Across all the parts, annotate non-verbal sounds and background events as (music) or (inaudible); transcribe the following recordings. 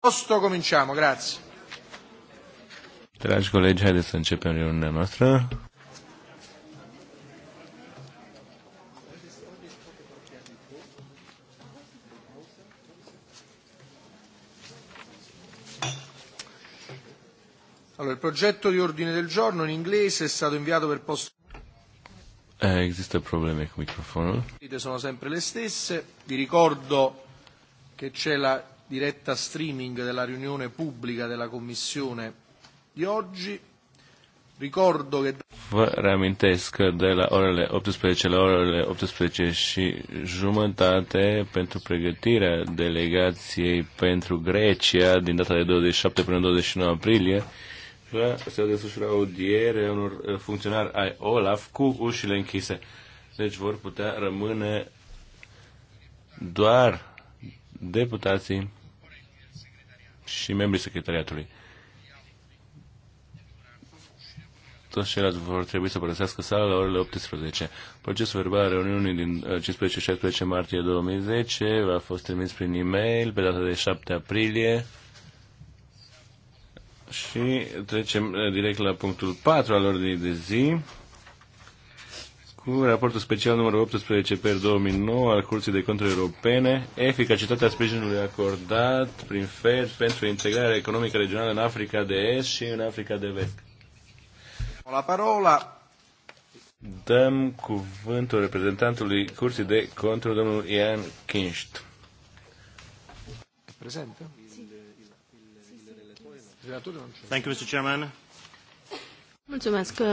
posto cominciamo, grazie. Dragi colegi, haideți să începem reuniunea noastră. Allora, il progetto di ordine del giorno in inglese è stato inviato per posto. Eh, Esistono problemi con il microfono? Sono sempre le stesse. Vi ricordo che c'è la diretta streaming della riunione pubblica della Commissione di oggi. Ricordo che... Vă reamintesc că de la orele 18 la orele 18 și jumătate pentru pregătirea delegației pentru Grecia din data de 27 până 29 aprilie va se desfășura audiere unor uh, funcționari ai OLAF cu ușile închise. Deci vor putea rămâne doar deputații și membrii secretariatului. Toți ceilalți vor trebui să părăsească sala la orele 18. Procesul verbal al reuniunii din 15-16 uh, martie 2010 a fost trimis prin e-mail pe data de 7 aprilie. Și trecem uh, direct la punctul 4 al ordinii de zi cu raportul special numărul 18 per 2009 al Curții de Conturi Europene, eficacitatea sprijinului acordat prin FED pentru integrarea economică regională în Africa de Est și în Africa de Vest. La parola Dăm cuvântul reprezentantului Curții de Conturi, domnul Ian Kinst. Prezentă? Thank you, Mr. Chairman. Mulțumesc, uh,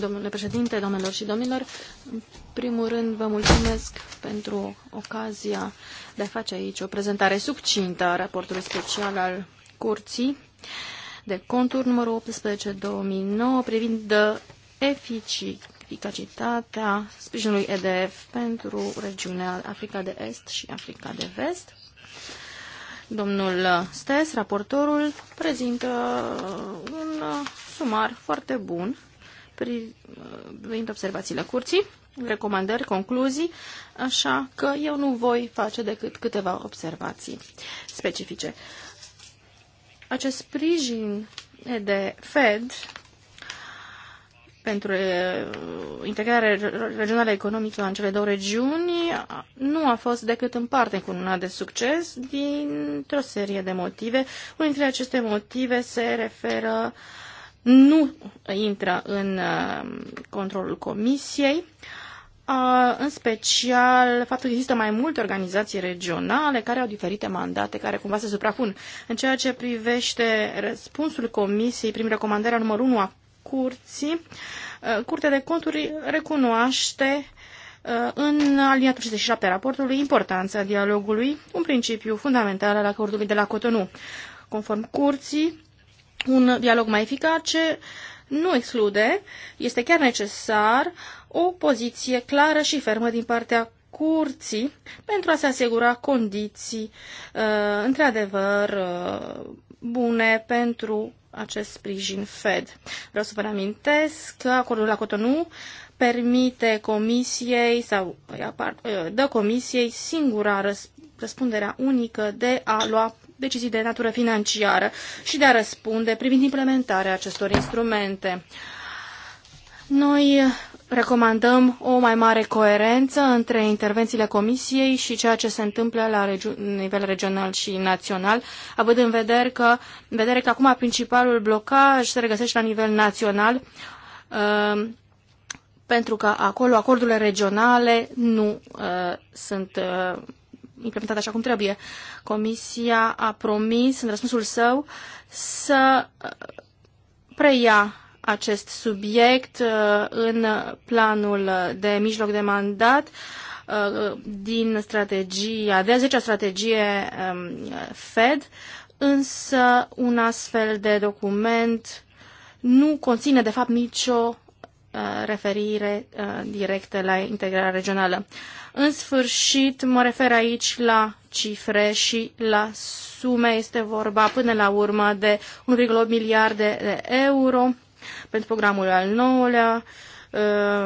domnule președinte, domnilor și domnilor. În primul rând, vă mulțumesc pentru ocazia de a face aici o prezentare succintă a raportului special al Curții de conturi numărul 18-2009 privind eficacitatea sprijinului EDF pentru regiunea Africa de Est și Africa de Vest. Domnul Stes, raportorul, prezintă un sumar foarte bun privind observațiile curții, recomandări, concluzii, așa că eu nu voi face decât câteva observații specifice. Acest sprijin de Fed pentru integrare regională economică în cele două regiuni nu a fost decât în parte cu una de succes dintr-o serie de motive. Unul dintre aceste motive se referă uh, nu intră în uh, controlul comisiei, uh, în special faptul că există mai multe organizații regionale care au diferite mandate, care cumva se suprapun. În ceea ce privește răspunsul comisiei prin recomandarea numărul 1 a curții, uh, Curtea de Conturi recunoaște în aliniatul 67 raportului importanța dialogului, un principiu fundamental al acordului de la Cotonou. Conform curții, un dialog mai eficace nu exclude, este chiar necesar, o poziție clară și fermă din partea curții pentru a se asigura condiții, uh, într-adevăr, uh, bune pentru acest sprijin Fed. Vreau să vă reamintesc că acordul la Cotonou permite comisiei sau uh, dă comisiei singura răspunderea unică de a lua decizii de natură financiară și de a răspunde privind implementarea acestor instrumente. Noi recomandăm o mai mare coerență între intervențiile Comisiei și ceea ce se întâmplă la regi- nivel regional și național, având în vedere că, în vedere că acum principalul blocaj se regăsește la nivel național, uh, pentru că acolo acordurile regionale nu uh, sunt uh, implementat așa cum trebuie. Comisia a promis în răspunsul său să uh, preia acest subiect uh, în planul de mijloc de mandat uh, din strategia, de a 10 strategie um, Fed, însă un astfel de document nu conține de fapt nicio Uh, referire uh, directă la integrarea regională. În sfârșit, mă refer aici la cifre și la sume. Este vorba până la urmă de 1,8 miliarde de euro pentru programul al 9-lea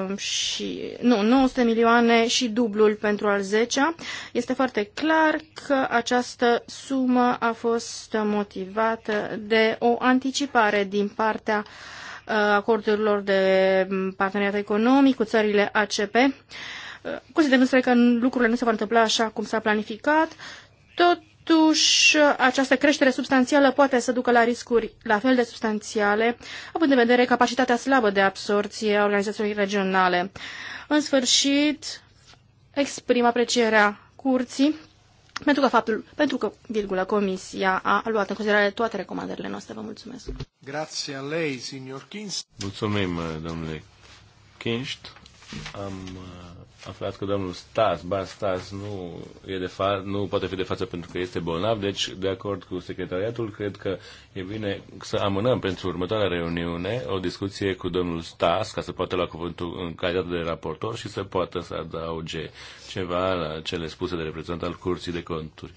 uh, și, nu, 900 milioane și dublul pentru al 10-a. Este foarte clar că această sumă a fost motivată de o anticipare din partea uh, acordurilor de parteneriat economic cu țările ACP. Considerăm însă că lucrurile nu se vor întâmpla așa cum s-a planificat. Totuși, această creștere substanțială poate să ducă la riscuri la fel de substanțiale, având în vedere capacitatea slabă de absorție a organizațiilor regionale. În sfârșit, exprim aprecierea curții pentru că, faptul, pentru că, virgulă, Comisia a luat în considerare toate recomandările noastre. Vă mulțumesc. Grazie a lei, signor Kinst. Mulțumim, domnule Kinst. Am uh, aflat că domnul Stas, ba Stas, nu, e de fa- nu poate fi de față pentru că este bolnav, deci, de acord cu secretariatul, cred că e bine să amânăm pentru următoarea reuniune o discuție cu domnul Stas, ca să poată lua cuvântul în calitate de raportor și să poată să adauge ceva la cele spuse de reprezentant al Curții de Conturi.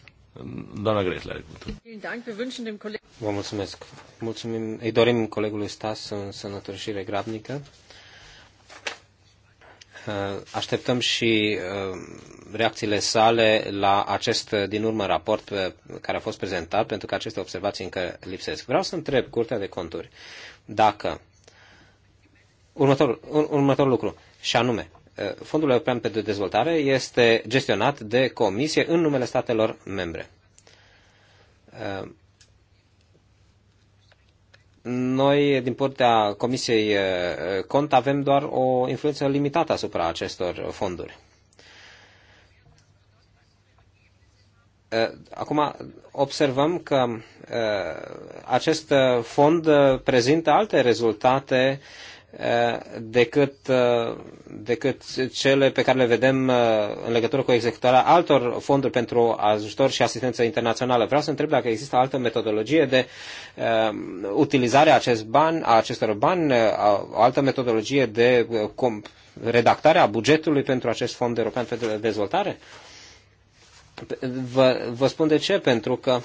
Doamna Gresle are cuvântul. Vă mulțumesc. Mulțumim, îi dorim colegului Stas în sănătoșire grabnică Uh, așteptăm și uh, reacțiile sale la acest uh, din urmă raport care a fost prezentat, pentru că aceste observații încă lipsesc. Vreau să întreb Curtea de Conturi dacă următor, următor lucru, și anume, Fondul European pentru Dezvoltare este gestionat de Comisie în numele statelor membre noi, din partea Comisiei eh, Cont, avem doar o influență limitată asupra acestor fonduri. Eh, acum observăm că eh, acest fond prezintă alte rezultate decât, decât cele pe care le vedem uh, în legătură cu executarea altor fonduri pentru ajutor și asistență internațională. Vreau să întreb dacă există altă metodologie de uh, utilizare a, acest ban a acestor bani, uh, o altă metodologie de redactare a bugetului pentru acest fond european pentru dezvoltare? Vă, vă spun de ce, pentru că uh,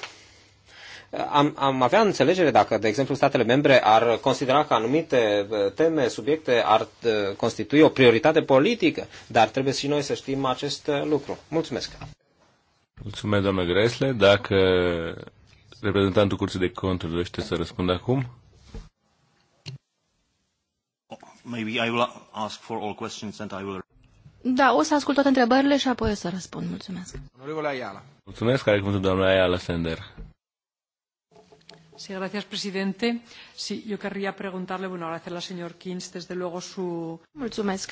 am, am avea înțelegere dacă, de exemplu, statele membre ar considera că anumite uh, teme, subiecte ar uh, constitui o prioritate politică, dar trebuie și noi să știm acest uh, lucru. Mulțumesc! Mulțumesc, doamnă Gresle. Dacă reprezentantul Curții de Conturi dorește să răspundă acum? Maybe I will ask for all questions and I will... Da, o să ascult toate întrebările și apoi o să răspund. Mulțumesc. Mulțumesc, care cuvântul doamna Ayala Sender. Señor sí, presidente. Sí, yo querría preguntarle, bueno, agradecerle al señor Kins, desde luego su... Mulțumesc.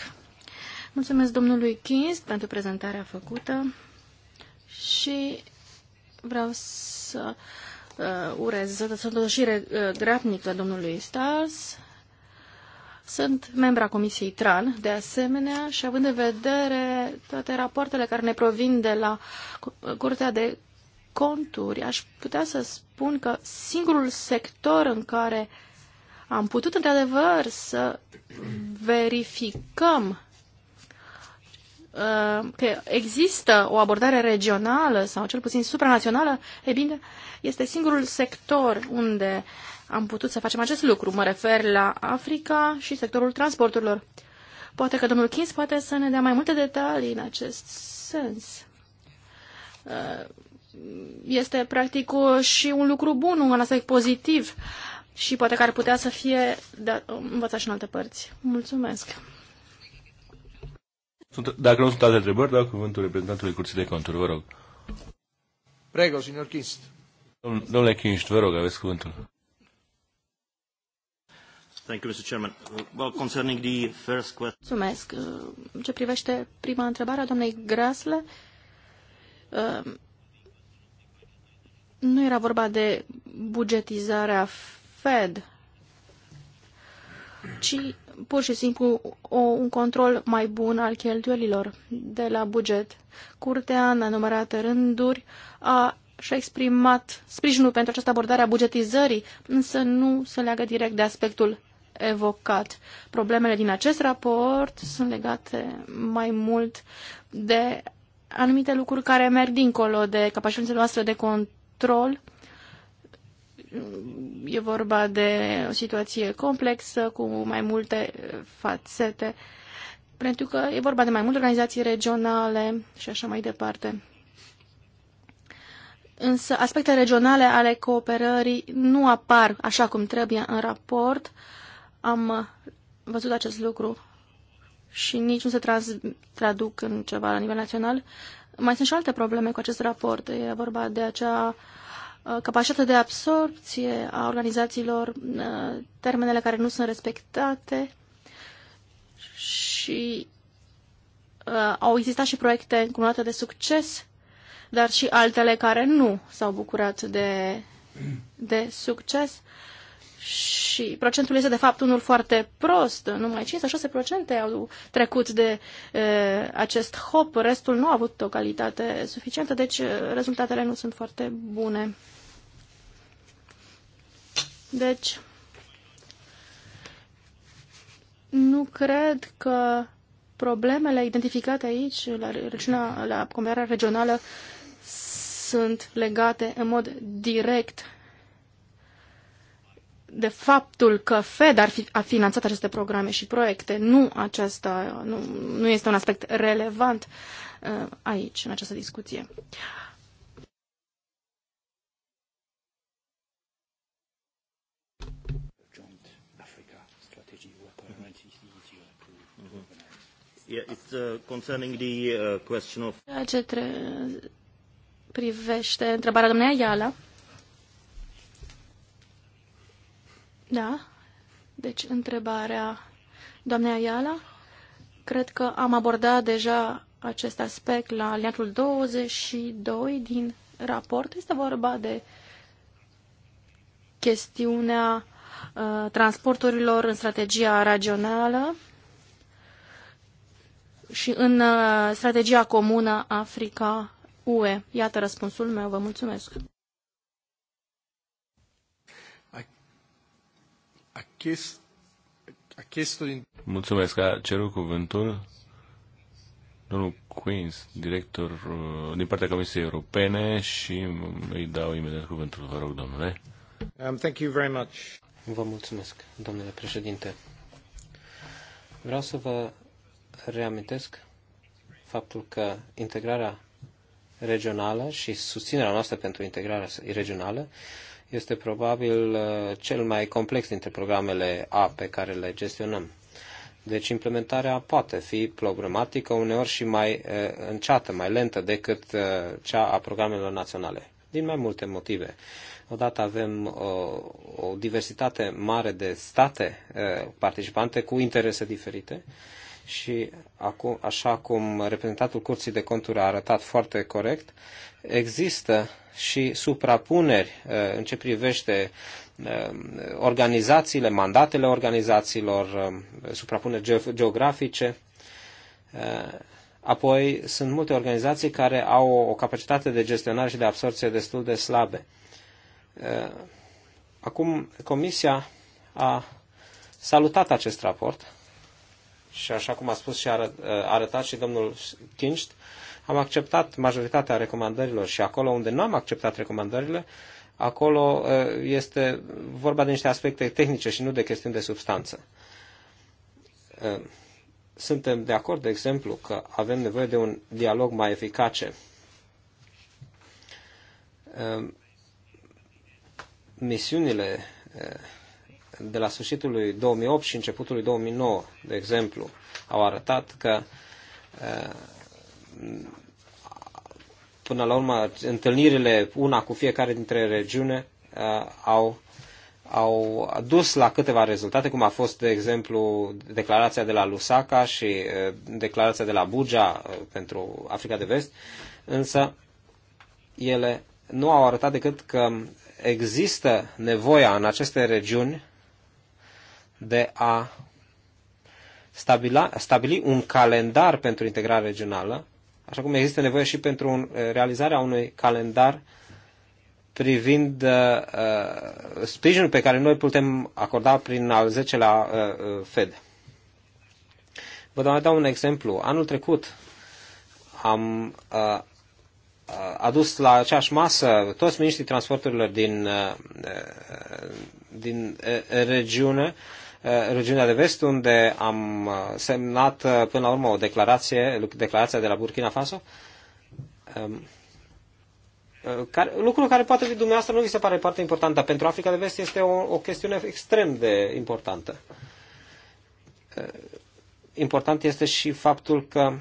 Mulțumesc domnului Kins pentru prezentarea făcută și vreau să uh, urez sătășire uh, grabnică domnului Stars. Sunt membra Comisiei TRAN, de asemenea, și având în vedere toate rapoartele care ne provin de la Curtea de conturi, aș putea să spun că singurul sector în care am putut într-adevăr să verificăm uh, că există o abordare regională sau cel puțin supranațională, e bine, este singurul sector unde am putut să facem acest lucru. Mă refer la Africa și sectorul transporturilor. Poate că domnul Kins poate să ne dea mai multe detalii în acest sens. Uh, este practic și un lucru bun, un aspect pozitiv și poate că ar putea să fie da, învățat și în alte părți. Mulțumesc! Sunt, dacă nu sunt alte întrebări, dau cuvântul reprezentantului Curții de Conturi, vă rog. Prego, signor Kinst. domnule Kinst, vă rog, aveți cuvântul. Thank you, Mr. Chairman. Well, concerning the first question... Mulțumesc. Ce privește prima întrebare a doamnei Grasle, nu era vorba de bugetizarea Fed, ci pur și simplu o, un control mai bun al cheltuielilor de la buget. Curtea, în anumărate rânduri, a și-a exprimat sprijinul pentru această abordare a bugetizării, însă nu se leagă direct de aspectul evocat. Problemele din acest raport sunt legate mai mult de anumite lucruri care merg dincolo de capacitatea noastră de control control. E vorba de o situație complexă cu mai multe eh, fațete, pentru că e vorba de mai multe organizații regionale și așa mai departe. Însă aspectele regionale ale cooperării nu apar așa cum trebuie în raport. Am eh, văzut acest lucru și nici nu se trans- traduc în ceva la nivel național. Mai sunt și alte probleme cu acest raport. E vorba de acea uh, capacitate de absorpție a organizațiilor, uh, termenele care nu sunt respectate și uh, au existat și proiecte încumulate de succes, dar și altele care nu s-au bucurat de, de succes. Uh, și procentul este de fapt unul foarte prost, numai procente au trecut de e, acest hop, restul nu a avut o calitate suficientă, deci rezultatele nu sunt foarte bune. Deci, nu cred că problemele identificate aici, la, regiunea, la comunicarea regională, sunt legate în mod direct de faptul că Fed ar fi, a finanțat aceste programe și proiecte. Nu, aceasta, nu, nu este un aspect relevant uh, aici, în această discuție. Uh, uh, Ceea ce privește întrebarea domnului Ayala, Da. Deci, întrebarea doamnei Ayala. Cred că am abordat deja acest aspect la aliatul 22 din raport. Este vorba de chestiunea uh, transporturilor în strategia regională și în uh, strategia comună Africa-UE. Iată răspunsul meu. Vă mulțumesc. Mulțumesc, a cerut cuvântul domnul Queens, director uh, din partea Comisiei Europene și îi dau imediat cuvântul, vă rog, domnule. Um, thank you very much. Vă mulțumesc, domnule președinte. Vreau să vă reamintesc faptul că integrarea regională și susținerea noastră pentru integrarea regională este probabil uh, cel mai complex dintre programele A pe care le gestionăm. Deci implementarea poate fi problematică, uneori și mai uh, înceată, mai lentă decât uh, cea a programelor naționale, din mai multe motive. Odată avem o, o diversitate mare de state participante cu interese diferite și acum, așa cum reprezentantul Curții de Conturi a arătat foarte corect, există și suprapuneri uh, în ce privește uh, organizațiile, mandatele organizațiilor, uh, suprapuneri geografice. Apoi sunt multe organizații care au o capacitate de gestionare și de absorție destul de slabe. Acum, Comisia a salutat acest raport și așa cum a spus și arăt, arătat și domnul Kinst, am acceptat majoritatea recomandărilor și acolo unde nu am acceptat recomandările, acolo este vorba de niște aspecte tehnice și nu de chestiuni de substanță. Suntem de acord, de exemplu, că avem nevoie de un dialog mai eficace. Misiunile de la sfârșitul lui 2008 și începutul lui 2009, de exemplu, au arătat că eh, până la urmă întâlnirile una cu fiecare dintre regiune eh, au au dus la câteva rezultate, cum a fost, de exemplu, declarația de la Lusaka și eh, declarația de la Buja pentru Africa de Vest, însă ele nu au arătat decât că există nevoia în aceste regiuni de a stabila, stabili un calendar pentru integrare regională, așa cum există nevoie și pentru un, eh, realizarea unui calendar privind uh, sprijinul pe care noi putem acorda prin al 10-lea uh, FED. Vă mai dau un exemplu. Anul trecut am uh, adus la aceeași masă toți ministrii transporturilor din, uh, din uh, regiune uh, Eh, regiunea de vest, unde am eh, semnat eh, până la urmă o declarație, declarația de la Burkina Faso, ehm, care, lucru care poate fi dumneavoastră nu vi se pare foarte important, dar pentru Africa de Vest este o, o chestiune extrem de importantă. Important este și faptul că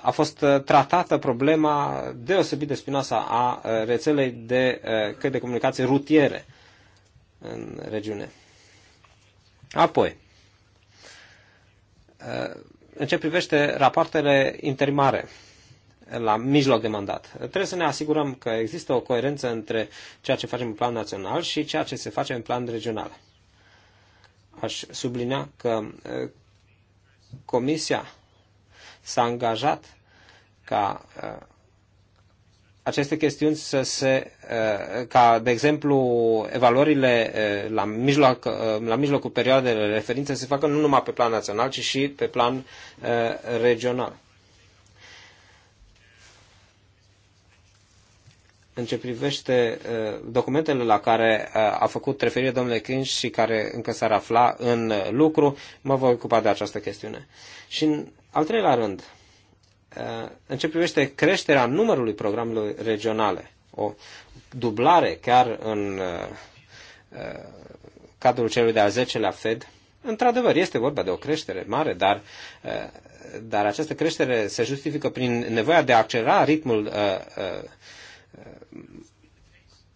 a fost tratată problema deosebit de spinoasă a rețelei de căi de comunicație rutiere în regiune. Apoi, uh, în ce privește rapoartele interimare la mijloc de mandat, trebuie să ne asigurăm că există o coerență între ceea ce facem în plan național și ceea ce se face în plan regional. Aș sublinea că uh, Comisia s-a angajat ca uh, aceste chestiuni să se, uh, ca de exemplu evaluările uh, la, mijloc, uh, la mijlocul perioadei de referință se facă nu numai pe plan național, ci și pe plan regional. În ce privește documentele la care a făcut referire domnule Crinș și care încă s-ar afla în lucru, mă voi ocupa de această chestiune. Și în al treilea rând, în ce privește creșterea numărului programelor regionale, o dublare chiar în uh, uh, cadrul celui de-al 10-lea Fed, într-adevăr, este vorba de o creștere mare, dar, uh, dar această creștere se justifică prin nevoia de a accelera ritmul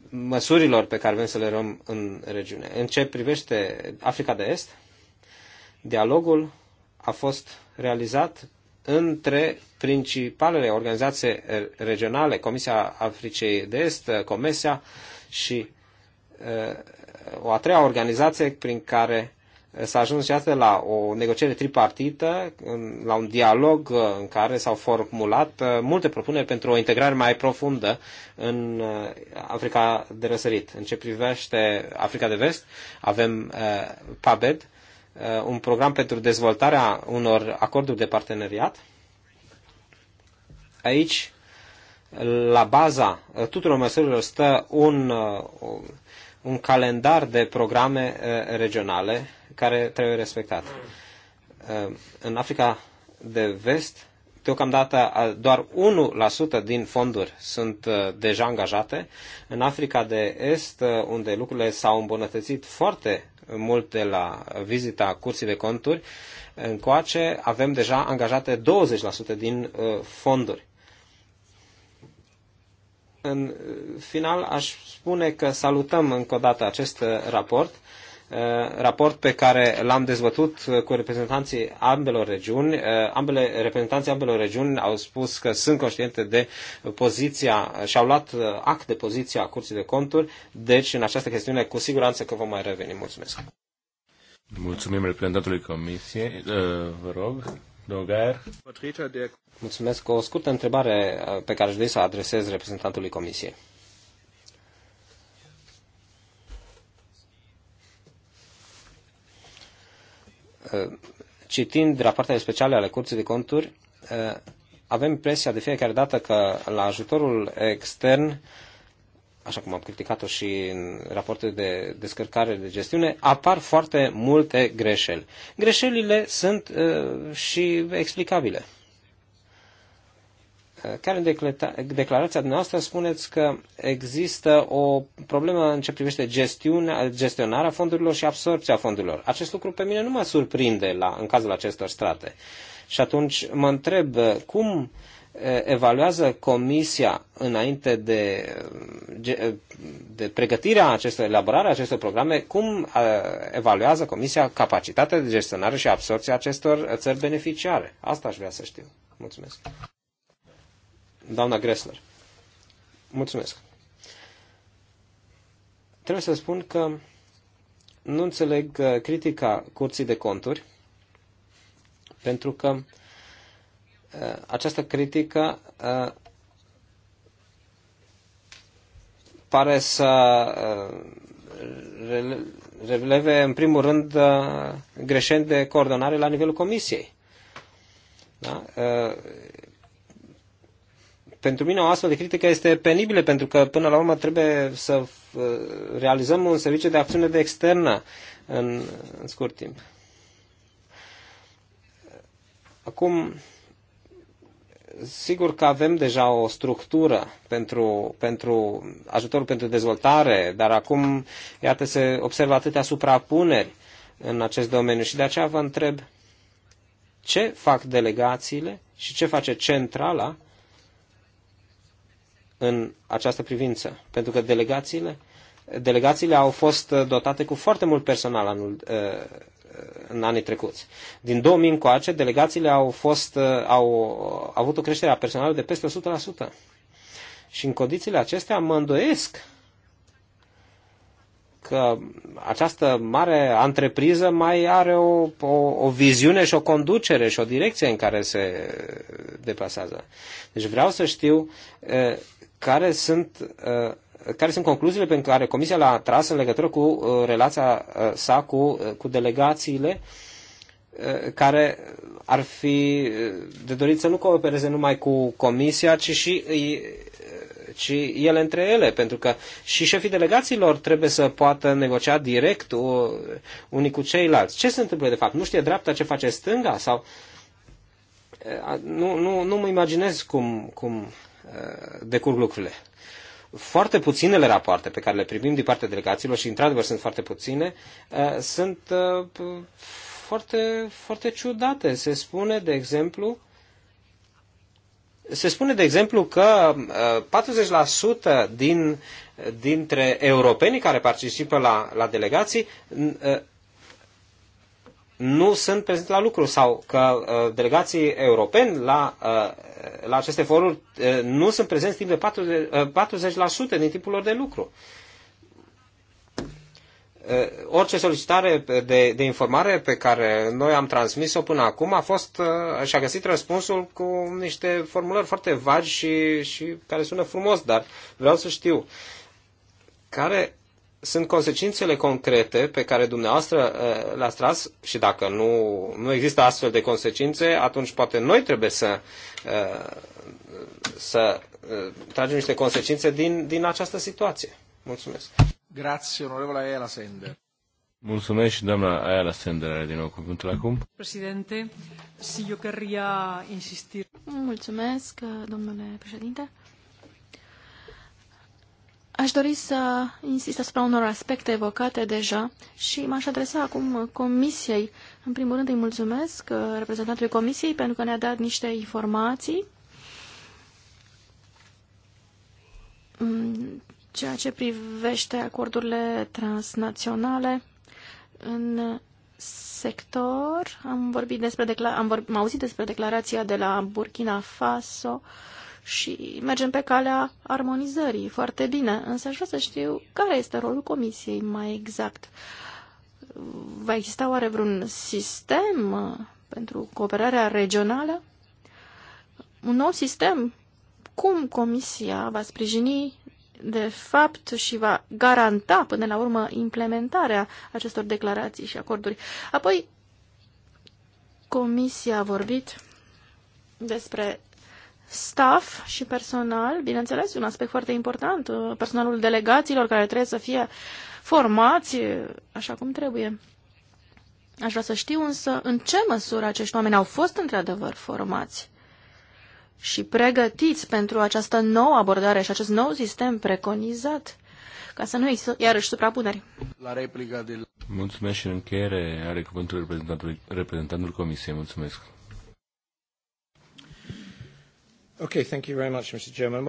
măsurilor pe care vrem să le luăm în regiune. În ce privește Africa de Est, dialogul a fost realizat între principalele organizații regionale, Comisia Africei de Est, Comisia și uh, o a treia organizație prin care s-a ajuns și la o negociere tripartită, la un dialog uh, în care s-au formulat uh, multe propuneri pentru o integrare mai profundă în Africa de răsărit. În ce privește Africa de Vest, avem PABED, Uh, un program pentru dezvoltarea unor acorduri de parteneriat. Aici, la baza uh, tuturor măsurilor, stă un, uh, un calendar de programe regionale care trebuie respectat. În Africa de Vest, deocamdată doar 1% din fonduri sunt deja angajate. În Africa de Est, unde lucrurile s-au îmbunătățit foarte mult de la vizita curții de conturi încoace, avem deja angajate 20% din uh, fonduri. În uh, final, aș spune că salutăm încă o dată acest uh, raport Eh, raport pe care l-am dezbătut eh, cu reprezentanții ambelor regiuni. Eh, ambele, reprezentanții ambelor regiuni au spus că sunt conștiente de poziția și au luat act de poziția a Curții de Conturi, deci în această chestiune cu siguranță că vom mai reveni. Mulțumesc! Mulțumim reprezentantului Comisiei. Vă rog, Dogar. Mulțumesc. O scurtă întrebare pe care aș dori să adresez reprezentantului Comisiei. Uh, citind rapoartele speciale ale Curții de Conturi, uh, avem impresia de fiecare dată că la ajutorul extern, așa cum am criticat-o și în raportul de descărcare de gestiune, apar foarte multe greșeli. Greșelile sunt uh, și explicabile chiar în declarația noastră spuneți că există o problemă în ce privește gestiunea, gestionarea fondurilor și absorpția fondurilor. Acest lucru pe mine nu mă surprinde la, în cazul acestor strate. Și atunci mă întreb cum evaluează Comisia înainte de, de pregătirea acestor, elaborarea acestor programe, cum evaluează Comisia capacitatea de gestionare și absorție acestor țări beneficiare? Asta aș vrea să știu. Mulțumesc doamna Gressler. Mulțumesc. Trebuie să spun că nu înțeleg uh, critica curții de conturi, pentru că uh, această critică uh, pare să releve, în primul rând, greșeli de coordonare la nivelul comisiei. Da? pentru mine o astfel de critică este penibilă, pentru că până la urmă trebuie să uh, realizăm un serviciu de acțiune de externă în, în scurt timp. Acum, sigur că avem deja o structură pentru, pentru ajutorul pentru dezvoltare, dar acum, iată, se observă atâtea suprapuneri în acest domeniu și de aceea vă întreb ce fac delegațiile și ce face centrala în această privință, pentru că delegațiile, delegațiile au fost dotate cu foarte mult personal anul, uh, în anii trecuți. Din 2000 încoace, delegațiile au, fost, uh, au, au avut o creștere a personalului de peste 100%. Și în condițiile acestea mă îndoiesc că această mare antrepriză mai are o, o, o viziune și o conducere și o direcție în care se deplasează. Deci vreau să știu care sunt. care sunt concluziile pe care Comisia l-a tras în legătură cu relația sa cu, cu delegațiile care ar fi de dorit să nu coopereze numai cu Comisia, ci și îi ci ele între ele, pentru că și șefii delegațiilor trebuie să poată negocia direct unii cu ceilalți. Ce se întâmplă de fapt? Nu știe dreapta ce face stânga? Sau... Eh, nu, nu, nu mă imaginez cum, cum eh, decurg lucrurile. Foarte puținele rapoarte pe care le primim din partea delegațiilor, și într-adevăr sunt foarte puține, eh, sunt foarte, foarte ciudate. Se spune, de exemplu, se spune, de exemplu, că 40% uh, din, dintre europenii care participă la, la delegații uh, nu sunt prezenți la lucru sau că uh, delegații europeni la, la aceste foruri nu sunt prezenți timp de 40, 40% din timpul lor de lucru. Eh, orice solicitare de, de informare pe care noi am transmis-o până acum a fost eh, și a găsit răspunsul cu niște formulări foarte vagi și, și care sună frumos, dar vreau să știu care sunt consecințele concrete pe care dumneavoastră eh, le-ați tras și dacă nu, nu există astfel de consecințe, atunci poate noi trebuie să, să tragem niște consecințe din, din această situație. Mulțumesc. Grazie, onorevole Ayala Sender. Mulțumesc doamna Ayala Sender are din nou cuvântul acum. Președinte, si eu Mulțumesc, domnule președinte. Aș dori să insist asupra unor aspecte evocate deja și m-aș adresa acum Comisiei. În primul rând îi mulțumesc uh, reprezentantului Comisiei pentru că ne-a dat niște informații mm, ceea ce privește acordurile transnaționale în sector. Am vorbit despre am, vorbit, am auzit despre declarația de la Burkina Faso și mergem pe calea armonizării. Foarte bine, însă aș vrea să știu care este rolul comisiei mai exact. Va exista oare vreun sistem uh, pentru cooperarea regională? Un nou sistem? Cum comisia va sprijini de fapt și va garanta până la urmă implementarea acestor declarații și acorduri. Apoi, Comisia a vorbit despre staff și personal, bineînțeles, un aspect foarte important, uh, personalul delegațiilor care trebuie să fie formați uh, așa cum trebuie. Aș vrea să știu însă în ce măsură acești oameni au fost într-adevăr formați și pregătiți pentru această nouă abordare și acest nou sistem preconizat, ca să nu există iarăși suprapuneri. La replica de... Mulțumesc și în încheiere are cuvântul reprezentantul, reprezentantul Comisiei. Mulțumesc. Okay, thank you very much, Mr. Chairman.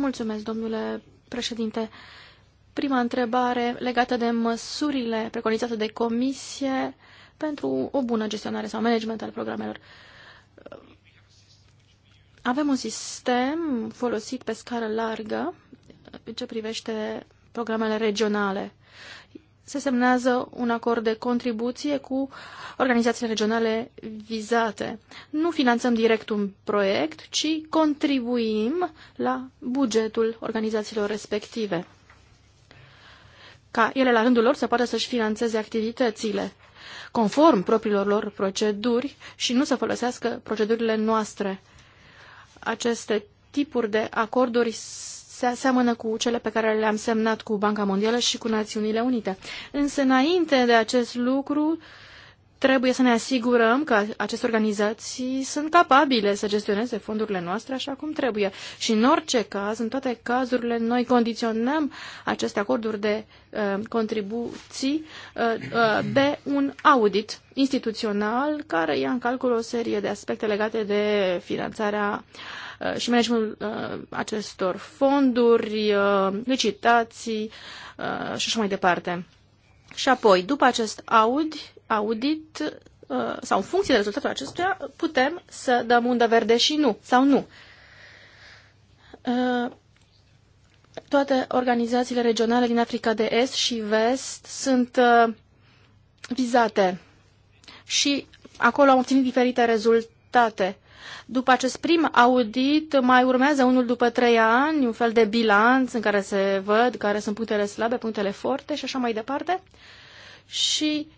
Mulțumesc, domnule președinte. Prima întrebare legată de măsurile preconizate de comisie pentru o bună gestionare sau management al programelor. Avem un sistem folosit pe scară largă în ce privește programele regionale. Se semnează un acord de contribuție cu organizațiile regionale vizate. Nu finanțăm direct un proiect, ci contribuim la bugetul organizațiilor respective. Ca ele, la rândul lor, să poată să-și financeze activitățile conform propriilor lor proceduri și nu să folosească procedurile noastre aceste tipuri de acorduri se aseamănă cu cele pe care le-am semnat cu Banca Mondială și cu Națiunile Unite. Însă, înainte de acest lucru, uh, Trebuie să ne asigurăm că aceste organizații sunt capabile să gestioneze fondurile noastre așa cum trebuie. Și în orice caz, în toate cazurile, noi condiționăm aceste acorduri de uh, contribuții uh, uh, de un audit instituțional care ia în calcul o serie de aspecte legate de finanțarea uh, și managementul uh, acestor fonduri, uh, licitații uh, și așa mai departe. Și apoi, după acest audit, audit uh, sau în funcție de rezultatul acestuia putem să dăm undă verde și nu, sau nu. Uh, toate organizațiile regionale din Africa de Est și Vest sunt uh, vizate și acolo am obținut diferite rezultate. După acest prim audit mai urmează unul după trei ani, un fel de bilanț în care se văd care sunt punctele slabe, punctele forte și așa mai departe. Și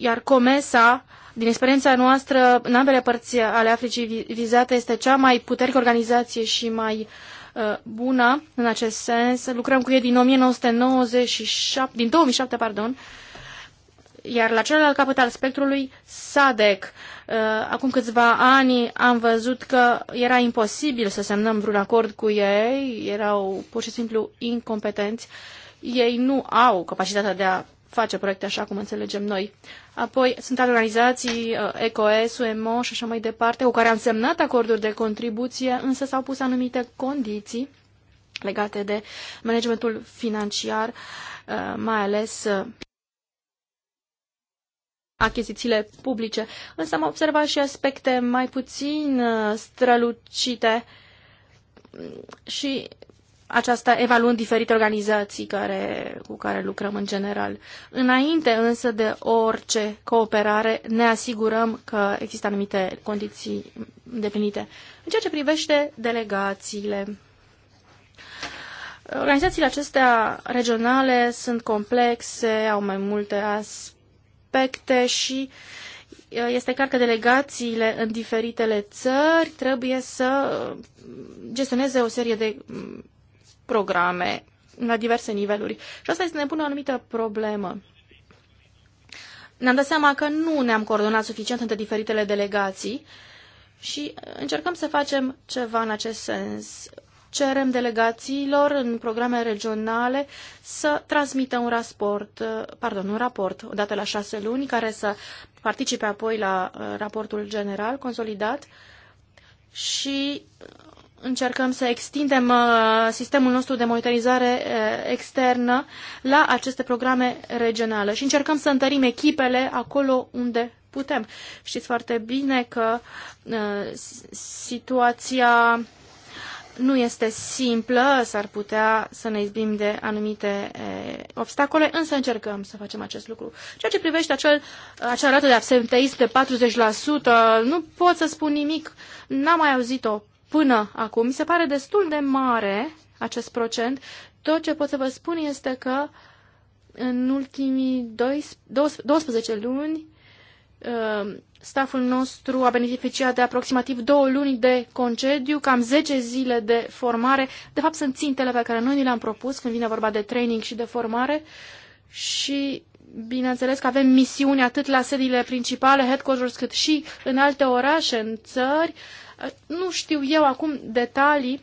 iar Comesa, din experiența noastră, în ambele părți ale Africii vizate, este cea mai puternică organizație și mai uh, bună în acest sens. Lucrăm cu ei din 1997, din 2007, pardon, iar la celălalt capăt al spectrului, SADEC. Uh, acum câțiva ani am văzut că era imposibil să semnăm vreun acord cu ei, erau pur și simplu incompetenți. Ei nu au capacitatea de a face proiecte așa cum înțelegem noi. Apoi sunt organizații uh, ECOS, UMO și așa mai departe, cu care am semnat acorduri de contribuție, însă s-au pus anumite condiții legate de managementul financiar, uh, mai ales uh, achizițiile publice. Însă am observat și aspecte mai puțin strălucite și aceasta evaluând diferite organizații care, cu care lucrăm în general. Înainte însă de orice cooperare, ne asigurăm că există anumite condiții îndeplinite. În ceea ce privește delegațiile, organizațiile acestea regionale sunt complexe, au mai multe aspecte și uh, este clar că delegațiile în diferitele țări trebuie să gestioneze o serie de mm, programe la diverse niveluri. Și asta este ne pune o anumită problemă. Ne-am dat seama că nu ne-am coordonat suficient între diferitele delegații și încercăm să facem ceva în acest sens. Cerem delegațiilor în programe regionale să transmită un raport, pardon, un raport odată la șase luni, care să participe apoi la uh, raportul general consolidat și încercăm să extindem uh, sistemul nostru de monitorizare uh, externă la aceste programe regionale și încercăm să întărim echipele acolo unde putem. Știți foarte bine că uh, situația nu este simplă, s-ar putea să ne izbim de anumite obstacole, însă încercăm să facem acest lucru. Ceea ce privește acel, acea rată de absenteism de 40%, nu pot să spun nimic, n-am mai auzit-o până acum. Mi se pare destul de mare acest procent. Tot ce pot să vă spun este că în ultimii 12 luni uh, staful nostru a beneficiat de aproximativ două luni de concediu, cam 10 zile de formare. De fapt, sunt țintele pe care noi ni le-am propus când vine vorba de training și de formare și bineînțeles că avem misiuni atât la sediile principale, headquarters, cât și în alte orașe, în țări. Uh, nu știu eu acum detalii,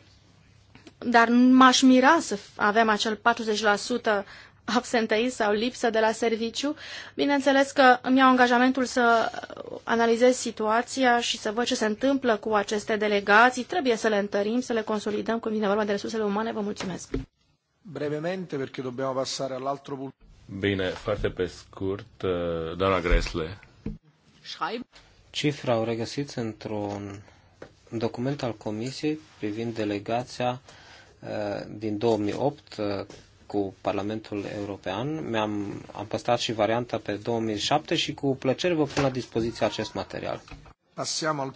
dar m-aș mira să avem acel 40% absentei sau lipsă de la serviciu. Bineînțeles că îmi iau angajamentul să analizez situația și să văd ce se întâmplă cu aceste delegații. Trebuie să le întărim, să le consolidăm când vine vorba de resursele umane. Vă mulțumesc. Brevemente, perché dobbiamo passare all'altro punto. Bine, foarte pe scurt, eh, doamna Gresle. Cifra o regăsiți într-un document al Comisiei privind delegația uh, din 2008 uh, cu Parlamentul European. Mi-am am păstrat și varianta pe 2007 și cu plăcere vă pun la dispoziție acest material. Pasiamo al...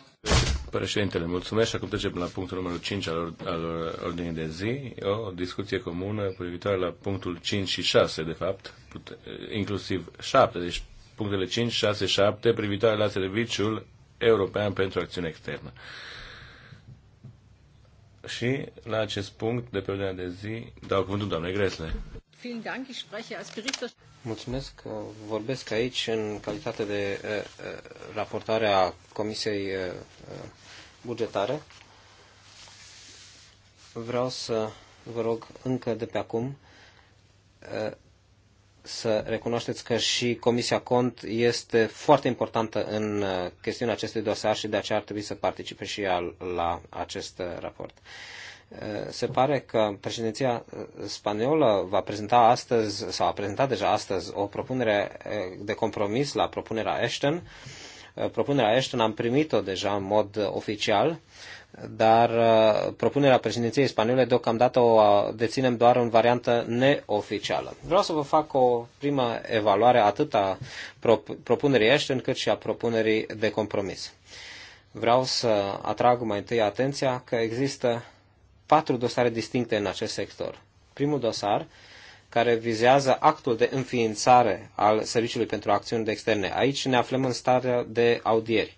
Președintele, mulțumesc acum trecem la punctul numărul 5 al, al ordinii de zi, o discuție comună privitoare la punctul 5 și 6, de fapt, pute, inclusiv 7, deci punctele 5, 6, 7 privitoare la serviciul european pentru acțiune externă. Și la acest punct de pe ordinea de zi dau cuvântul doamnei Gresle. Mulțumesc. Uh, vorbesc aici în calitate de uh, uh, raportare a Comisiei Bugetare. Vreau să vă rog încă de pe acum să recunoașteți că și Comisia Cont este foarte importantă în uh, chestiunea acestui dosar și de aceea ar trebui să participe și ea la acest uh, raport. Uh, se pare că președinția spaniolă va prezenta astăzi, sau a prezentat deja astăzi, o propunere de compromis la propunerea Ashton, Uh, propunerea Ashton am primit-o deja în mod uh, oficial, dar uh, propunerea președinției spaniole deocamdată o deținem doar în variantă neoficială. Vreau să vă fac o primă evaluare atât a propunerii Ashton cât și a propunerii de compromis. Vreau să atrag mai întâi atenția că există patru dosare distincte în acest sector. Primul dosar care vizează actul de înființare al Serviciului pentru Acțiuni de Externe. Aici ne aflăm în starea de audieri.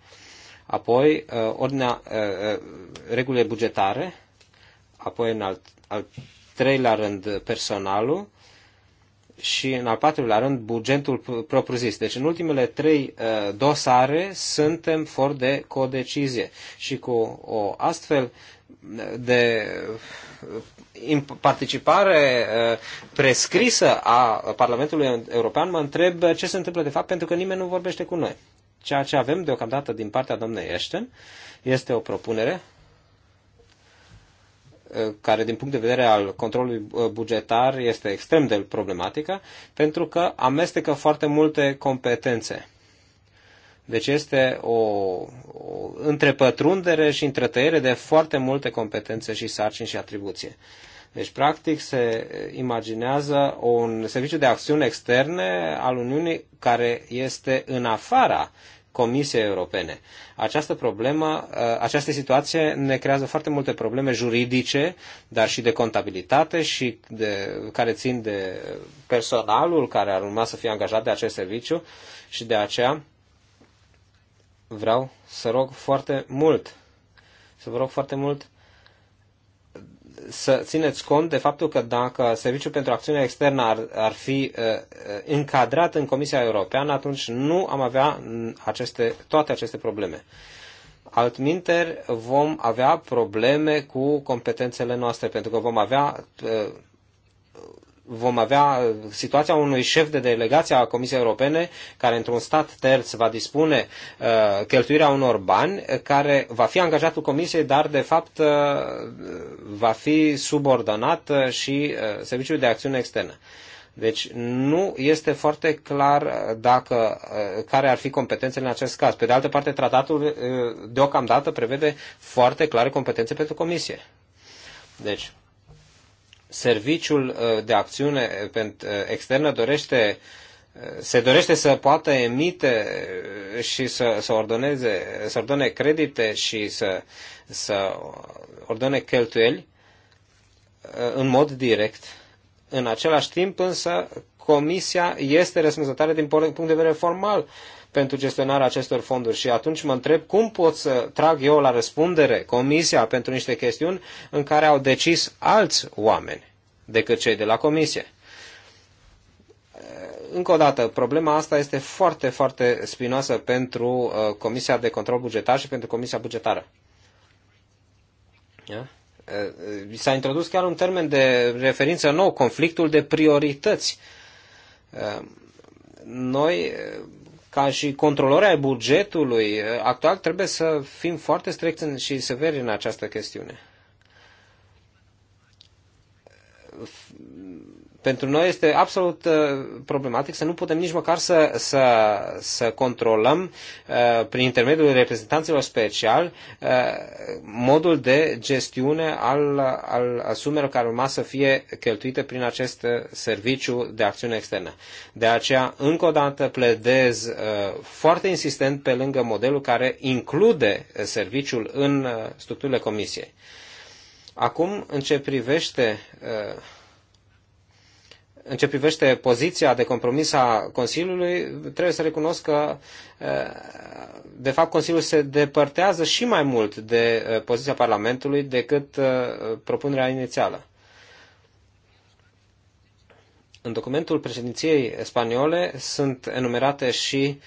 Apoi, uh, ordinea, uh, uh, regulile bugetare, apoi în al, al treilea rând personalul și în al patrulea rând bugetul propriu-zis. Deci în ultimele trei dosare suntem for de codecizie și cu o astfel de Uh, participare uh, prescrisă a Parlamentului European, mă întreb ce se întâmplă de fapt, pentru că nimeni nu vorbește cu noi. Ceea ce avem deocamdată din partea doamnei Ashton este o propunere uh, care din punct de vedere al controlului bugetar este extrem de problematică, pentru că amestecă foarte multe competențe. Deci este o, o întrepătrundere și întrătăiere de foarte multe competențe și sarcini și atribuție. Deci, practic, se imaginează un serviciu de acțiune externe al Uniunii care este în afara Comisiei Europene. Această problemă, ă, această situație ne creează foarte multe probleme juridice, dar și de contabilitate și de, care țin de personalul care ar urma să fie angajat de acest serviciu și de aceea vreau să rog foarte mult, să vă rog foarte mult să țineți cont de faptul că dacă Serviciul pentru Acțiune Externă ar, ar fi uh, uh încadrat în Comisia Europeană, atunci nu am avea aceste, toate aceste probleme. Altminteri, vom avea probleme cu competențele noastre, pentru că vom avea uh, vom avea situația unui șef de delegație a Comisiei Europene care într-un stat terț va dispune uh, cheltuirea unor bani uh, care va fi angajatul Comisiei, dar de fapt uh, va fi subordonat uh, și uh, Serviciul de Acțiune Externă. Deci nu este foarte clar uh, dacă, care ar fi competențele în acest caz. Pe de altă parte, tratatul deocamdată prevede foarte clare competențe pentru comisie. Deci, serviciul uh, de acțiune uh, uh, externă dorește se dorește să poată emite și să, să, ordoneze, să ordone credite și să, să ordone cheltuieli în mod direct. În același timp, însă, Comisia este răspunzătoare din punct de vedere formal uh, pentru gestionarea acestor fonduri și atunci mă întreb cum pot să trag eu la răspundere Comisia pentru niște chestiuni în care au decis alți oameni decât cei de la Comisie. Încă o dată, problema asta este foarte, foarte spinoasă pentru uh, Comisia de Control Bugetar și pentru Comisia Bugetară. Yeah? Uh, s-a introdus chiar un termen de referință nou, conflictul de priorități. Uh, noi ca și controlori ai bugetului uh, actual, trebuie să fim foarte strecți și severi în această chestiune pentru noi este absolut uh, problematic să nu putem nici măcar să, să, să controlăm uh, prin intermediul reprezentanților speciali uh, modul de gestiune al, al sumelor care urma să fie cheltuite prin acest serviciu de acțiune externă. De aceea, încă o dată, pledez foarte insistent pe lângă modelul care include serviciul în structurile comisiei. Acum, în ce privește uh, în ce privește poziția de compromis a Consiliului, trebuie să recunosc că, de fapt, Consiliul se depărtează și mai mult de poziția Parlamentului decât propunerea inițială. În documentul președinției spaniole sunt enumerate și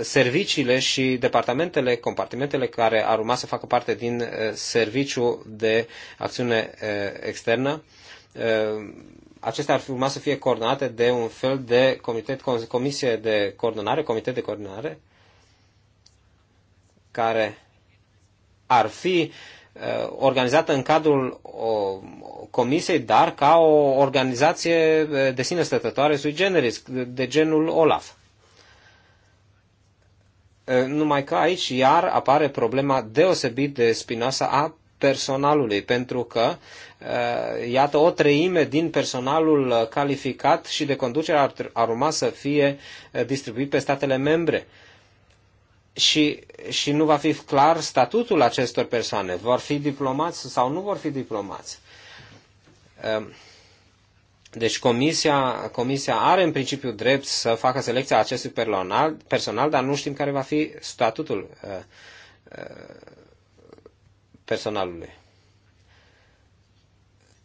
serviciile și departamentele, compartimentele care ar urma să facă parte din serviciu de acțiune externă acestea ar urma să fie coordonate de un fel de comitet, comisie de coordonare, comitet de coordonare, care ar fi uh, organizată în cadrul o, comisiei, dar ca o organizație uh, de sine stătătoare sui generis, de genul OLAF. Uh, numai că aici iar apare problema deosebit de spinoasă a personalului, pentru că, eh, iată, o treime din personalul calificat și de conducere ar, ar urma să fie eh, distribuit pe statele membre. Și, și nu va fi clar statutul acestor persoane. Vor fi diplomați sau nu vor fi diplomați. Eh, deci comisia, comisia are în principiu drept să facă selecția acestui personal, personal dar nu știm care va fi statutul personalului.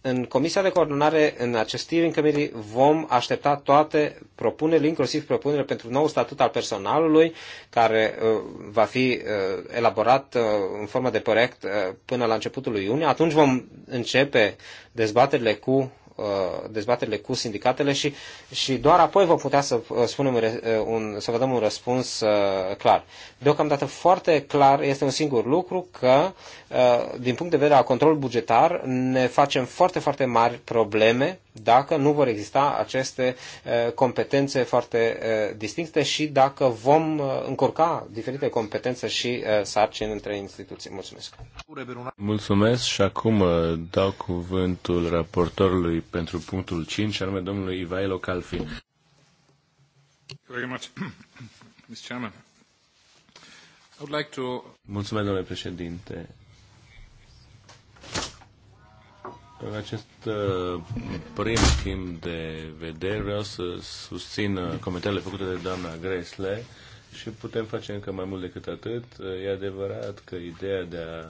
În Comisia de Coordonare, în acest steering committee, vom aștepta toate propunerile, inclusiv propunerile pentru nou statut al personalului, care uh, va fi uh, elaborat uh, în formă de proiect uh, până la începutul lui iunie. Atunci vom începe dezbaterile cu Uh, dezbaterile cu sindicatele și, și doar apoi vom putea să, uh, spunem uh, un, să vă dăm un răspuns clar. Deocamdată foarte clar este un singur lucru că, din punct de vedere al controlului bugetar, ne facem foarte, foarte mari probleme dacă nu vor exista aceste competențe foarte distincte și dacă vom încurca diferite competențe și sarcini între instituții. Mulțumesc! Mulțumesc și acum dau cuvântul raportorului pentru punctul 5, anume domnului Ivailo Calfin. (clears throat) Mulțumesc, domnule președinte. În acest uh, prim schimb de vedere vreau să susțin uh, comentariile făcute de doamna Gresle și putem face încă mai mult decât atât. E adevărat că ideea de a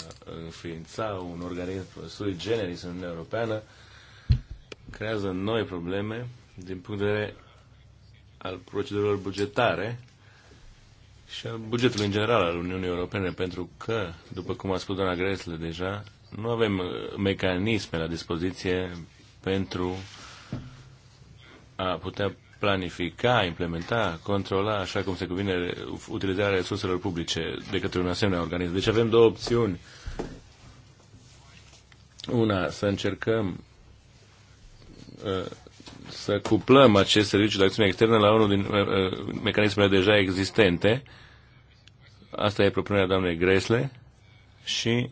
înființa un organism sui generis în Uniunea Europeană creează noi probleme din punct de vedere al procedurilor bugetare și al bugetului în general al Uniunii Europene, pentru că, după cum a spus doamna Gresle deja, nu avem uh, mecanisme la dispoziție pentru a putea planifica, implementa, controla, așa cum se cuvine, utilizarea resurselor publice de către un asemenea organism. Deci avem două opțiuni. Una, să încercăm să cuplăm acest serviciu de acțiune externă la unul din uh, uh, mecanismele deja existente. Asta e propunerea doamnei Gresle și,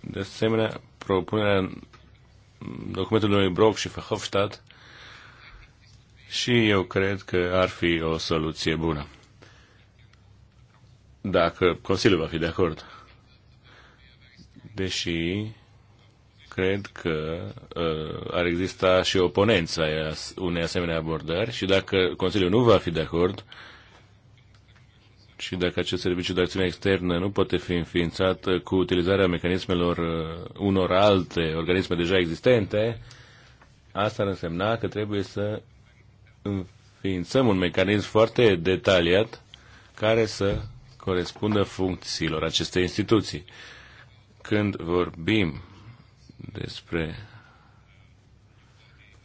de asemenea, propunerea documentului domnului Brock și Verhofstadt și eu cred că ar fi o soluție bună. Dacă Consiliul va fi de acord. Deși cred că uh, ar exista și oponența unei asemenea abordări și dacă Consiliul nu va fi de acord și dacă acest serviciu de acțiune externă nu poate fi înființat cu utilizarea mecanismelor uh, unor alte organisme deja existente, asta ar însemna că trebuie să înființăm un mecanism foarte detaliat care să corespundă funcțiilor acestei instituții. Când vorbim despre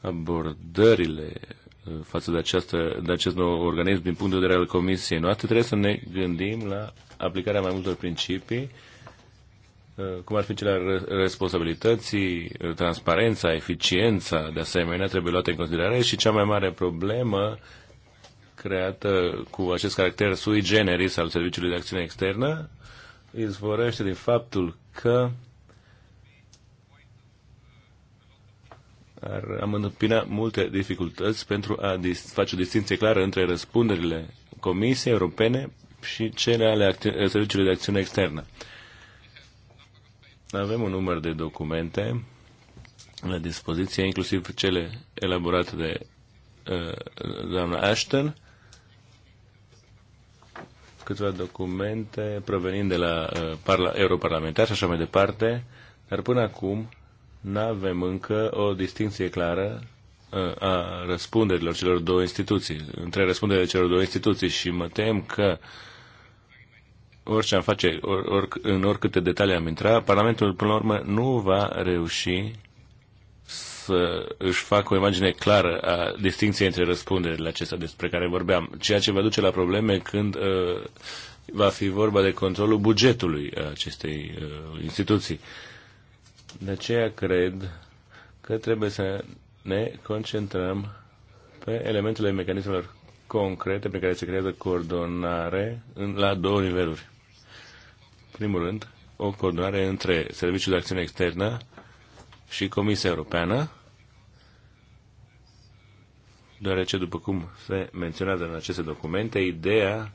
abordările uh, față de, această, de acest nou organism din punct de vedere al Comisiei noastre, trebuie să ne gândim la aplicarea mai multor principii, uh, cum ar fi cele responsabilității, uh, transparența, eficiența, de asemenea, trebuie luate în considerare și cea mai mare problemă creată cu acest caracter sui generis al Serviciului de Acțiune Externă izvorăște din faptul că ar, am întâmpinat multe dificultăți pentru a dis, face o distinție clară între răspunderile Comisiei Europene și cele ale eh, Serviciului de Acțiune Externă. Avem un număr de documente la dispoziție, inclusiv cele elaborate de uh, doamna Ashton, câteva documente provenind de la uh, europarlamentar și așa mai departe, dar până acum nu avem încă o distinție clară uh, a răspunderilor celor două instituții, între răspunderile celor două instituții și mă tem că orice am face, or, or, în oricâte detalii am intra, Parlamentul până la urmă nu va reuși să își facă o imagine clară a distinției între răspunderile acestea despre care vorbeam, ceea ce va duce la probleme când uh, va fi vorba de controlul bugetului acestei uh, instituții. Uh, de aceea cred că trebuie să ne concentrăm pe elementele mecanismelor concrete pe care se creează coordonare în, la două niveluri. Primul rând, o coordonare între Serviciul de Acțiune Externă și Comisia Europeană, deoarece, după cum se menționează în aceste documente, ideea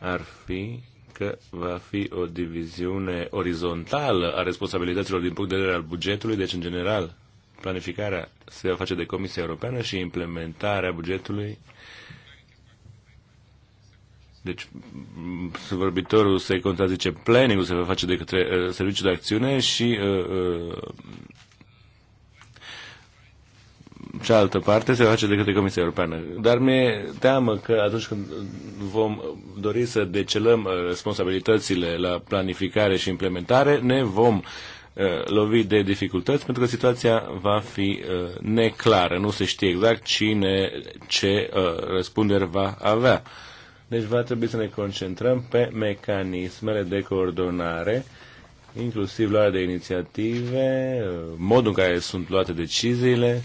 ar fi că va fi o diviziune orizontală a responsabilităților din punct de vedere al bugetului, deci în general planificarea se va face de Comisia Europeană și implementarea bugetului deci, vorbitorul se contrazice, planning-ul se va face de către uh, serviciul de acțiune și uh, uh, cealaltă parte se face de către Comisia Europeană. Dar mi-e teamă că atunci când vom dori să decelăm uh, responsabilitățile la planificare și implementare, ne vom uh, lovi de dificultăți pentru că situația va fi uh, neclară. Nu se știe exact cine ce răspundere va avea. Deci va trebui să ne concentrăm pe mecanismele de coordonare inclusiv luarea de inițiative, modul în care sunt luate deciziile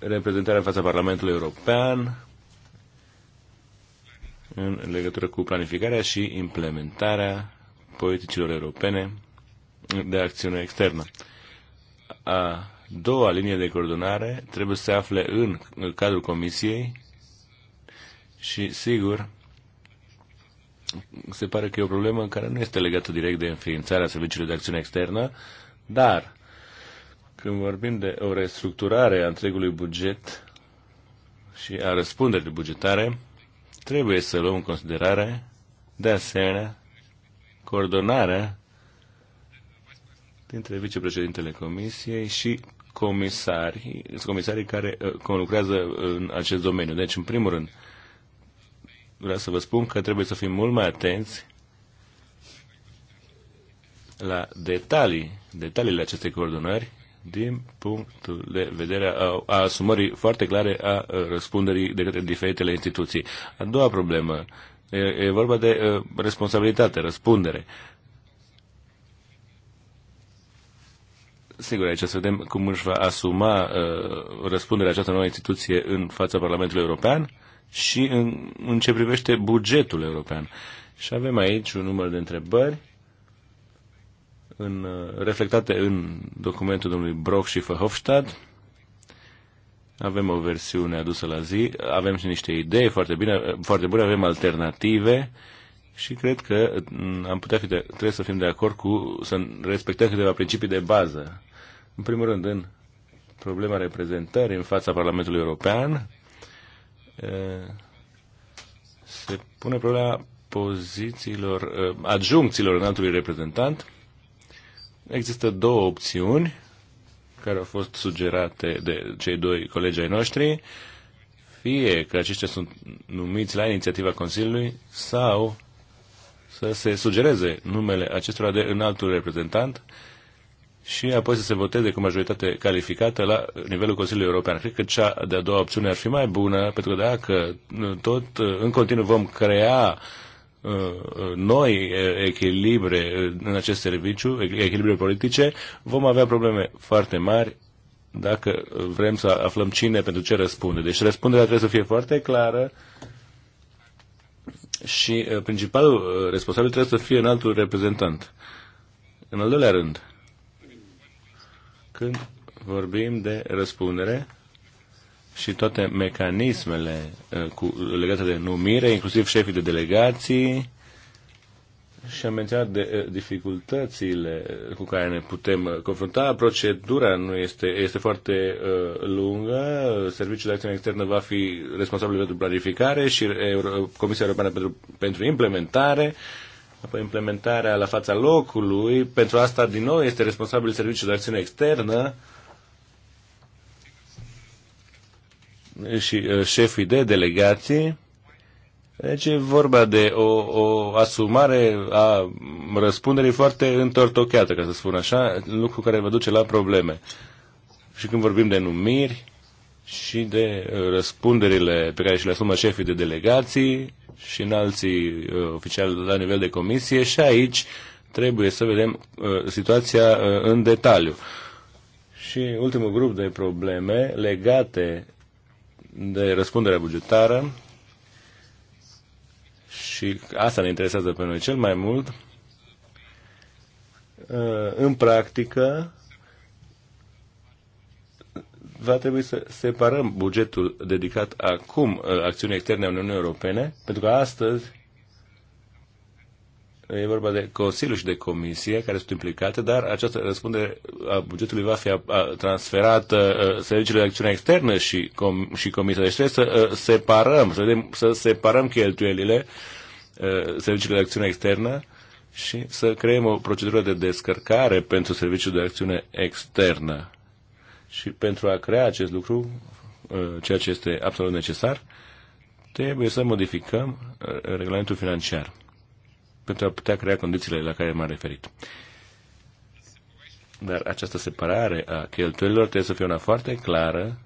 reprezentarea în fața Parlamentului European în legătură cu planificarea și implementarea politicilor europene de acțiune externă. A doua linie de coordonare trebuie să se afle în cadrul Comisiei și, sigur, se pare că e o problemă care nu este legată direct de înființarea Serviciului de Acțiune Externă, dar când vorbim de o restructurare a întregului buget și a răspunderii bugetare, trebuie să luăm în considerare, de asemenea, coordonarea dintre vicepreședintele Comisiei și comisarii, comisarii care uh, conlucrează în acest domeniu. Deci, în primul rând, vreau să vă spun că trebuie să fim mult mai atenți la detalii, detaliile acestei coordonări din punctul de vedere a, a asumării foarte clare a răspunderii de către diferitele instituții. A doua problemă e, e vorba de uh, responsabilitate, răspundere. Sigur, aici să vedem cum își va asuma uh, răspunderea această nouă instituție în fața Parlamentului European și în, în ce privește bugetul european. Și avem aici un număr de întrebări în, reflectate în documentul domnului Brock și Verhofstadt. Avem o versiune adusă la zi, avem și niște idei foarte, bine, foarte bune, avem alternative și cred că mm, am putea fi de, trebuie să fim de acord cu să respectăm câteva principii de bază. În primul rând, în problema reprezentării în fața Parlamentului European, se pune problema pozițiilor, adjuncțiilor, înaltului reprezentant Există două opțiuni care au fost sugerate de cei doi colegi ai noștri, fie că aceștia sunt numiți la inițiativa Consiliului sau să se sugereze numele acestora de înaltul reprezentant și apoi să se voteze cu majoritate calificată la nivelul Consiliului European. Cred că cea de-a doua opțiune ar fi mai bună, pentru că dacă tot în continuu vom crea uh, Uh, noi uh, echilibre în acest serviciu, echilibre politice, vom avea probleme foarte mari dacă vrem să aflăm cine pentru ce răspunde. Deci răspunderea trebuie să fie foarte clară și uh, principalul responsabil trebuie să fie un altul reprezentant. În al doilea rând, când vorbim de răspundere, și toate mecanismele uh, cu, legate de numire, inclusiv șefii de delegații, și am menționat de uh, dificultățile uh, cu care ne putem confrunta. Procedura nu este, este foarte uh, lungă. Serviciul de acțiune externă va fi responsabil pentru planificare și Euro- Comisia Europeană pentru, pentru implementare. Apoi implementarea la fața locului. Pentru asta, din nou, este responsabil Serviciul de acțiune externă. Uh, și uh, șefii de delegații. Deci e vorba de o, o asumare a răspunderii foarte întortocheată, ca să spun așa, lucru care vă duce la probleme. Și când vorbim de numiri și de uh, răspunderile pe care și le asumă șefii de delegații și în alții uh, oficiali la nivel de comisie, și aici trebuie să vedem situația în detaliu. Și ultimul grup de probleme legate de răspunderea bugetară și asta ne interesează pe noi cel mai mult. Uh, în practică, va trebui să separăm bugetul dedicat acum uh, acțiunii externe a Uniunii Europene, pentru că astăzi E vorba de Consiliu și de Comisie care sunt implicate, dar această răspundere a bugetului va fi transferată serviciile de Acțiune Externă și, com- și Comisia. Deci trebuie să separăm, să, vedem, să separăm cheltuielile serviciile de Acțiune Externă și să creăm o procedură de descărcare pentru Serviciul de Acțiune Externă. Și pentru a crea acest lucru, ceea ce este absolut necesar, trebuie să modificăm regulamentul financiar pentru a putea crea condițiile la care m-am referit. Dar această separare a cheltuielilor trebuie să fie una foarte clară,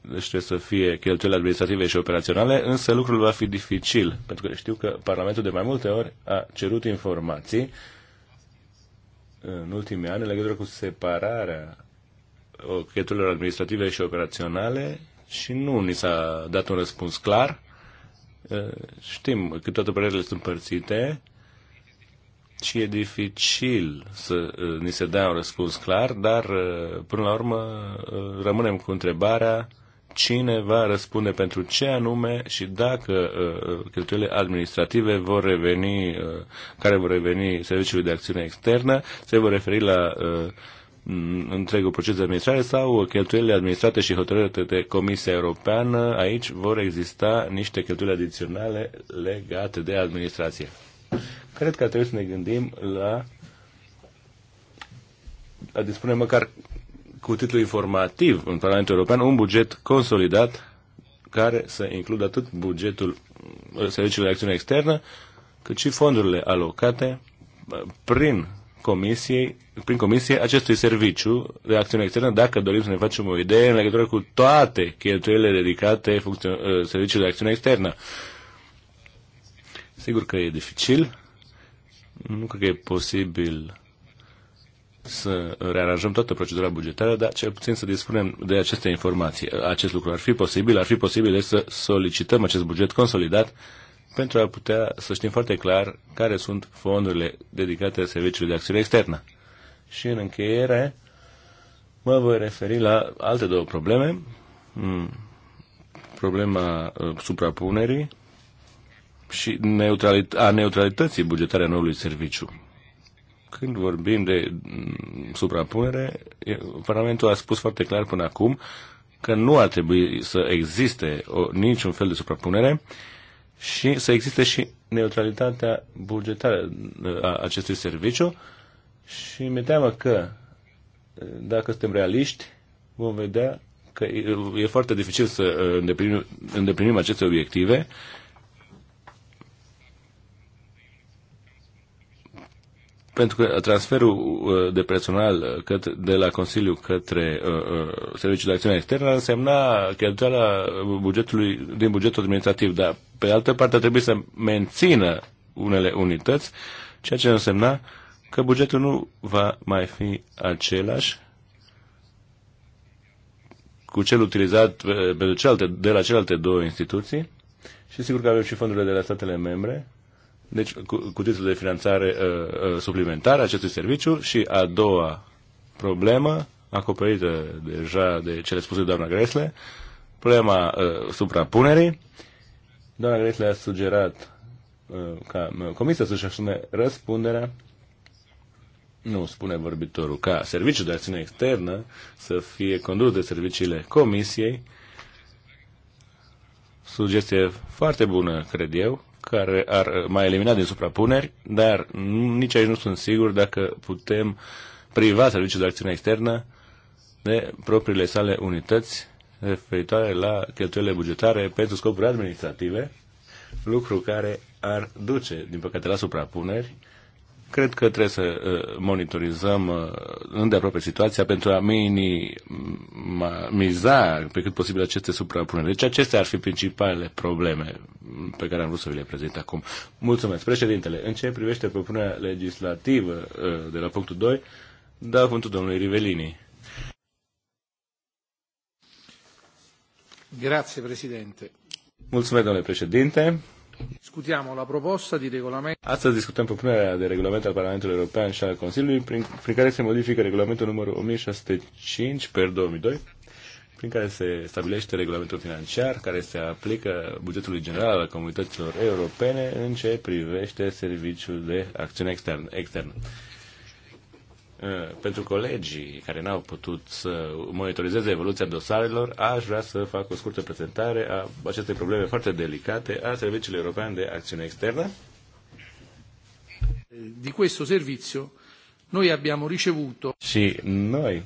deci trebuie să fie cheltuieli administrative și operaționale, însă lucrul va fi dificil, pentru că știu că Parlamentul de mai multe ori a cerut informații în ultimii ani în legătură cu separarea cheltuielilor administrative și operaționale și nu ni s-a dat un răspuns clar. Știm că toate părerile sunt părțite și e dificil să uh, ni se dea un răspuns clar, dar uh, până la urmă uh, rămânem cu întrebarea cine va răspunde pentru ce anume și dacă cheltuielile administrative vor reveni, care vor reveni serviciului de acțiune externă, se vor referi la întregul proces de administrare sau cheltuielile administrate și hotărâte de Comisia Europeană, aici vor exista niște cheltuieli adiționale legate de administrație cred că trebuie să ne gândim la a dispune măcar cu titlu informativ în Parlamentul European un buget consolidat care să includă atât bugetul Serviciului de Acțiune Externă, cât și fondurile alocate prin comisiei, prin comisie acestui serviciu de acțiune externă, dacă dorim să ne facem o idee în legătură cu toate cheltuielile dedicate serviciului de acțiune externă. Sigur că e dificil, nu cred că e posibil să rearanjăm toată procedura bugetară, dar cel puțin să dispunem de aceste informații. Acest lucru ar fi posibil, ar fi posibil deci să solicităm acest buget consolidat pentru a putea să știm foarte clar care sunt fondurile dedicate serviciului de acțiune externă. Și în încheiere mă voi referi la alte două probleme. Hmm. Problema uh, suprapunerii și neutralit- a neutralității bugetare a noului serviciu. Când vorbim de mm, suprapunere, Parlamentul a spus foarte clar până acum că nu ar trebui să existe o, niciun fel de suprapunere și să existe și neutralitatea bugetară uh, a acestui serviciu și mi-e teamă că uh, dacă suntem realiști, vom vedea că e, e foarte dificil să uh, îndeplinim, îndeplinim aceste obiective Pentru că transferul uh, de personal uh, către, de la Consiliu către uh, uh Serviciul de Acțiune Externă însemna cheltuiala bugetului, din bugetul administrativ, dar pe altă parte trebuie să mențină unele unități, ceea ce însemna că bugetul nu va mai fi același cu cel utilizat pentru celelalte, de la celelalte două instituții și sigur că avem și fondurile de la statele membre deci, cu, cu titlul de finanțare uh, uh, suplimentară acestui serviciu și a doua problemă, acoperită deja de cele spuse de doamna Gresle, problema uh, suprapunerii. Doamna Gresle a sugerat uh, ca uh, comisia să-și asume răspunderea nu spune vorbitorul, ca serviciul de acțiune externă să fie condus de serviciile comisiei. Sugestie foarte bună, cred eu, care ar mai elimina din suprapuneri, dar nici aici nu sunt sigur dacă putem priva serviciul de acțiune externă de propriile sale unități referitoare la cheltuielile bugetare pentru scopuri administrative, lucru care ar duce, din păcate, la suprapuneri Cred că trebuie să uh, monitorizăm uh, îndeaproape situația pentru a minimiza pe cât posibil aceste suprapuneri. Deci acestea ar fi principalele probleme pe care am vrut să vi le prezint acum. Mulțumesc, președintele. În ce privește propunerea legislativă uh, de la punctul 2, da punctul domnului Rivelini. Grazie, președinte. Mulțumesc, domnule președinte. Discutiamo la proposta di Astăzi discutăm propunerea de regulament al Parlamentului European și al Consiliului prin, prin care se modifică regulamentul numărul 1605 per 2002 prin care se stabilește regulamentul financiar care se aplică bugetului general al comunităților europene în ce privește serviciul de acțiune externă. externă. Eh, pentru colegii care n-au putut să monitorizeze evoluția dosarelor, aș vrea să fac o scurtă prezentare a acestei probleme foarte delicate a Serviciului European de Acțiune Externă. Di questo servizio noi abbiamo ricevuto și noi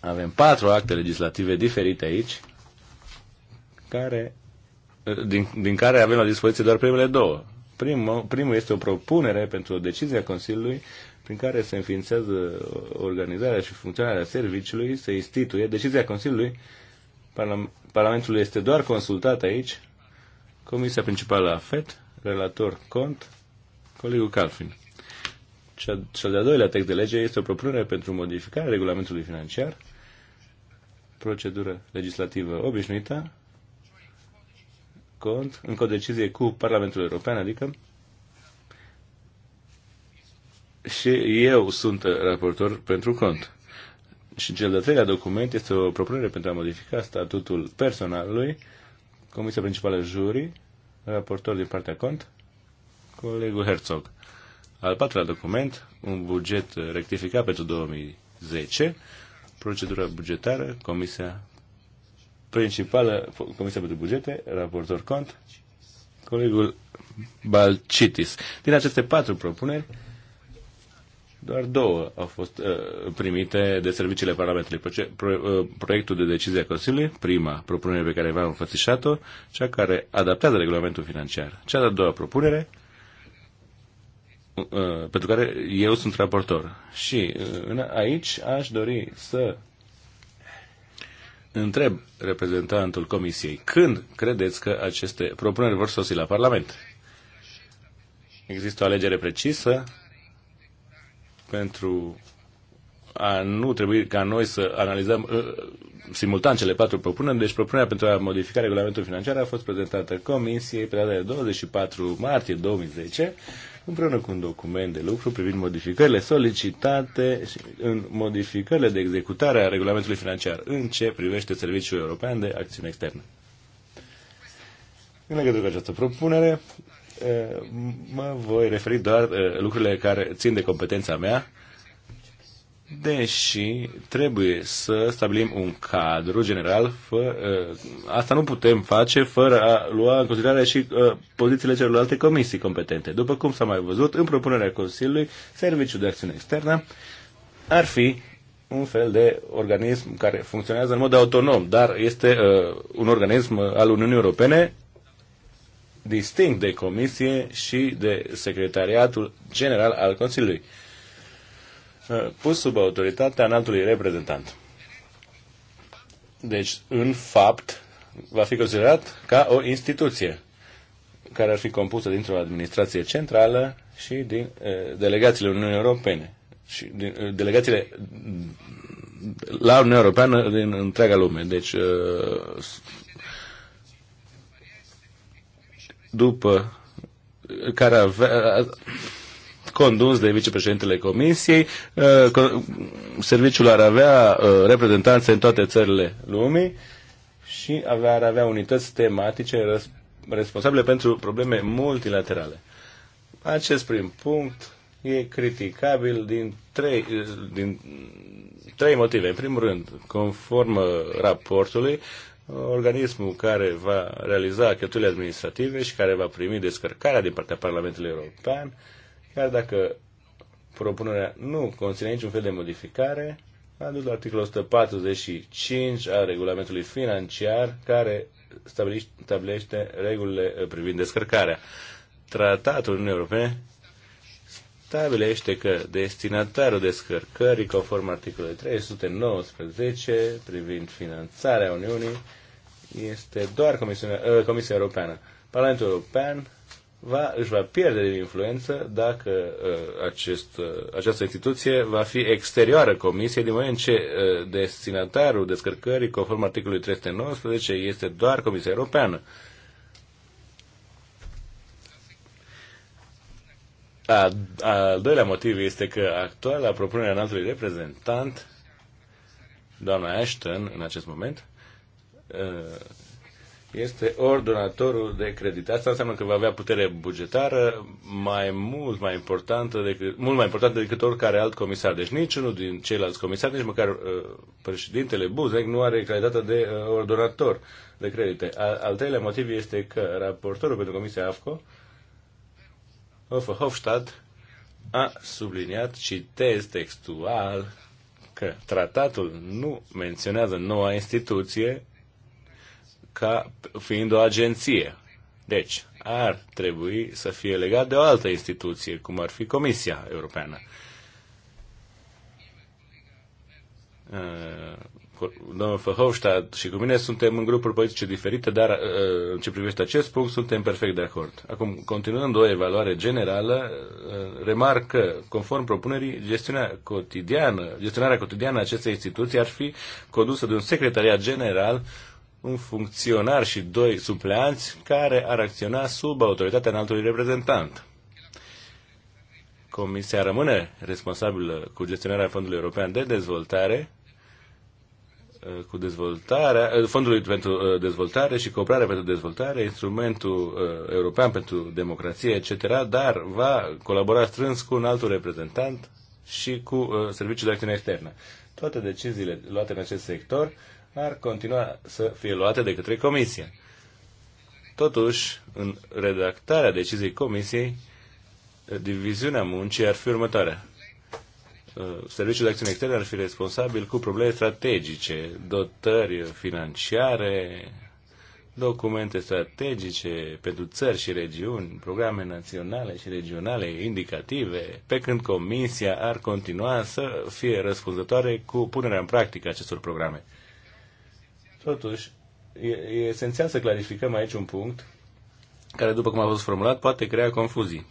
avem patru acte legislative diferite aici care eh, din, din care avem la dispoziție doar primele două. Primul, primul este o propunere pentru o decizie a Consiliului prin care se înființează organizarea și funcționarea serviciului, se instituie. Decizia Consiliului, Parlamentul este doar consultat aici, Comisia Principală a FET, relator cont, colegul Calfin. Cel de-al doilea text de lege este o propunere pentru modificarea regulamentului financiar, procedură legislativă obișnuită, cont, o decizie cu Parlamentul European, adică și eu sunt raportor pentru cont. Și cel de-al treilea document este o propunere pentru a modifica statutul personalului, Comisia Principală Jurii, raportor din partea cont, colegul Herzog. Al patrulea document, un buget rectificat pentru 2010, procedura bugetară, Comisia Principală, Comisia pentru Bugete, raportor cont, colegul Balcitis. Din aceste patru propuneri, doar două au fost uh, primite de serviciile Parlamentului. Pro, uh, proiectul de decizie a Consiliului, prima propunere pe care v-am înfățișat-o, cea care adaptează regulamentul financiar. Cea de-a doua propunere, uh, pentru care eu sunt raportor. Și uh, aici aș dori să întreb reprezentantul Comisiei, când credeți că aceste propuneri vor sosi la Parlament? Există o alegere precisă pentru a nu trebui ca noi să analizăm uh, simultan cele patru propuneri. Deci propunerea pentru a modifica regulamentul financiar a fost prezentată Comisiei pe data de 24 martie 2010 împreună cu un document de lucru privind modificările solicitate în modificările de executare a regulamentului financiar în ce privește Serviciul European de Acțiune Externă. În legătură cu această propunere, mă voi referi doar uh, lucrurile care țin de competența mea, deși trebuie să stabilim un cadru general. Fă, uh, asta nu putem face fără a lua în considerare și uh, pozițiile celorlalte comisii competente. După cum s-a mai văzut, în propunerea Consiliului, Serviciul de Acțiune Externă ar fi un fel de organism care funcționează în mod autonom, dar este uh, un organism al Uniunii Europene distinct de Comisie și de Secretariatul General al Consiliului, uh, pus sub autoritatea înaltului reprezentant. Deci, în fapt, va fi considerat ca o instituție care ar fi compusă dintr-o administrație centrală și din uh, delegațiile Uniunii Europene și din, uh, delegațiile la Uniunea Europeană din întreaga lume. Deci după care avea, condus de vicepreședintele Comisiei, uh, serviciul ar avea uh, reprezentanțe în toate țările lumii și avea, ar avea unități tematice responsabile pentru probleme multilaterale. Acest prim punct e criticabil din trei, din trei motive. În primul rând, conform uh, raportului, organismul care va realiza cheltuielile administrative și care va primi descărcarea din partea Parlamentului European, chiar dacă propunerea nu conține niciun fel de modificare, a dus la articolul 145 al regulamentului financiar care stabilește regulile privind descărcarea. Tratatul Uniunii Europene stabilește că destinatarul descărcării, conform articolului 319 privind finanțarea Uniunii, este doar Comisiunea, uh, Comisia Europeană. Parlamentul European va, își va pierde din influență dacă uh, acest, uh, această instituție va fi exterioară Comisiei din moment ce uh, destinatarul descărcării, conform articolului 319, este doar Comisia Europeană. A, al doilea motiv este că actuala propunerea înaltului reprezentant, doamna Ashton, în acest moment, Uh, este ordonatorul de credit. Asta înseamnă că va avea putere bugetară mai mult mai importantă decât, mult mai importantă decât oricare alt comisar. Deci niciunul din ceilalți comisari, nici măcar uh, președintele Buzek nu are calitatea de uh, ordonator de credite. Al, al treilea motiv este că raportorul pentru Comisia AFCO, Hofer Hofstadt, a subliniat, citez textual, că tratatul nu menționează noua instituție ca fiind o agenție. Deci, ar trebui să fie legat de o altă instituție, cum ar fi Comisia Europeană. Uh, domnul Făhovștad și cu mine suntem în grupuri politice diferite, dar uh, în ce privește acest punct suntem perfect de acord. Acum, continuând o evaluare generală, uh, remarc că, conform propunerii, gestiunea cotidiană, gestionarea cotidiană a acestei instituții ar fi condusă de un secretariat general un funcționar și doi supleanți care ar acționa sub autoritatea înaltului reprezentant. Comisia rămâne responsabilă cu gestionarea Fondului European de Dezvoltare, uh, cu dezvoltarea, uh, Fondului pentru uh, Dezvoltare și Cooperare pentru Dezvoltare, Instrumentul European pentru Democrație, etc., dar va colabora strâns cu un altul reprezentant și cu Serviciul de Acțiune Externă. Toate deciziile luate în acest sector ar continua să fie luate de către Comisie. Totuși, în redactarea deciziei Comisiei, diviziunea muncii ar fi următoarea. Uh, Serviciul de acțiune externă ar fi responsabil cu probleme strategice, dotări financiare, documente strategice pentru țări și regiuni, programe naționale și regionale indicative, pe când Comisia ar continua să fie răspunzătoare cu punerea în practică acestor programe. Totuși, e, e esențial să clarificăm aici un punct care, după cum a fost formulat, poate crea confuzii.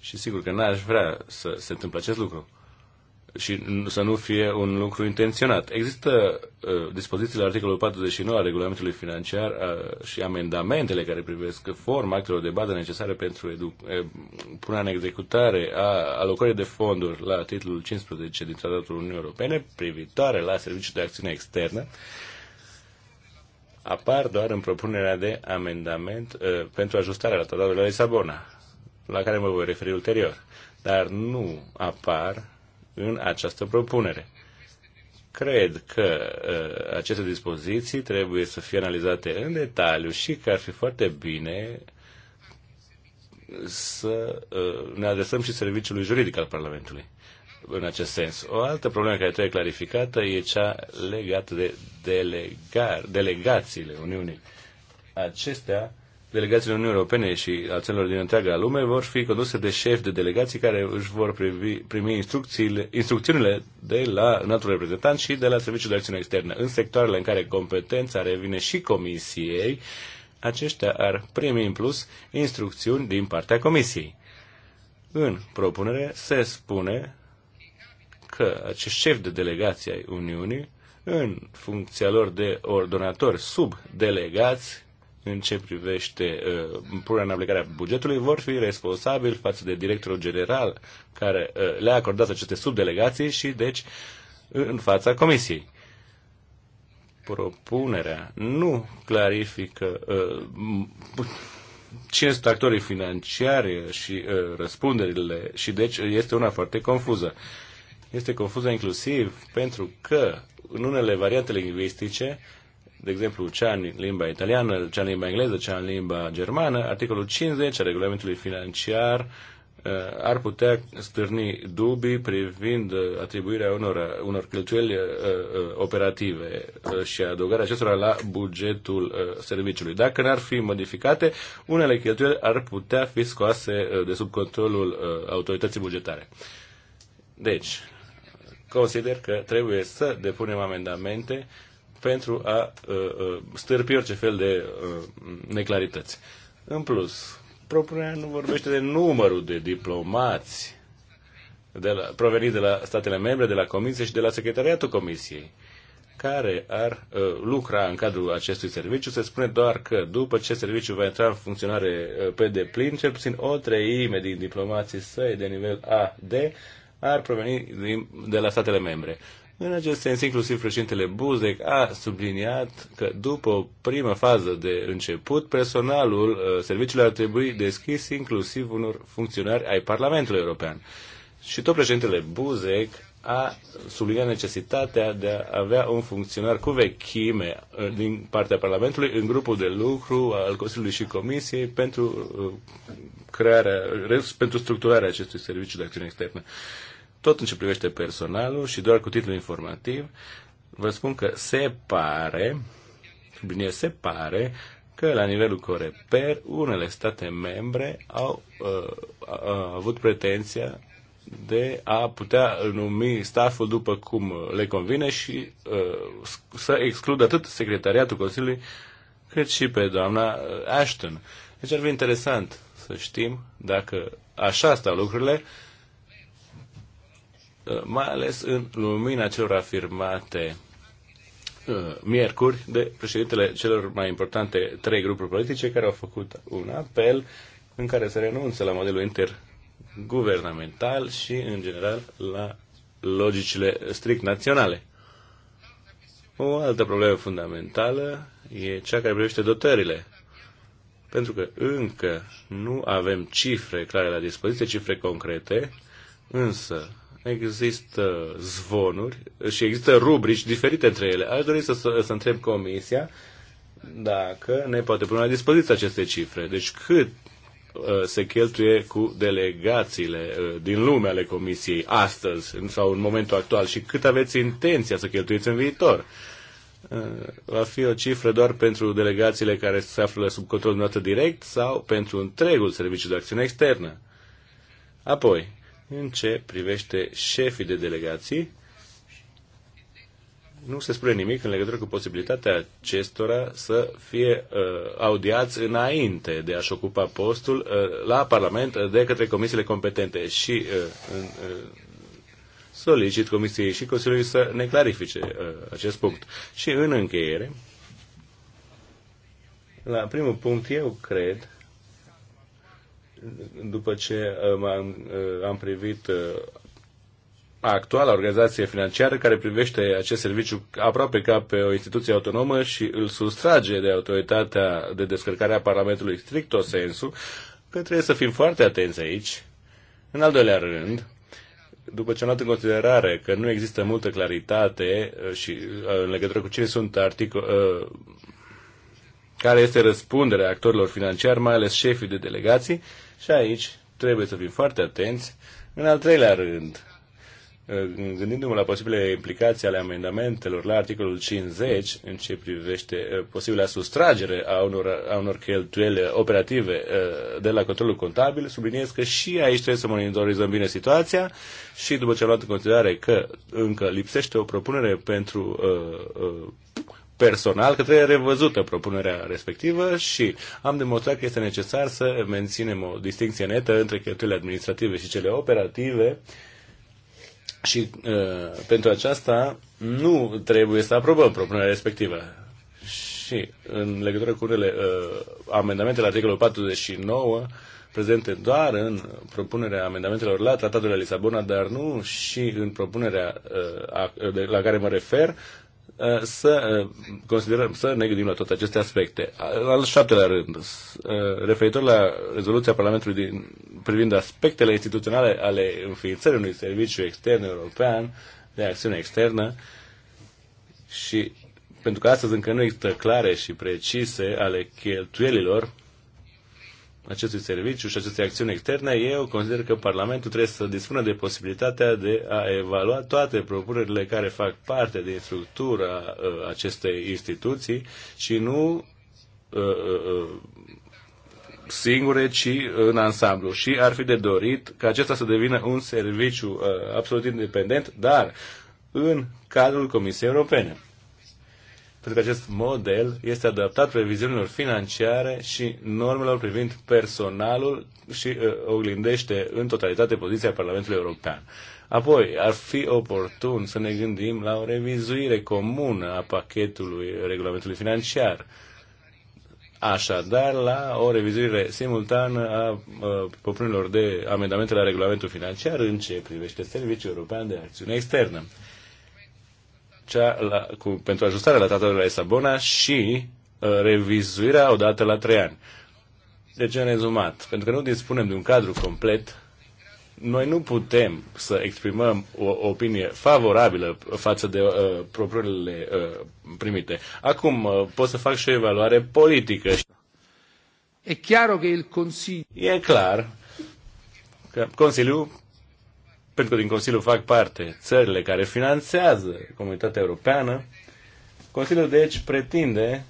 Și sigur că n-aș vrea să se întâmple acest lucru și să nu fie un lucru intenționat. Există uh, dispozițiile articolului 49 al regulamentului financiar uh, și amendamentele care privesc forma actelor de bază necesare pentru edu- uh, punerea în executare a alocării de fonduri la titlul 15 din Tratatul Uniunii Europene privitoare la serviciul de acțiune externă. Uh, apar doar în propunerea de amendament uh, pentru ajustarea la tratatul de Lisabona, la care mă voi referi ulterior, dar nu apar în această propunere. Cred că uh, aceste dispoziții trebuie să fie analizate în detaliu și că ar fi foarte bine să uh, ne adresăm și serviciului juridic al Parlamentului în acest sens. O altă problemă care trebuie clarificată e cea legată de delegar, delegațiile Uniunii. Acestea, delegațiile Uniunii Europene și a celor din întreaga lume, vor fi conduse de șefi de delegații care își vor privi, primi instrucțiile, instrucțiunile de la înaltul reprezentant și de la Serviciul de Acțiune Externă. În sectoarele în care competența revine și Comisiei, aceștia ar primi în plus instrucțiuni din partea Comisiei. În propunere se spune că acești șefi de delegație ai Uniunii, în funcția lor de ordonatori subdelegați, în ce privește uh, punerea în aplicare a bugetului, vor fi responsabili față de directorul general care uh, le-a acordat aceste subdelegații și, deci, în fața comisiei. Propunerea nu clarifică uh, cine sunt actorii financiari și uh, răspunderile și, deci, este una foarte confuză. Uh, este confuză inclusiv pentru că în unele variante lingvistice, de exemplu cea în limba italiană, cea în limba engleză, cea în limba germană, articolul 50 al regulamentului financiar uh, ar putea stârni dubii privind uh, atribuirea unor, uh, unor cheltuieli operative și adăugarea acestora la bugetul serviciului. Dacă n-ar fi modificate, unele cheltuieli ar putea fi scoase de sub controlul autorității bugetare. Deci, consider că trebuie să depunem amendamente pentru a uh, uh, stârpi orice fel de uh, neclarități. În plus, propunerea nu vorbește de numărul de diplomați de la, provenit de la statele membre, de la Comisie și de la Secretariatul Comisiei, care ar uh, lucra în cadrul acestui serviciu. Se spune doar că după ce serviciul va intra în funcționare uh, pe deplin, cel puțin o treime din diplomații săi de nivel AD ar proveni din, de la statele membre. În acest sens, inclusiv președintele Buzek a subliniat că după o primă fază de început, personalul uh, serviciului ar trebui deschis inclusiv unor funcționari ai Parlamentului European. Și tot președintele Buzek a subliniat necesitatea de a avea un funcționar cu vechime uh, din partea Parlamentului în grupul de lucru al Consiliului și Comisiei pentru uh, crearea, pentru structurarea acestui serviciu de acțiune externă tot în ce privește personalul și doar cu titlul informativ, vă spun că se pare, bine, se pare că la nivelul Coreper unele state membre au uh, uh, avut pretenția de a putea numi staful după cum le convine și uh, să excludă atât secretariatul Consiliului cât și pe doamna uh, Ashton. Deci ar fi interesant să știm dacă așa stau lucrurile, uh, mai ales în lumina celor afirmate uh, miercuri de președintele celor mai importante trei grupuri politice care au făcut un apel în care se renunță la modelul interguvernamental și, în general, la logicile strict naționale. O altă problemă fundamentală e cea care privește dotările. Pentru că încă nu avem cifre clare la dispoziție, cifre concrete, însă există zvonuri și există rubrici diferite între ele. Aș dori să, să, să întreb Comisia dacă ne poate pune la dispoziție aceste cifre. Deci cât uh, se cheltuie cu delegațiile uh, din lume ale Comisiei astăzi sau în momentul actual și cât aveți intenția să cheltuiți în viitor. Uh, va fi o cifră doar pentru delegațiile care se află sub control dumneavoastră direct sau pentru întregul serviciu de acțiune externă. Apoi, în ce privește șefii de delegații, nu se spune nimic în legătură cu posibilitatea acestora să fie uh, audiați înainte de a-și ocupa postul uh, la Parlament uh, de către comisiile competente și uh, uh, solicit Comisiei și Consiliului să ne clarifice uh, acest punct. Și în încheiere, la primul punct, eu cred după ce uh, am, uh, am privit uh, actuala organizație financiară care privește acest serviciu aproape ca pe o instituție autonomă și îl sustrage de autoritatea de descărcare a Parlamentului stricto sensu, că trebuie să fim foarte atenți aici. În al doilea rând, după ce am luat în considerare că nu există multă claritate și în legătură cu cine sunt articol, care este răspunderea actorilor financiari, mai ales șefii de delegații, și aici trebuie să fim foarte atenți. În al treilea rând, gândindu-mă la posibile implicații ale amendamentelor la articolul 50 în ce privește uh, posibilă sustragere a unor, a unor cheltuieli operative uh, de la controlul contabil, subliniez că și aici trebuie să monitorizăm bine situația și după ce am luat în considerare că încă lipsește o propunere pentru uh, uh, personal că trebuie revăzută propunerea respectivă și am demonstrat că este necesar să menținem o distinție netă între cheltuielile administrative și cele operative și uh, pentru aceasta nu trebuie să aprobăm propunerea respectivă. Și în legătură cu unele uh, amendamente la articolul 49 prezente doar în propunerea amendamentelor la Tratatul de Lisabona, dar nu și în propunerea uh, a, de, la care mă refer, Eh, să eh, considerăm, să ne gândim la toate aceste aspecte. Al șaptelea rând, eh, referitor la rezoluția Parlamentului din, privind aspectele instituționale ale înființării unui serviciu extern european de acțiune externă și pentru că astăzi încă nu există clare și precise ale cheltuielilor acestui serviciu și acestei acțiuni externe, eu consider că Parlamentul trebuie să dispună de posibilitatea de a evalua toate propunerile care fac parte din structura uh, acestei instituții și nu uh, uh, singure, ci în ansamblu. Și ar fi de dorit ca acesta să devină un serviciu absolut independent, dar în cadrul Comisiei Europene pentru că acest model este adaptat previziunilor financiare și normelor privind personalul și uh, oglindește în totalitate poziția Parlamentului European. Apoi, ar fi oportun să ne gândim la o revizuire comună a pachetului regulamentului financiar. Așadar, la o revizuire simultană a uh, propunerilor de amendamente la regulamentul financiar în ce privește Serviciul European de Acțiune Externă cea la, cu, pentru ajustarea la tratatul de la Lisabona și uh, revizuirea odată la trei ani. ce deci, în rezumat, pentru că nu dispunem de un cadru complet, noi nu putem să exprimăm o opinie favorabilă față de uh, propriile uh, primite. Acum uh, pot să fac și o evaluare politică. E clar că il Consiliu. E clar că Consiliul pentru că din Consiliu fac parte țările care finanțează comunitatea europeană, Consiliul deci pretinde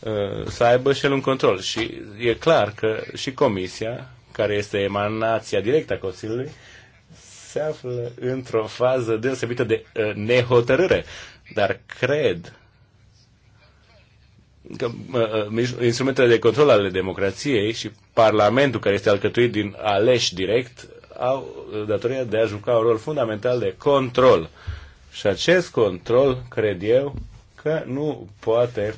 uh, să aibă și el un control. Și e clar că și Comisia, care este emanația directă a Consiliului, se află într-o fază deosebită de uh, nehotărâre. Dar cred că uh, uh instrumentele de control ale democrației și Parlamentul, care este alcătuit din aleși direct, au datoria de a juca un rol fundamental de control. Și acest control, cred eu, că nu poate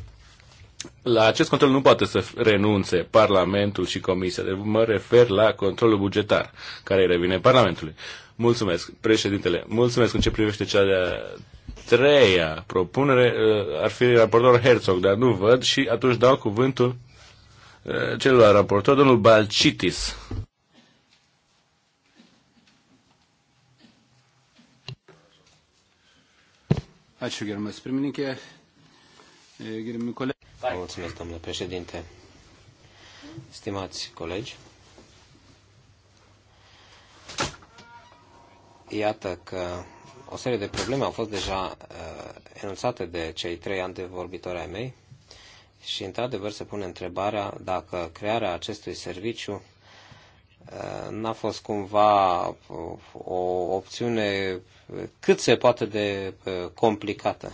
la acest control nu poate să renunțe Parlamentul și Comisia. Deci mă refer la controlul bugetar, care revine Parlamentului. Mulțumesc, președintele. Mulțumesc în ce privește cea de-a treia propunere. Uh, ar fi raportor Herzog, dar nu văd și atunci dau cuvântul uh, celor raportor, domnul Balcitis. Ačiū, gerbiamas pirmininkė. Gerbiami Mulțumesc, domnule președinte. Stimați colegi, iată că o serie de probleme au fost deja uh, enunțate de cei trei antevorbitori ai mei și, într-adevăr, se pune întrebarea dacă crearea acestui serviciu Uh, n-a fost cumva uh, o opțiune cât se poate de uh, complicată.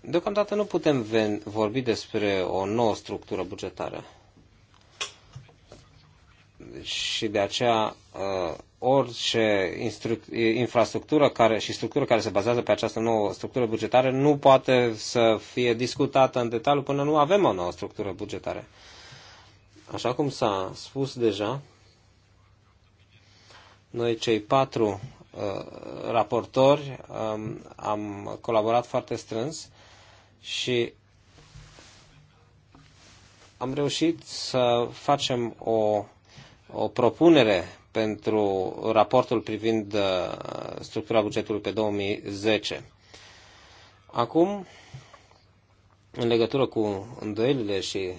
Deocamdată nu putem vorbi despre o nouă structură bugetară. Și de aceea orice infrastructură care, și structură care se bazează pe această nouă structură bugetară nu poate să fie discutată în detaliu până nu avem o nouă structură bugetară. Uh, Așa cum s-a spus deja, noi cei patru uh, raportori um, am colaborat foarte strâns și am reușit să facem o, o propunere pentru raportul privind uh, structura bugetului pe 2010. Acum, în legătură cu îndoielile și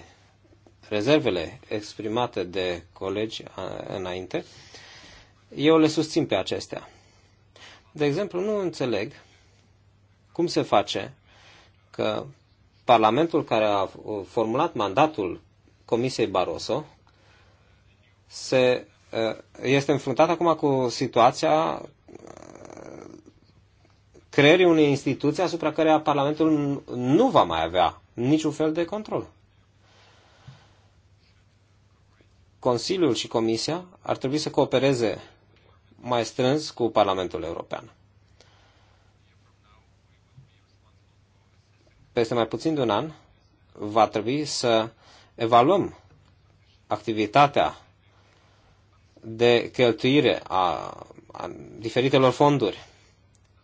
rezervele exprimate de colegi înainte, eu le susțin pe acestea. De exemplu, nu înțeleg cum se face că Parlamentul care a formulat mandatul Comisiei Barroso se, este înfruntat acum cu situația creierii unei instituții asupra căreia Parlamentul nu va mai avea niciun fel de control. Consiliul și Comisia ar trebui să coopereze mai strâns cu Parlamentul European. Peste mai puțin de un an va trebui să evaluăm activitatea de cheltuire a, a diferitelor fonduri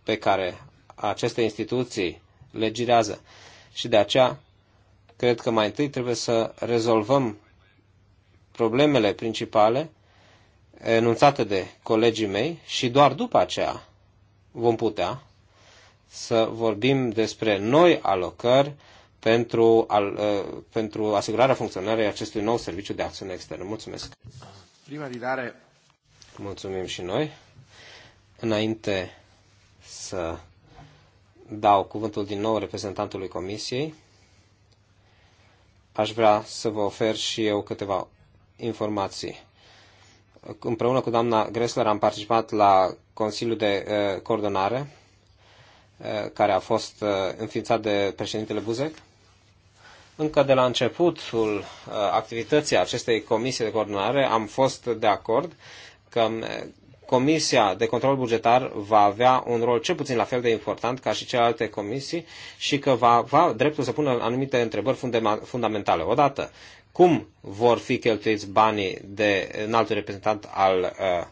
pe care aceste instituții le girează. Și de aceea, cred că mai întâi trebuie să rezolvăm problemele principale enunțate de colegii mei și doar după aceea vom putea să vorbim despre noi alocări pentru, al, ă, pentru asigurarea funcționării acestui nou serviciu de acțiune externă. Mulțumesc! Prima dare. Mulțumim și noi. Înainte să dau cuvântul din nou reprezentantului Comisiei, aș vrea să vă ofer și eu câteva informații. Împreună cu doamna Gressler am participat la Consiliul de uh, Coordonare, uh, care a fost uh, înființat de președintele Buzek. Încă de la începutul uh, activității acestei comisii de coordonare am fost de acord că uh, Comisia de control bugetar va avea un rol cel puțin la fel de important ca și celelalte comisii și că va avea dreptul să pună anumite întrebări fundamentale. Odată, cum vor fi cheltuiți banii de înaltul reprezentant al uh,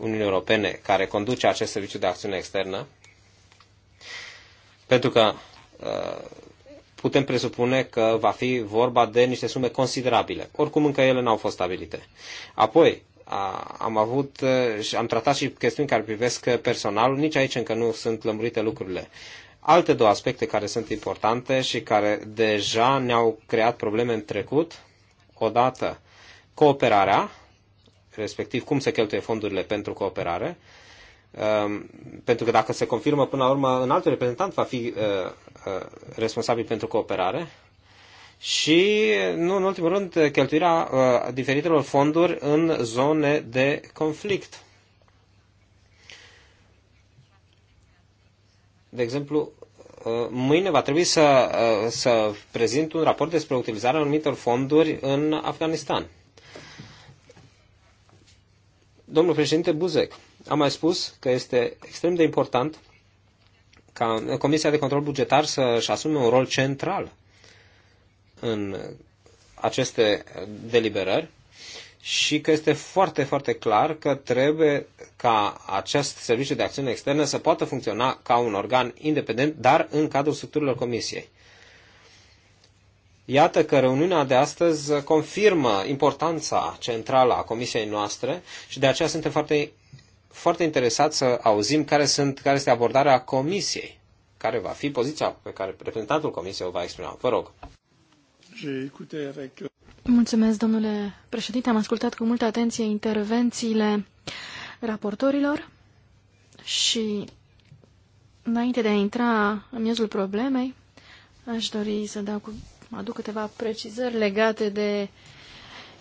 Uniunii Europene care conduce acest serviciu de acțiune externă? Pentru că uh, putem presupune că va fi vorba de niște sume considerabile. Oricum încă ele n-au fost stabilite. Apoi, am avut uh, și am tratat și chestiuni care privesc personalul, nici aici încă nu sunt lămurite lucrurile. Alte două aspecte care sunt importante și care deja ne-au creat probleme în trecut odată cooperarea, respectiv cum se cheltuie fondurile pentru cooperare, um, pentru că dacă se confirmă până la urmă, un alt reprezentant va fi uh, uh, responsabil pentru cooperare, și, nu în ultimul rând, cheltuirea uh, diferitelor fonduri în zone de conflict. De exemplu, Uh, mâine va trebui să, uh, să prezint un raport despre utilizarea anumitor fonduri în Afganistan. Domnul președinte Buzek a mai spus că este extrem de important ca Comisia de Control Bugetar să-și asume un rol central în aceste deliberări și că este foarte, foarte clar că trebuie ca acest serviciu de acțiune externă să poată funcționa ca un organ independent, dar în cadrul structurilor Comisiei. Iată că reuniunea de astăzi confirmă importanța centrală a Comisiei noastre și de aceea suntem foarte, foarte interesați să auzim care, sunt, care este abordarea Comisiei, care va fi poziția pe care reprezentantul Comisiei o va exprima. Vă rog. Mulțumesc, domnule președinte. Am ascultat cu multă atenție intervențiile raportorilor și înainte de a intra în miezul problemei, aș dori să dau cu, aduc câteva precizări legate de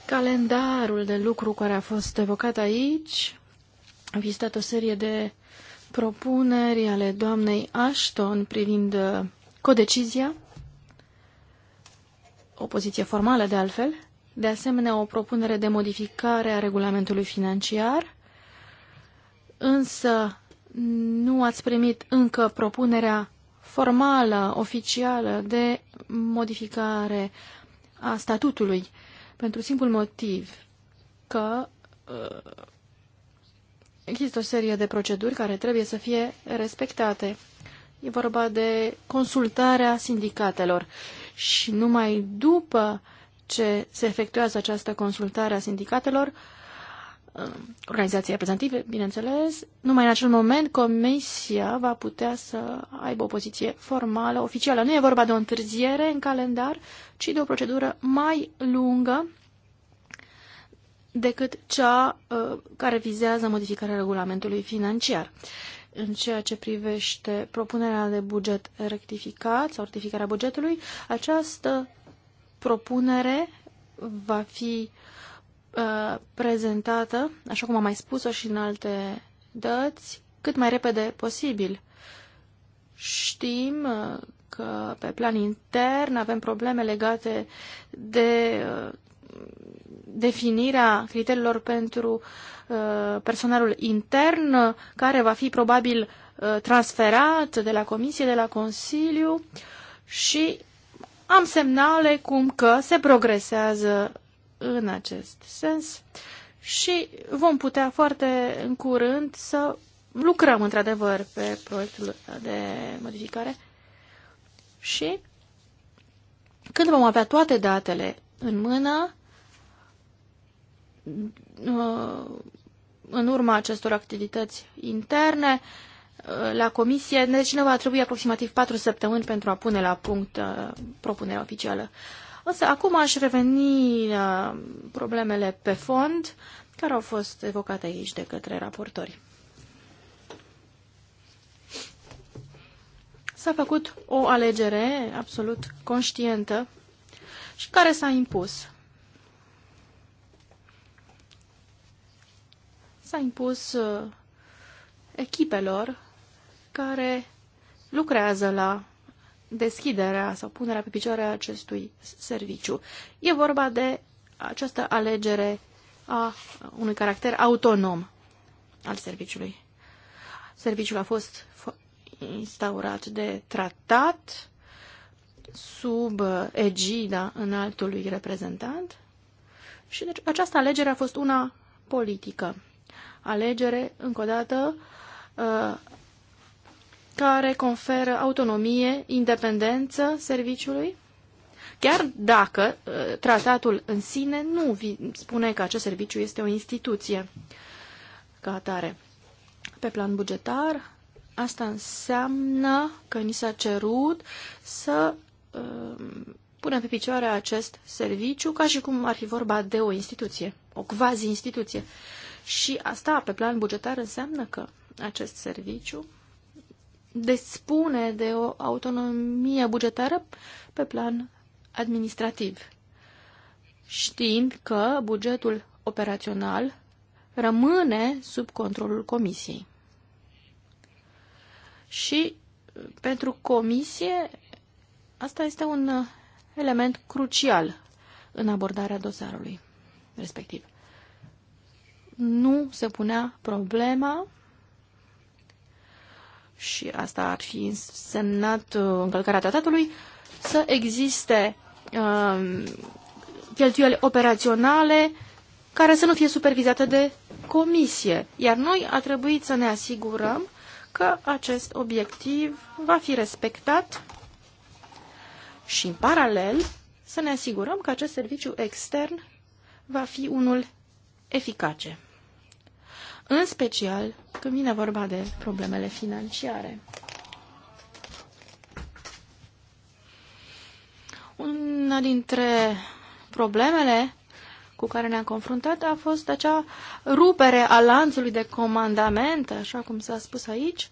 calendarul de lucru care a fost evocat aici. Am vizitat o serie de propuneri ale doamnei Ashton privind uh, codecizia o poziție formală de altfel, de asemenea o propunere de modificare a regulamentului financiar, însă nu ați primit încă propunerea formală, oficială de modificare a statutului pentru simplul motiv că uh, există o serie de proceduri care trebuie să fie respectate. E vorba de consultarea sindicatelor și numai după ce se efectuează această consultare a sindicatelor, uh, organizații reprezentative, bineînțeles, numai în acel moment comisia va putea să aibă o poziție formală, oficială. Nu e vorba de o întârziere în calendar, ci de o procedură mai lungă decât cea uh, care vizează modificarea regulamentului financiar în ceea ce privește propunerea de buget rectificat sau rectificarea bugetului, această propunere va fi uh, prezentată, așa cum am mai spus-o și în alte dăți, cât mai repede posibil. Știm uh, că pe plan intern avem probleme legate de uh, definirea criteriilor pentru uh, Uh, personalul intern, uh, care va fi probabil uh, transferat de la Comisie, de la Consiliu și am semnale cum că se progresează în acest sens și vom putea foarte în curând să lucrăm într-adevăr pe proiectul de modificare și când vom avea toate datele în mână, în urma acestor activități interne uh, la comisie. Deci ne va trebui aproximativ patru săptămâni pentru a pune la punct uh, propunerea oficială. Însă acum aș reveni la problemele pe fond care au fost evocate aici de către raportori. S-a făcut o alegere absolut conștientă și care s-a impus. s-a impus uh, echipelor care lucrează la deschiderea sau punerea pe picioare a acestui serviciu. E vorba de această alegere a unui caracter autonom al serviciului. Serviciul a fost instaurat de tratat sub egida înaltului reprezentant și deci această alegere a fost una politică alegere, încă o dată, uh, care conferă autonomie, independență serviciului, chiar dacă uh, tratatul în sine nu spune că acest serviciu este o instituție ca atare. Pe plan bugetar, asta înseamnă că ni s-a cerut să uh, punem pe picioare acest serviciu ca și cum ar fi vorba de o instituție, o quasi-instituție. Uh, și asta, pe plan bugetar, înseamnă că acest serviciu despune de o autonomie bugetară pe plan administrativ. Știind că bugetul operațional rămâne sub controlul comisiei. Și pentru comisie asta este un element crucial în abordarea dosarului respectiv nu se punea problema și asta ar fi însemnat uh, încălcarea tratatului, să existe um, cheltuieli operaționale care să nu fie supervizate de comisie. Iar noi a trebuit să ne asigurăm că acest obiectiv va fi respectat și, în paralel, să ne asigurăm că acest serviciu extern va fi unul eficace în special când vine vorba de problemele financiare. Una dintre problemele cu care ne-am confruntat a fost acea rupere a lanțului de comandament, așa cum s-a spus aici,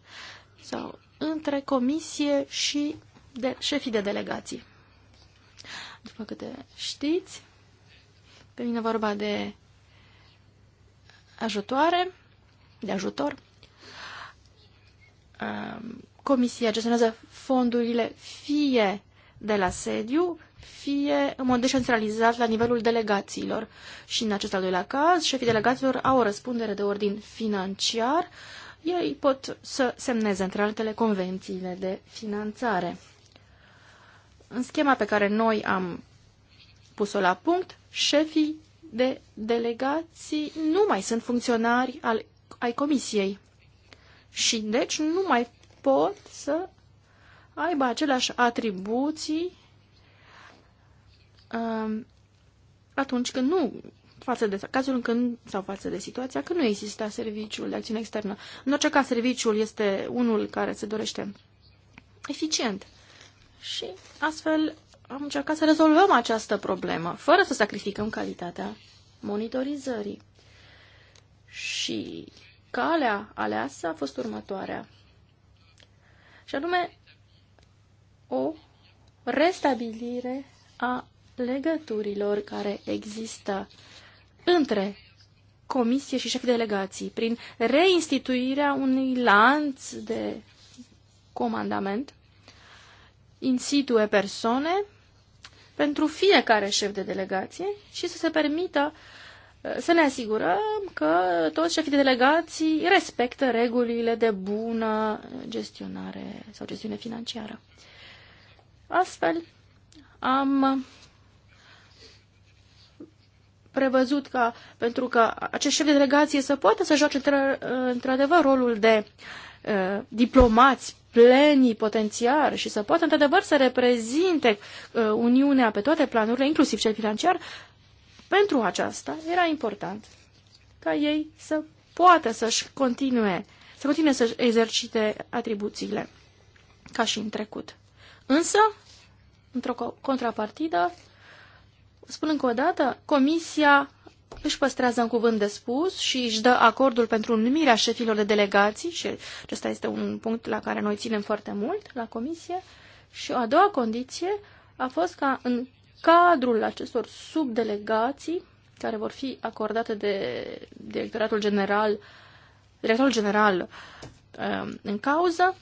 sau între comisie și de șefii de delegații. După câte știți, pe mine vorba de ajutoare de ajutor. Comisia gestionează fondurile fie de la sediu, fie în mod descentralizat la nivelul delegațiilor. Și în acest al doilea caz, șefii delegațiilor au o răspundere de ordin financiar. Ei pot să semneze, între altele, convențiile de finanțare. În schema pe care noi am pus-o la punct, șefii de delegații nu mai sunt funcționari al ai comisiei. Și deci nu mai pot să aibă aceleași atribuții uh, atunci când nu față de cazul când, sau față de situația când nu există serviciul de acțiune externă. În orice caz, serviciul este unul care se dorește eficient. Și astfel am încercat să rezolvăm această problemă, fără să sacrificăm calitatea monitorizării. Și calea aleasă a fost următoarea. Și anume, o restabilire a legăturilor care există între comisie și șefi de delegații, prin reinstituirea unui lanț de comandament, e persoane pentru fiecare șef de delegație și să se permită uh, să ne asigurăm că toți șefii de delegații respectă regulile de bună gestionare sau gestiune financiară. Astfel, am prevăzut ca, pentru că acest șef de delegație să poată să joace într-adevăr rolul de uh, diplomați plenii potențiar și să poată într-adevăr să reprezinte uh, Uniunea pe toate planurile, inclusiv cel financiar, pentru aceasta era important ca ei să poată să-și continue, să continue să-și exercite atribuțiile, ca și în trecut. Însă, într-o contrapartidă, spun încă o dată, Comisia își păstrează un cuvânt de spus și își dă acordul pentru numirea șefilor de delegații și acesta este un punct la care noi ținem foarte mult la comisie. Și o a doua condiție a fost ca în cadrul acestor subdelegații care vor fi acordate de directoratul general, directorul general um, în cauză,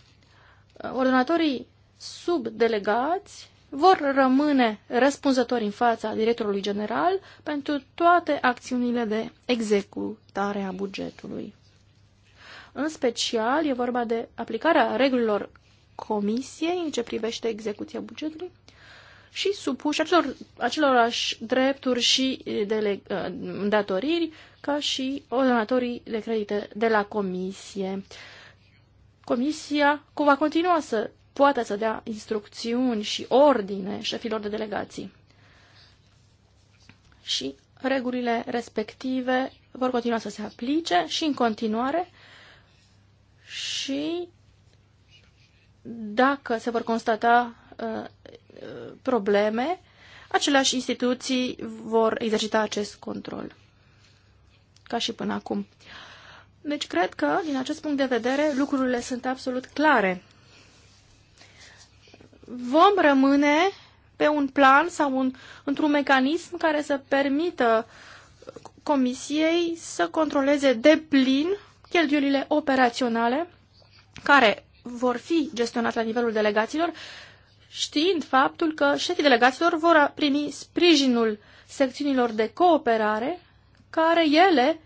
ordonatorii subdelegați vor rămâne răspunzători în fața directorului general pentru toate acțiunile de executare a bugetului. În special, e vorba de aplicarea regulilor comisiei în ce privește execuția bugetului și supuși acelor, acelorași drepturi și eh, dele, eh, datoriri ca și ordonatorii de credite de la comisie. Comisia va continua să poată să dea instrucțiuni și ordine șefilor de delegații. Și regulile respective vor continua să se aplice și în continuare și dacă se vor constata eh, probleme, aceleași instituții vor exercita acest control, ca și până acum. Deci cred că, din acest punct de vedere, lucrurile sunt absolut clare. Vom rămâne pe un plan sau un, într-un mecanism care să permită Comisiei să controleze de plin cheltuielile operaționale care vor fi gestionate la nivelul delegaților știind faptul că șefii delegaților vor primi sprijinul secțiunilor de cooperare, care ele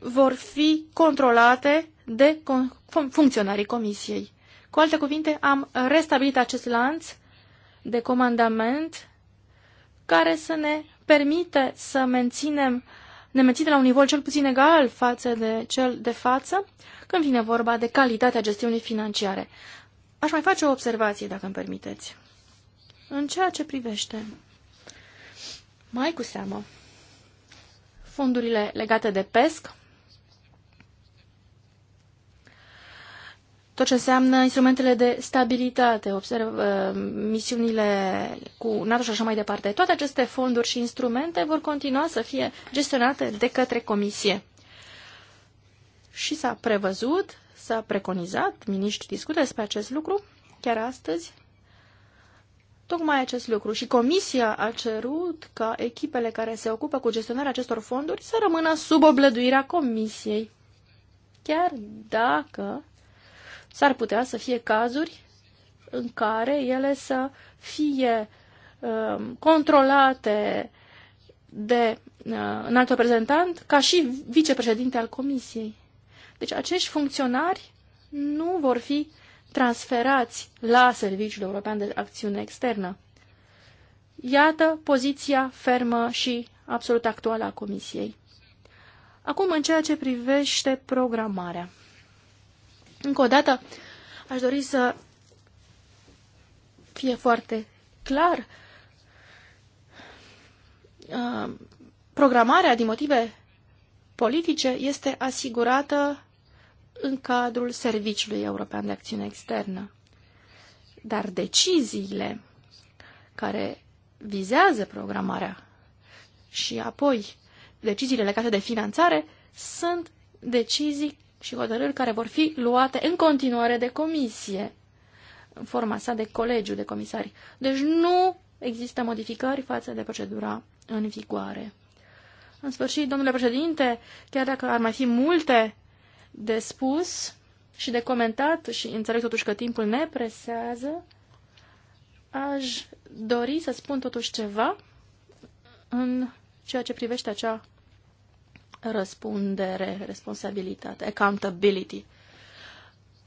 vor fi controlate de funcționarii comisiei. Cu alte cuvinte, am restabilit acest lanț de comandament care să ne permite să menținem, ne menținem la un nivel cel puțin egal față de cel de față când vine vorba de calitatea gestiunii financiare. Aș mai face o observație, dacă îmi permiteți. În ceea ce privește, mai cu seamă, fondurile legate de pesc, tot ce înseamnă instrumentele de stabilitate, observ, uh, misiunile cu NATO și așa mai departe. Toate aceste fonduri și instrumente vor continua să fie gestionate de către Comisie. Și s-a prevăzut, s-a preconizat, miniștri discută despre acest lucru chiar astăzi, tocmai acest lucru și Comisia a cerut ca echipele care se ocupă cu gestionarea acestor fonduri să rămână sub oblăduirea Comisiei, chiar dacă s-ar putea să fie cazuri în care ele să fie uh, controlate de uh, un alt reprezentant ca și vicepreședinte al Comisiei. Deci acești funcționari nu vor fi uh, transferați la Serviciul European de Acțiune Externă. Iată poziția fermă și absolut actuală a Comisiei. Acum, în ceea ce privește programarea. Încă o dată, aș dori să fie foarte clar. Uh, programarea din motive politice este asigurată în cadrul Serviciului European de Acțiune Externă. Dar deciziile care vizează programarea și apoi deciziile legate de finanțare sunt decizii și hotărâri care vor fi luate în continuare de comisie, în forma sa de colegiu de comisari. Deci nu există modificări față de procedura în vigoare. În sfârșit, domnule președinte, chiar dacă ar mai fi multe de spus și de comentat și înțeleg totuși că timpul ne presează, aș dori să spun totuși ceva în ceea ce privește acea răspundere, responsabilitate, accountability.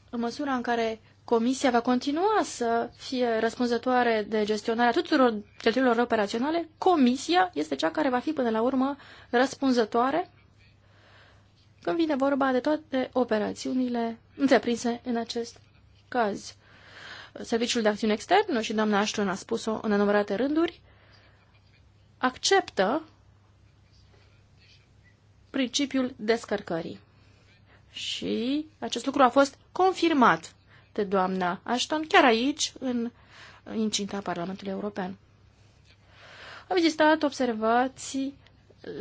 În măsura în care Comisia va continua să fie răspunzătoare de gestionarea tuturor cheltuielilor operaționale, Comisia este cea care va fi până la urmă răspunzătoare când vine vorba de toate operațiunile întreprinse în acest caz. Serviciul de acțiune externă, și doamna Ashton a spus-o în enumerate rânduri, acceptă principiul descărcării. Și acest lucru a fost confirmat de doamna Ashton chiar aici, în incinta Parlamentului European. Au existat observații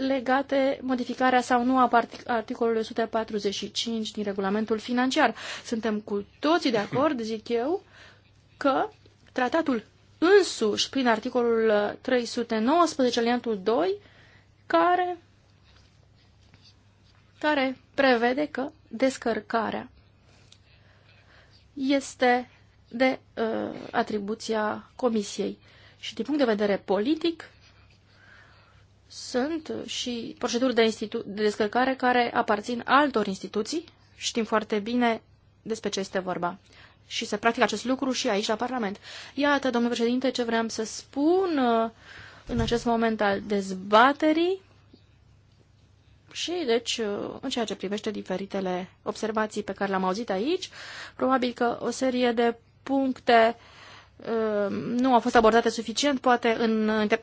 legate modificarea sau nu a articolului 145 din regulamentul financiar. Suntem cu toții de acord, zic eu, că tratatul însuși, prin articolul 319, aliantul 2, care, care prevede că descărcarea este de uh, atribuția Comisiei. Și din punct de vedere politic, sunt și proceduri de, institu- de descărcare care aparțin altor instituții. Știm foarte bine despre ce este vorba. Și se practică acest lucru și aici, la Parlament. Iată, domnule președinte, ce vreau să spun uh, în acest moment al dezbaterii și, deci, uh, în ceea ce privește diferitele observații pe care le-am auzit aici, probabil că o serie de puncte uh, Ehm, nu au fost abordate suficient, poate în inter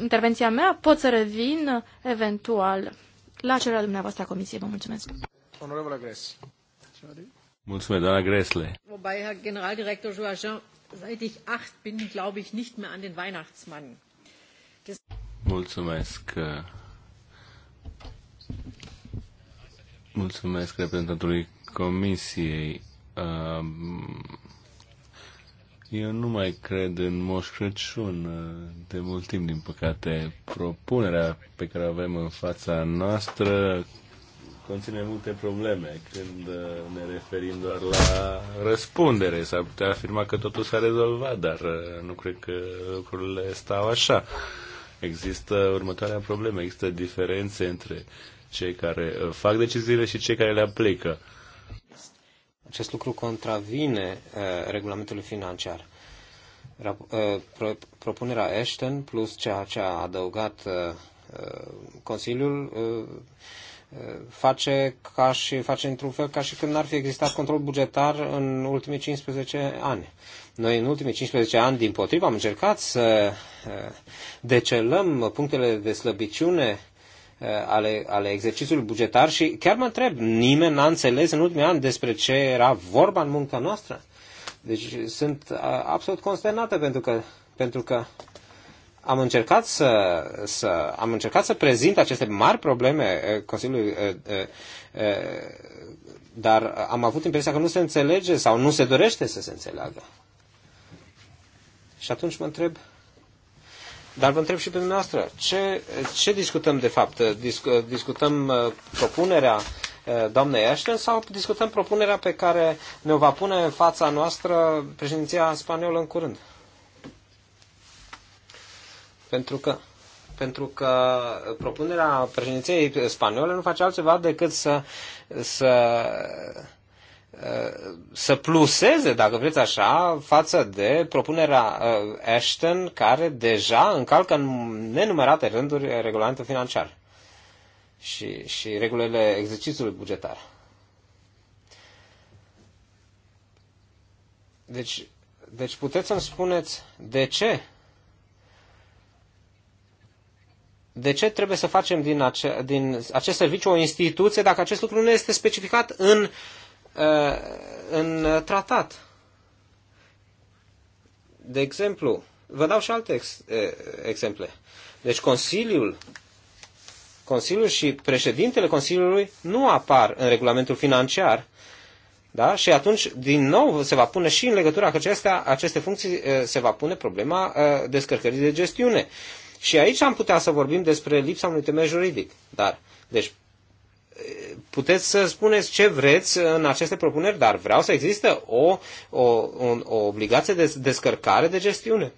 intervenția mea pot să revin eventual la cererea dumneavoastră a Comisiei. Vă mulțumesc. Onorevole Gres. Mulțumesc, doamna Gresle. Wobei, Herr Generaldirektor Joachim, seit ich acht bin, glaube ich nicht mehr an den Weihnachtsmann. Mulțumesc. Eh, mulțumesc reprezentantului Comisiei. Uh, eu nu mai cred în Moș Crăciun de mult timp, din păcate. Propunerea pe care o avem în fața noastră conține multe probleme. Când uh, ne referim doar la răspundere, s-ar putea afirma că totul s-a rezolvat, dar uh, nu cred că lucrurile stau așa. Există următoarea problemă, există diferențe între cei care uh, fac deciziile și cei care le aplică acest lucru contravine uh, regulamentului financiar. Uh, propunerea Ashton plus ceea ce a adăugat uh, Consiliul face, ca și, face într-un fel ca și când n-ar fi existat control bugetar în ultimii 15 ani. Noi în ultimii 15 ani, din potriva, am încercat să decelăm punctele de slăbiciune Uh, ale, ale exercițiului bugetar și chiar mă întreb, nimeni n-a înțeles în ultimii ani despre ce era vorba în munca noastră? Deci sunt uh, absolut consternată pentru că, pentru că am încercat să, să, am încercat să prezint aceste mari probleme uh, Consiliului, dar am avut impresia că nu se înțelege sau nu se dorește să se înțeleagă. Și atunci mă întreb, dar vă întreb și pe dumneavoastră, ce, ce discutăm de fapt? Disc, discutăm uh, propunerea uh, doamnei Ashton sau discutăm propunerea pe care ne-o va pune în fața noastră președinția spaniolă în curând? Pentru că, pentru că propunerea președinției spaniole nu face altceva decât să, să să pluseze, dacă vreți așa, față de propunerea uh, Ashton, care deja încalcă în nenumărate rânduri regulamentul financiar și, și regulile exercițiului bugetar. Deci, deci puteți să-mi spuneți de ce? De ce trebuie să facem din, ace- din acest serviciu o instituție dacă acest lucru nu este specificat în uh, Uh, în tratat. De exemplu, vă dau și alte ex, uh, exemple. Deci Consiliul, Consiliul și președintele Consiliului nu apar în regulamentul financiar, da? Și atunci, din nou, se va pune și în legătura cu acestea, aceste funcții, uh, se va pune problema descărcării de gestiune. Și aici am putea să vorbim despre lipsa unui temei juridic. Dar, deci, puteți să spuneți ce vreți în aceste propuneri, dar vreau să există o, o, o, o obligație de descărcare de gestiune.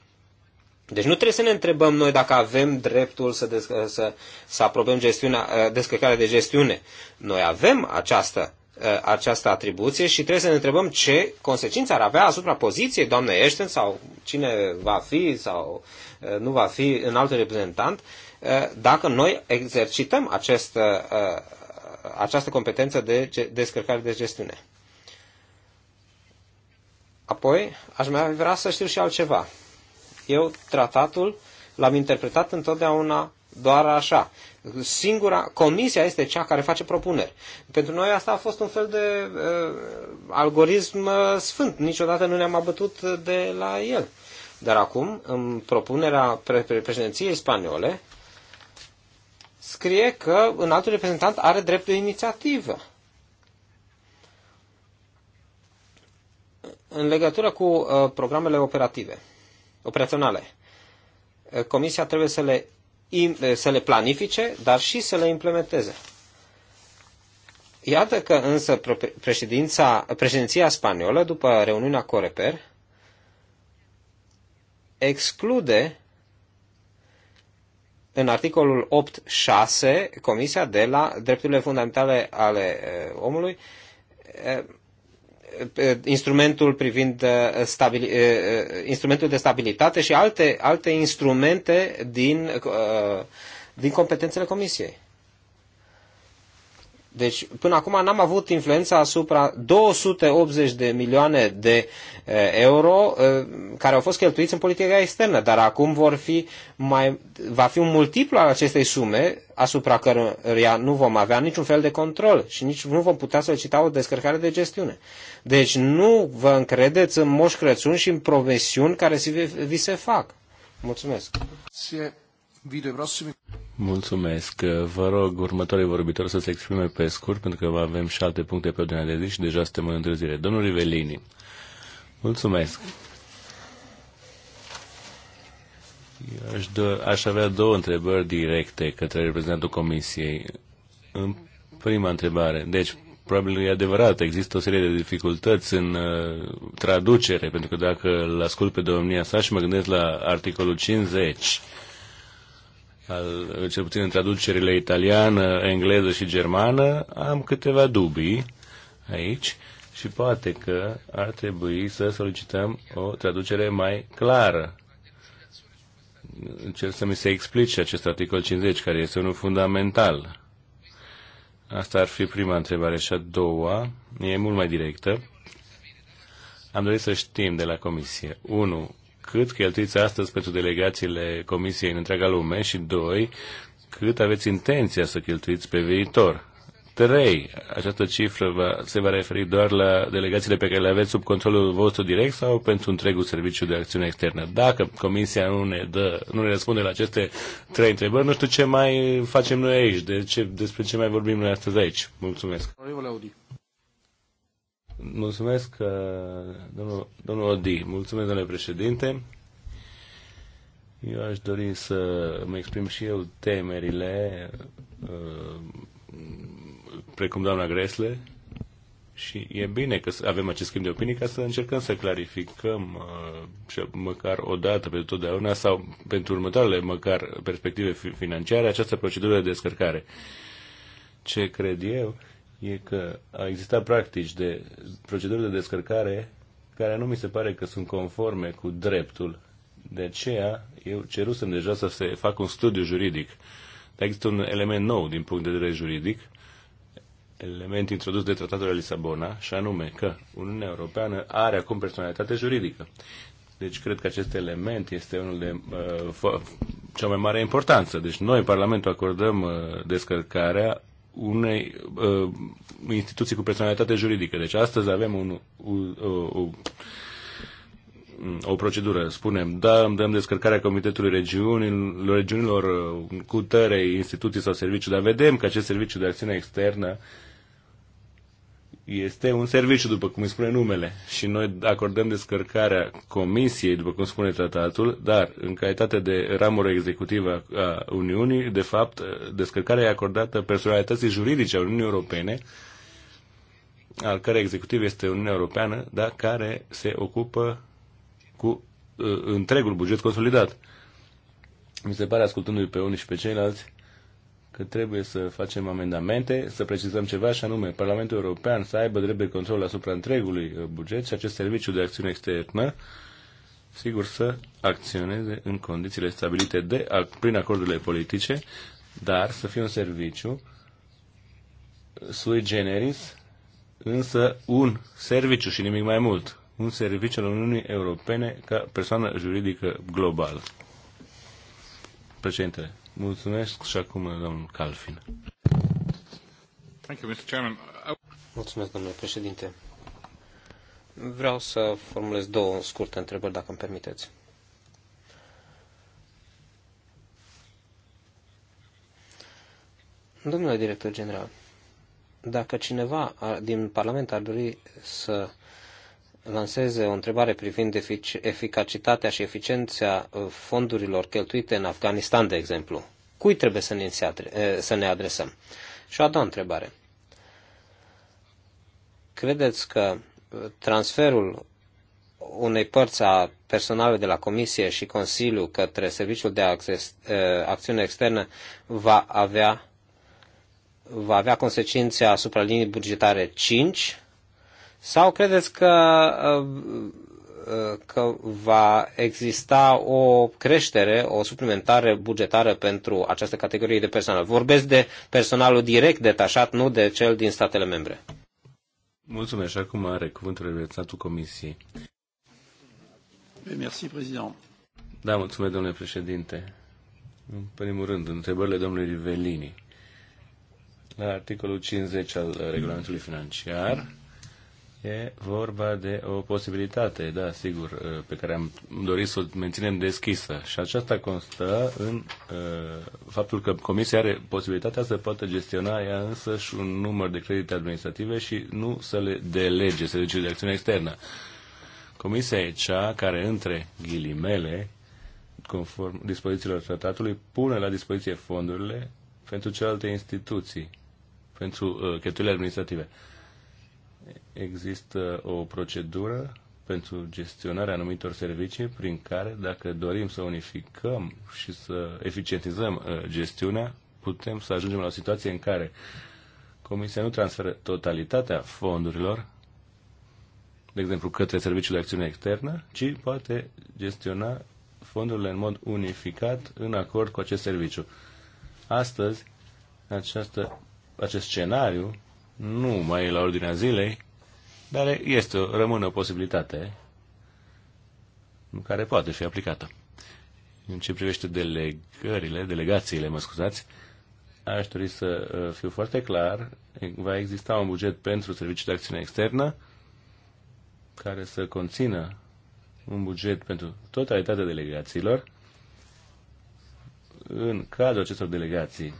Deci nu trebuie să ne întrebăm noi dacă avem dreptul să, des, să, să aprobăm gestiunea, eh, descărcarea de gestiune. Noi avem această, eh, această atribuție și trebuie să ne întrebăm ce consecințe ar avea asupra poziției doamne Eșten sau cine va fi sau eh, nu va fi în alt reprezentant dacă noi exercităm acest, această competență de descărcare de gestiune. Apoi, aș mai vrea să știu și altceva. Eu tratatul l-am interpretat întotdeauna doar așa. Singura, comisia este cea care face propuneri. Pentru noi asta a fost un fel de uh, algoritm uh, sfânt. Niciodată nu ne-am abătut de la el. Dar acum, în propunerea președinției spaniole, scrie că un alt reprezentant are dreptul de inițiativă. În legătură cu uh, programele operative, operaționale, uh, Comisia trebuie să le, im, uh, să le planifice, dar și să le implementeze. Iată că însă președința, președinția spaniolă, după reuniunea Coreper, exclude în articolul 8.6, Comisia de la Drepturile Fundamentale ale eh, Omului, eh, eh, instrumentul privind stabili, instrumentul de stabilitate și alte, alte instrumente din, din competențele Comisiei. Deci, până acum n-am avut influența asupra 280 de milioane de eh, euro eh, care au fost cheltuiți în politica externă, dar acum vor fi mai, va fi un multiplu al acestei sume asupra căruia nu vom avea niciun fel de control și nici nu vom putea solicita o descărcare de gestiune. Deci nu vă încredeți în Moș Crățun și în promisiuni care vi se fac. Mulțumesc video prossimi. Mulțumesc. Vă rog următorii vorbitori să se exprime pe scurt, pentru că avem și alte puncte pe ordinea de zi și deja suntem în întârziere. Domnul Rivelini, mulțumesc. Eu aș, do- aș avea două întrebări directe către reprezentantul Comisiei. În prima întrebare, deci, probabil e adevărat, există o serie de dificultăți în uh, traducere, pentru că dacă îl ascult pe domnia sa și mă gândesc la articolul 50, al, cel puțin în traducerile italiană, engleză și germană, am câteva dubii aici și poate că ar trebui să solicităm o traducere mai clară. Încerc să mi se explice acest articol 50, care este unul fundamental. Asta ar fi prima întrebare. Și a doua e mult mai directă. Am dorit să știm de la Comisie. 1 cât cheltuiți astăzi pentru delegațiile Comisiei în întreaga lume și, doi, cât aveți intenția să cheltuiți pe viitor. 3. Această cifră va, se va referi doar la delegațiile pe care le aveți sub controlul vostru direct sau pentru întregul serviciu de acțiune externă. Dacă Comisia nu ne, dă, nu ne răspunde la aceste trei întrebări, nu știu ce mai facem noi aici, de ce, despre ce mai vorbim noi astăzi aici. Mulțumesc. Mulțumesc, uh, domnul, domnul Odi. Mulțumesc, domnule președinte. Eu aș dori să mă exprim și eu temerile, uh, precum doamna Gresle, și e bine că avem acest schimb de opinii ca să încercăm să clarificăm uh, și măcar o dată pentru totdeauna sau pentru următoarele măcar perspective financiare această procedură de descărcare. Ce cred eu e că a existat practici de proceduri de descărcare care nu mi se pare că sunt conforme cu dreptul. De aceea, eu cerusem deja să se facă un studiu juridic. Dar există un element nou din punct de vedere juridic, element introdus de Tratatul de Lisabona, și anume că Uniunea Europeană are acum personalitate juridică. Deci cred că acest element este unul de uh, cea mai mare importanță. Deci noi, Parlamentul, acordăm uh, descărcarea unei uh, instituții cu personalitate juridică. Deci astăzi avem un, o, o, o procedură, spunem, da, dăm descărcarea Comitetului regiunilor, regiunilor uh, cu tărei instituții sau serviciu, dar vedem că acest serviciu de acțiune externă uh, este un serviciu, după cum îi spune numele, și noi acordăm descărcarea comisiei, după cum spune tratatul, dar în calitate de ramură executivă a Uniunii, de fapt, descărcarea e acordată personalității juridice a Uniunii Europene, al cărei executiv este Uniunea Europeană, dar care se ocupă cu uh, întregul buget consolidat. Mi se pare, ascultându-i pe unii și pe ceilalți, că trebuie să facem amendamente, să precizăm ceva și anume Parlamentul European să aibă drept de control asupra întregului uh, buget și acest serviciu de acțiune externă sigur să acționeze în condițiile stabilite de, prin acordurile politice, dar să fie un serviciu sui generis, însă un serviciu și nimic mai mult, un serviciu al Uniunii Europene ca persoană juridică globală. Președintele, Mulțumesc și acum domnul Calfin. Thank you, Mr. Chairman. Mulțumesc, domnule președinte. Vreau să formulez două scurte întrebări, dacă îmi permiteți. Domnule director general, dacă cineva din Parlament ar dori să lanseze o întrebare privind eficacitatea și eficiența uh, fondurilor cheltuite în Afganistan, de exemplu. Cui trebuie să ne, uh, să ne adresăm? Și a doua întrebare. Credeți că uh, transferul unei părți a personalului de la Comisie și Consiliu către Serviciul de acces, Acțiune Externă va avea, va avea consecințe asupra linii bugetare 5 sau credeți că, uh, că va exista o creștere, o suplimentare bugetară pentru această categorie de personal? Vorbesc de personalul direct detașat, nu de cel din statele membre. Mulțumesc. Și acum are cuvântul reprezentantul Comisiei. Merci, prezident. Da, mulțumesc, domnule președinte. În primul rând, întrebările domnului Rivelini. La articolul 50 al regulamentului financiar, E vorba de o posibilitate, da, sigur, uh, pe care am dorit să o menținem deschisă. Și aceasta constă în uh, faptul că Comisia are posibilitatea să poată gestiona ea și un număr de credite administrative și nu să le delege, să lege de acțiune externă. Comisia e cea care, între ghilimele, conform dispozițiilor tratatului, pune la dispoziție fondurile pentru celelalte instituții, pentru uh, cheltuielile administrative există o procedură pentru gestionarea anumitor servicii prin care, dacă dorim să unificăm și să eficientizăm uh, gestiunea, putem să ajungem la o situație în care Comisia nu transferă totalitatea fondurilor, de exemplu, către Serviciul de Acțiune Externă, ci poate gestiona fondurile în mod unificat în acord cu acest serviciu. Astăzi, această, acest scenariu nu mai e la ordinea zilei, dar este, rămâne o posibilitate care poate fi aplicată. În ce privește delegările, delegațiile, mă scuzați, aș dori să uh, fiu foarte clar, va exista un buget pentru serviciul de acțiune externă care să conțină un buget pentru totalitatea delegațiilor. În cadrul acestor delegații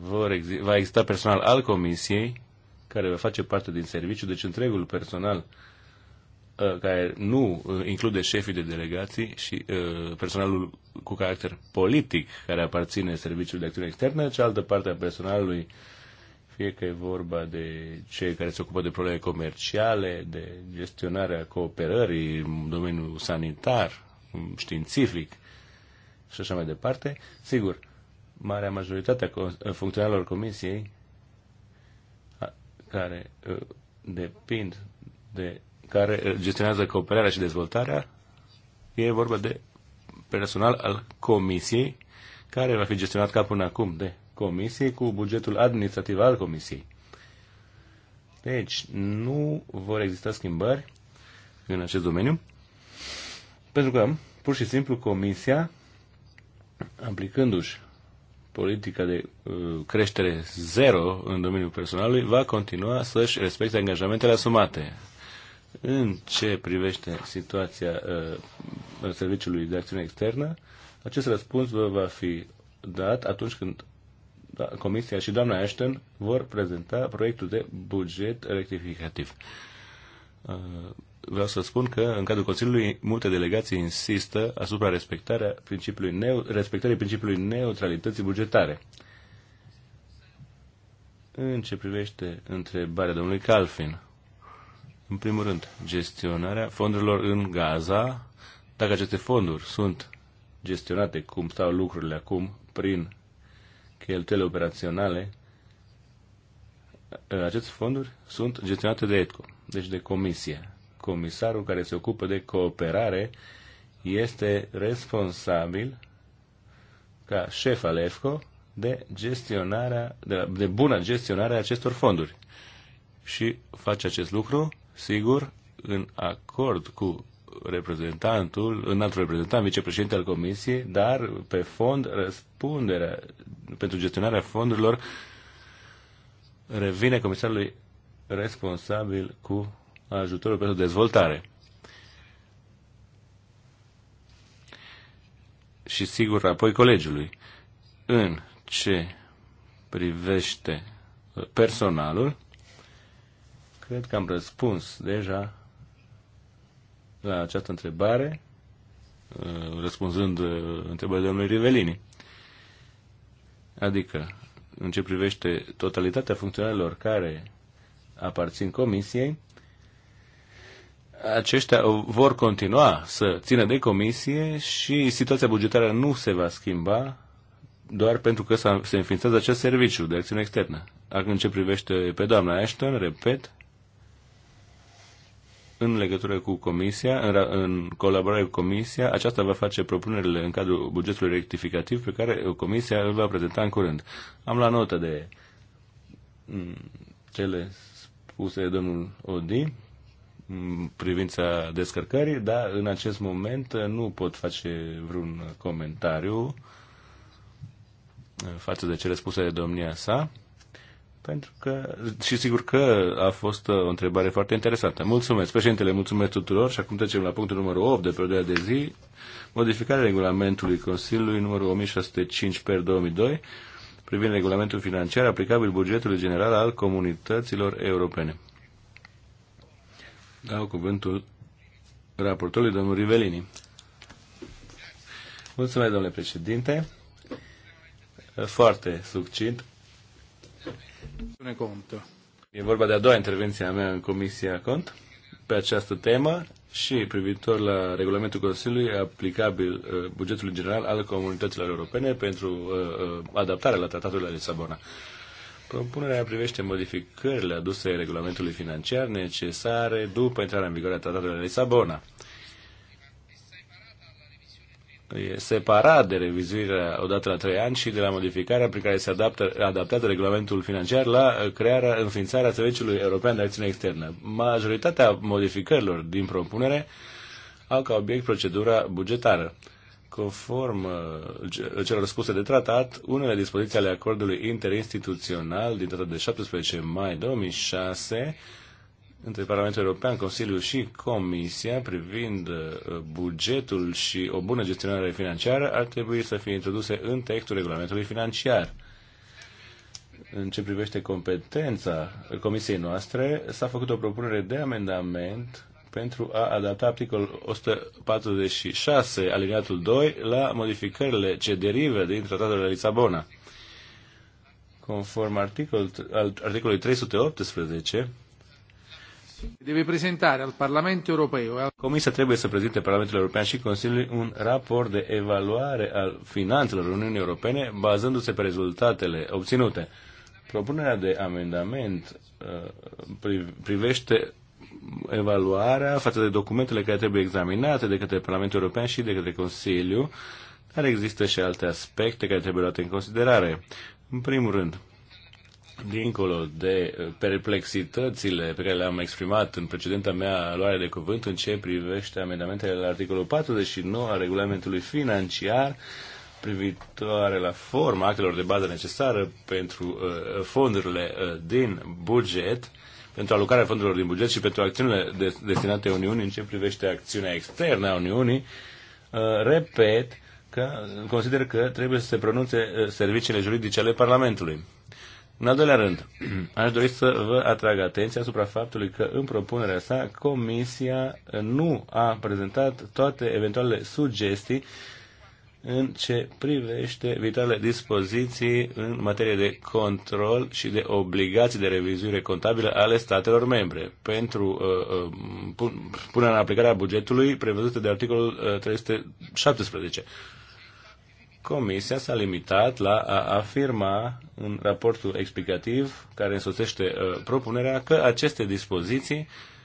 vor, va exista personal al comisiei care va face parte din serviciu, deci întregul personal uh, care nu uh, include șefii de delegații și uh, personalul cu caracter politic care aparține serviciului de acțiune externă, cealaltă parte a personalului, fie că e vorba de cei care se ocupă de probleme comerciale, de gestionarea cooperării în domeniul sanitar, științific și așa mai departe. Sigur, marea majoritate a funcționarilor comisiei care uh, depind de care uh, gestionează cooperarea și dezvoltarea, e vorba de personal al comisiei care va fi gestionat ca până acum de comisie cu bugetul administrativ al comisiei. Deci, nu vor exista schimbări în acest domeniu, pentru că, pur și simplu, comisia, aplicându-și politica de uh, creștere zero în domeniul personalului va continua să-și respecte angajamentele asumate. În ce privește situația uh, Serviciului de Acțiune Externă, acest răspuns vă va fi dat atunci când da, Comisia și doamna Ashton vor prezenta proiectul de buget rectificativ. Uh, vreau să spun că în cadrul Consiliului multe delegații insistă asupra respectarea principiului neo, respectării principiului neutralității bugetare. În ce privește întrebarea domnului Calfin, în primul rând, gestionarea fondurilor în Gaza, dacă aceste fonduri sunt gestionate cum stau lucrurile acum, prin cheltuiele operaționale, aceste fonduri sunt gestionate de ETCO, deci de Comisie comisarul care se ocupă de cooperare este responsabil ca șef al EFCO de gestionarea, de, de bună gestionare a acestor fonduri. Și face acest lucru, sigur, în acord cu reprezentantul, altul reprezentant, vicepreședinte al Comisiei, dar pe fond răspunderea pentru gestionarea fondurilor revine comisarului responsabil cu ajutorul pentru dezvoltare. Și sigur apoi colegiului. În ce privește personalul, cred că am răspuns deja la această întrebare, uh, răspunzând uh, întrebării domnului Rivelini. Adică, în ce privește totalitatea funcționarilor care aparțin comisiei, aceștia vor continua să țină de comisie și situația bugetară nu se va schimba doar pentru că se înființează acest serviciu de acțiune externă. Acum ce privește pe doamna Ashton, repet, în legătură cu Comisia, în, în colaborare cu Comisia, aceasta va face propunerile în cadrul bugetului rectificativ pe care Comisia îl va prezenta în curând. Am la notă de mm, cele spuse de domnul Odi privința descărcării, dar în acest moment uh, nu pot face vreun comentariu uh, față de cele spuse de domnia sa, pentru că, și sigur că a fost uh, o întrebare foarte interesantă. Mulțumesc, președintele, mulțumesc tuturor și acum trecem la punctul numărul 8 de pe ordinea de zi, modificarea regulamentului Consiliului numărul 1605 per 2002 privind regulamentul financiar aplicabil bugetului general al comunităților europene dau cuvântul raportorului domnul Rivelini. Mulțumesc, domnule președinte. Foarte succint. E vorba de a doua intervenție a mea în Comisia Cont pe această temă și privitor la regulamentul Consiliului aplicabil uh, bugetului general al comunităților europene pentru uh, uh, adaptarea la tratatul de la Lisabona. Propunerea privește modificările aduse regulamentului financiar necesare după intrarea în vigoare a Tratatului de Lisabona. E separat de revizuirea odată la trei ani și de la modificarea prin care se adaptă, adaptează regulamentul financiar la crearea, înființarea Serviciului European de Acțiune Externă. Majoritatea modificărilor din propunere au ca obiect procedura bugetară. Conform uh, celor spuse de tratat, unele dispoziții ale acordului interinstituțional din data de 17 mai 2006 între Parlamentul European, Consiliul și Comisia privind uh, bugetul și o bună gestionare financiară ar trebui să fie introduse în textul regulamentului financiar. În ce privește competența Comisiei noastre, s-a făcut o propunere de amendament pentru a adapta articolul 146 aliniatul 2 la modificările ce derivă din Tratatul de Lisabona. Conform articol, articolului 318, Deve prezentare al Parlamento Europeo. Comisia trebuie să prezinte Parlamentului European și Consiliului un raport de evaluare al finanțelor Uniunii Europene bazându-se pe rezultatele obținute. Propunerea de amendament uh, privește evaluarea față de documentele care trebuie examinate de către Parlamentul European și de către Consiliu, dar există și alte aspecte care trebuie luate în considerare. În primul rând, dincolo de uh, perplexitățile pe care le-am exprimat în precedenta mea luare de cuvânt în ce privește amendamentele la articolul 49 al regulamentului financiar privitoare la forma actelor de bază necesară pentru uh, fondurile uh, din buget, pentru alocarea fondurilor din buget și pentru acțiunile de, destinate Uniunii în ce privește acțiunea externă a Uniunii, uh, repet că consider că trebuie să se pronunțe uh, serviciile juridice ale Parlamentului. În al doilea rând, (clears throat) aș dori să vă atrag atenția asupra faptului că în propunerea sa Comisia nu a prezentat toate eventualele sugestii în ce privește vitale dispoziții în materie de control și de obligații de revizuire contabilă ale statelor membre pentru uh, uh, punerea în aplicare a bugetului prevăzută de articolul uh, 317. Comisia s-a limitat la a afirma în raportul explicativ care însoțește uh, propunerea că aceste dispoziții uh,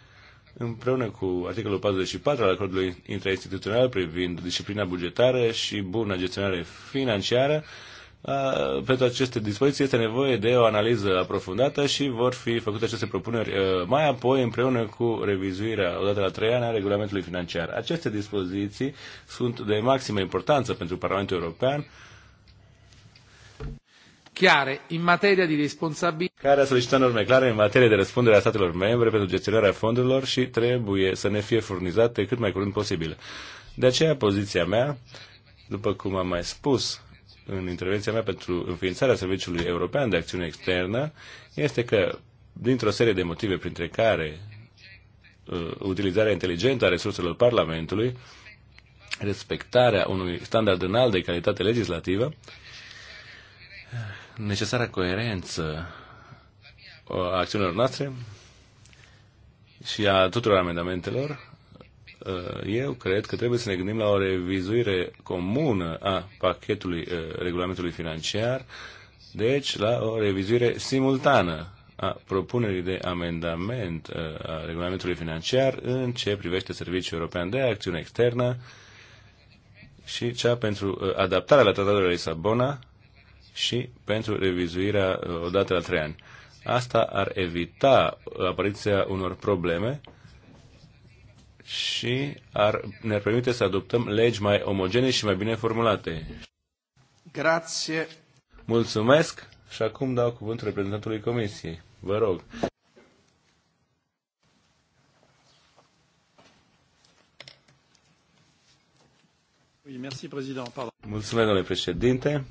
împreună cu articolul 44 al acordului intrainstituțional privind disciplina bugetară și bună gestionare financiară, pentru aceste dispoziții este nevoie de o analiză aprofundată și vor fi făcute aceste propuneri mai apoi împreună cu revizuirea odată la trei ani a regulamentului financiar. Aceste dispoziții sunt de maximă importanță pentru Parlamentul European chiare in materia di responsabilità. Care a solicitat norme clare în materie de răspundere a statelor membre pentru gestionarea fondurilor și trebuie să ne fie furnizate cât mai curând posibil. De aceea poziția mea, după cum am mai spus în intervenția mea pentru înființarea Serviciului European de Acțiune Externă, este că dintr-o serie de motive printre care uh, utilizarea inteligentă a resurselor Parlamentului, respectarea unui standard înalt de calitate legislativă, necesara coerență a acțiunilor noastre și a tuturor amendamentelor, uh, eu cred că trebuie să ne gândim la o revizuire comună a pachetului uh, regulamentului financiar, deci la o revizuire simultană a propunerii de amendament uh, a regulamentului financiar în ce privește Serviciul European de Acțiune Externă și cea pentru adaptarea la Tratatul de Lisabona și pentru revizuirea uh, odată la trei ani. Asta ar evita apariția unor probleme și ar, ne permite să adoptăm legi mai omogene și mai bine formulate. Grație. Mulțumesc și acum dau cuvântul reprezentantului Comisiei. Vă rog. Mulțumesc, domnule președinte.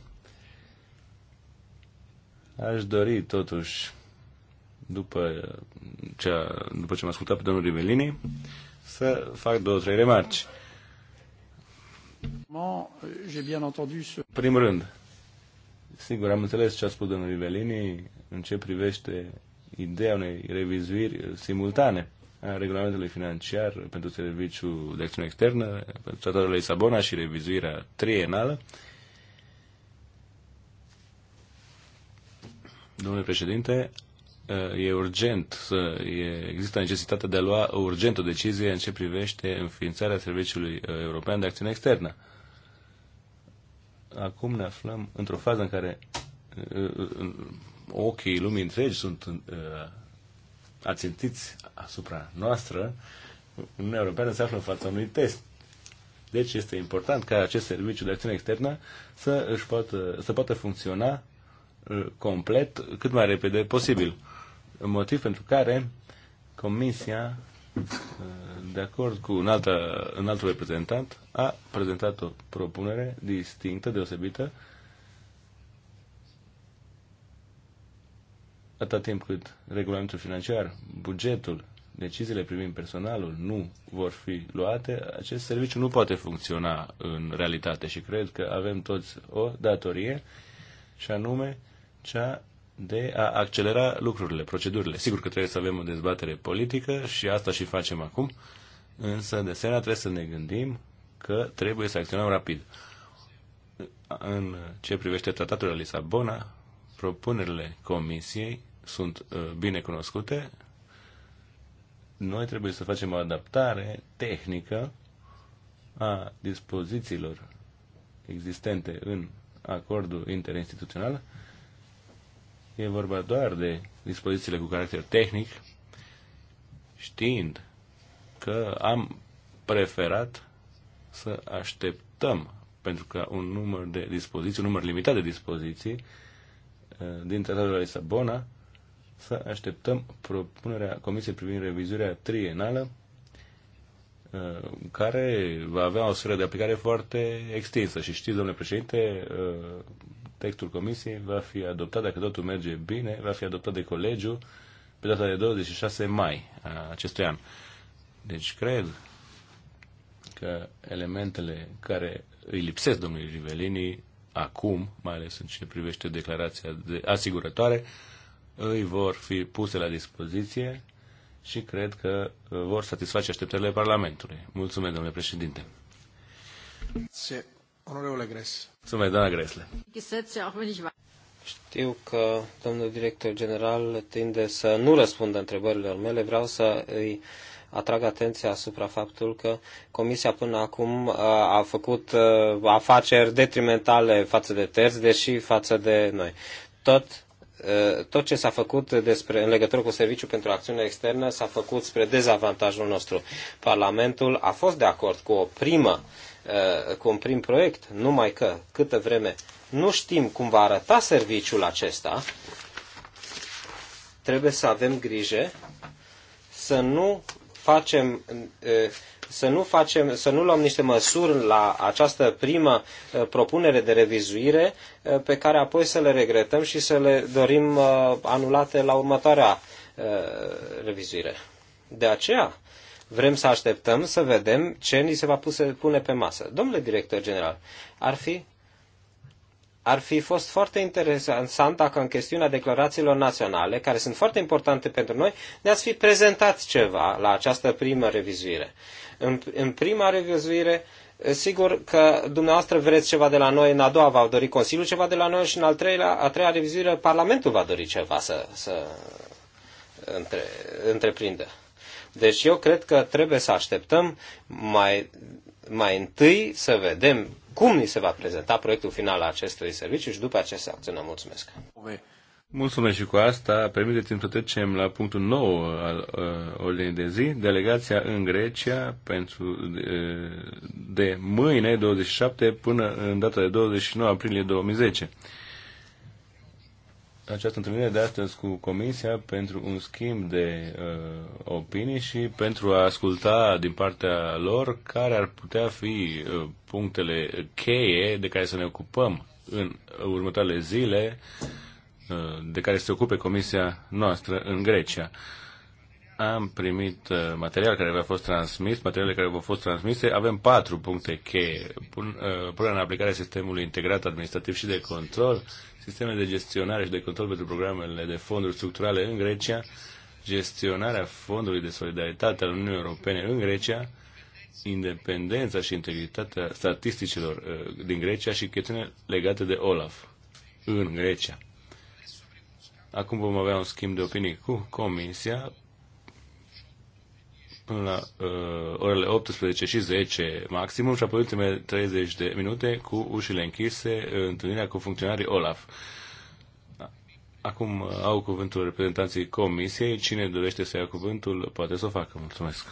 Aș dori totuși, după ce, după ce am ascultat pe domnul Rivellini, să fac două, trei remarci. În primul rând, sigur, am înțeles ce a spus domnul Rivellini în ce privește ideea unei revizuiri simultane a regulamentului financiar pentru serviciul de acțiune externă, pentru tratatul Lisabona și revizuirea trienală. Domnule președinte, e urgent, să, e, există necesitatea de a lua urgent o decizie în ce privește înființarea Serviciului uh, European de Acțiune Externă. Acum ne aflăm într-o fază în care uh, uh, ochii lumii întregi sunt ațintiți asupra noastră. Uniunea Europeană se află în fața unui test. Deci este important ca acest serviciu de acțiune externă să, își poată, să poată funcționa Uh, complet cât mai repede posibil. Motiv pentru care Comisia, uh, de acord cu un, altă, un alt reprezentant, a prezentat o propunere distinctă, deosebită, atâta timp cât regulamentul financiar, bugetul, deciziile privind personalul nu vor fi luate, acest serviciu nu poate funcționa în realitate și cred că avem toți o datorie și anume cea de a accelera lucrurile, procedurile. Sigur că trebuie să avem o dezbatere politică și asta și facem acum, însă de seara trebuie să ne gândim că trebuie să acționăm rapid. În ce privește tratatul de Lisabona, propunerile Comisiei sunt uh, bine cunoscute. Noi trebuie să facem o adaptare tehnică a dispozițiilor existente în acordul interinstituțional E vorba doar de dispozițiile cu caracter tehnic, știind că am preferat să așteptăm pentru că un număr de dispoziții, un număr limitat de dispoziții uh, din Tratatul de Lisabona, să așteptăm propunerea Comisiei privind revizuirea trienală, uh, care va avea o sferă de aplicare foarte extinsă. Și știți, domnule președinte, uh, Textul comisiei va fi adoptat, dacă totul merge bine, va fi adoptat de colegiu pe data de 26 mai a acestui an. Deci cred că elementele care îi lipsesc domnului Rivelini acum, mai ales în ce privește declarația de asigurătoare, îi vor fi puse la dispoziție și cred că vor satisface așteptările Parlamentului. Mulțumesc, domnule președinte. Onorevole Gres. Mulțumesc, doamna Gresle. Știu că domnul director general tinde să nu răspundă întrebărilor mele. Vreau să îi atrag atenția asupra faptul că Comisia până acum uh, a făcut uh, afaceri detrimentale față de terți, deși față de noi. Tot uh, tot ce s-a făcut despre, în legătură cu Serviciul pentru Acțiune Externă s-a făcut spre dezavantajul nostru. Parlamentul a fost de acord cu o primă uh, Uh, cu un prim proiect, numai că câtă vreme nu știm cum va arăta serviciul acesta, trebuie să avem grijă să nu facem uh, să nu, facem, să nu luăm niște măsuri la această primă uh, propunere de revizuire pe care apoi să le regretăm și să le dorim anulate la următoarea revizuire. De aceea, Vrem să așteptăm să vedem ce ni se va puse, pune pe masă. Domnule director general, ar fi, ar fi fost foarte interesant dacă în chestiunea declarațiilor naționale, care sunt foarte importante pentru noi, ne-ați fi prezentat ceva la această primă revizuire. În, în prima revizuire, Sigur că dumneavoastră vreți ceva de la noi, în a doua va dori Consiliul ceva de la noi și în al treilea, a treia revizuire Parlamentul va dori ceva să, să între, întreprindă. Deci eu cred că trebuie să așteptăm mai, mai întâi să vedem cum ni se va prezenta proiectul final al acestui serviciu și după aceea să acționăm. Mulțumesc! Mulțumesc și cu asta. Permiteți-mi să trecem la punctul nou al uh, ordinii de zi. Delegația în Grecia pentru de, uh, de mâine 27 până în data de 29 aprilie 2010 această întâlnire de astăzi cu Comisia pentru un schimb de uh, opinii și pentru a asculta din partea lor care ar putea fi uh, punctele cheie de care să ne ocupăm în următoarele zile, uh, de care se ocupe Comisia noastră în Grecia. Uh, am primit uh, material care v-a fost transmis, materialele care v-au fost transmise. Avem patru puncte cheie. Pun, uh, punerea în aplicare sistemului integrat administrativ și de control, sisteme de gestionare și de control pentru programele de fonduri structurale în Grecia, gestionarea fondului de solidaritate al Uniunii Europene în Grecia, independența și integritatea statisticilor uh, din Grecia și chestiune legate de OLAF în Grecia. Acum vom avea un schimb de opinii cu Comisia până la uh, orele 18 și 10 maximum și apoi ultimele 30 de minute cu ușile închise, uh, întâlnirea cu funcționarii OLAF. Da. Acum uh, au cuvântul reprezentanții comisiei. Cine dorește să ia cuvântul, poate să o facă. Mulțumesc.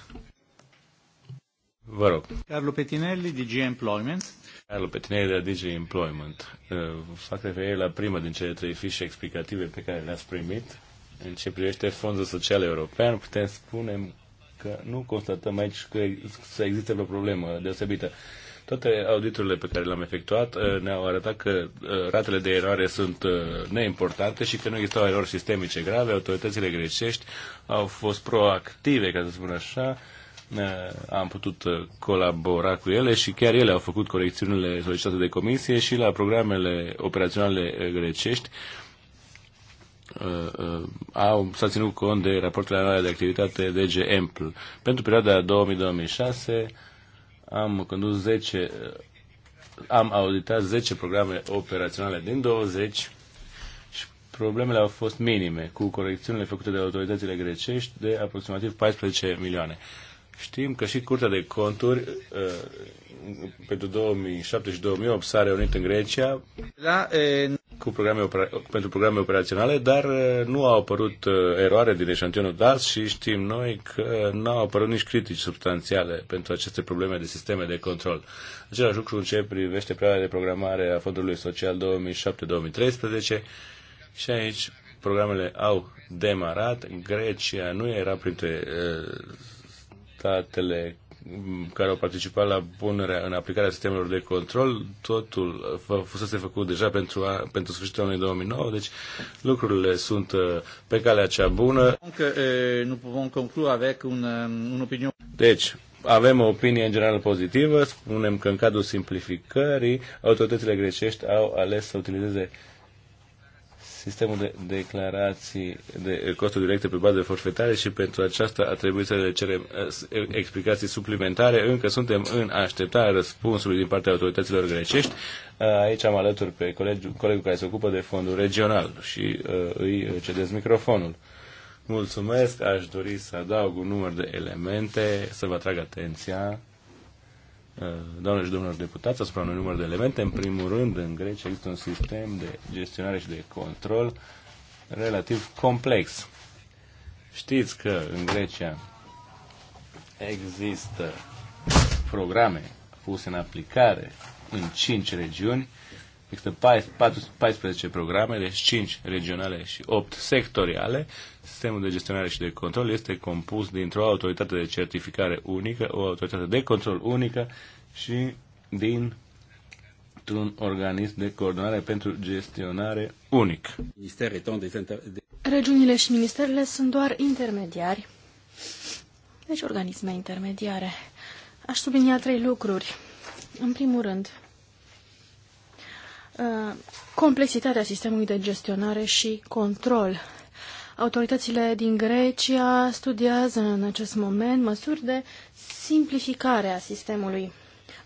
Vă rog. Carlo Petinelli, DG Employment. Carlo Petinelli de la DG Employment. Uh, fac referire la prima din cele trei fișe explicative pe care le-ați primit. În ce privește Fondul Social European, putem spune că nu constatăm aici că să existe vreo problemă deosebită. Toate auditurile pe care le-am efectuat uh, ne-au arătat că uh, ratele de eroare sunt uh, neimportante și că nu existau erori sistemice grave. Autoritățile grecești au fost proactive, ca să spun așa. Am putut colabora cu ele și chiar ele au făcut corecțiunile solicitate de comisie și la programele operaționale grecești Uh, uh, au, s-a ținut cont de raportul anual de activitate DG EMPL. Pentru perioada 2000-2006 am condus 10, uh, am auditat 10 programe operaționale din 20 și problemele au fost minime, cu corecțiunile făcute de autoritățile grecești de aproximativ 14 milioane. Știm că și Curtea de Conturi uh, pentru 2007 și 2008 s-a reunit în Grecia da, e... cu programe pentru programe operaționale, dar nu au apărut eroare din eșantionul DAS și știm noi că nu au apărut nici critici substanțiale pentru aceste probleme de sisteme de control. Același lucru în ce privește perioada de programare a Fondului Social 2007-2013 și aici programele au demarat. Grecia nu era printre statele care au participat la punerea în aplicarea sistemelor de control, totul fusese făcut deja pentru, a, pentru sfârșitul anului 2009, deci lucrurile sunt uh, pe calea cea bună. Um, deci, avem o opinie în general pozitivă, spunem că în cadrul simplificării autoritățile grecești au ales să utilizeze sistemul de declarații de costuri directe pe bază de forfetare și pentru aceasta a trebuit să le cerem eh, explicații suplimentare. Încă suntem în așteptarea răspunsului din partea autorităților grecești. Eh, aici am alături pe colegul, colegul care se ocupă de fondul regional și eh, îi cedez microfonul. Mulțumesc, aș dori să adaug un număr de elemente, să vă atrag atenția Eh, doamne și domnilor deputați, asupra unui număr de elemente. În primul rând, în Grecia există un sistem de gestionare și de control relativ complex. Știți că în Grecia există programe puse în aplicare în cinci regiuni Există 14 programe, deci 5 regionale și 8 sectoriale. Sistemul de gestionare și de control este compus dintr-o autoritate de certificare unică, o autoritate de control unică și din un organism de coordonare pentru gestionare unic. Regiunile și ministerele sunt doar intermediari, deci organisme intermediare. Aș sublinia trei lucruri. În primul rând, Uh, complexitatea sistemului de gestionare și control. Autoritățile din Grecia studiază în acest moment măsuri de simplificare a sistemului,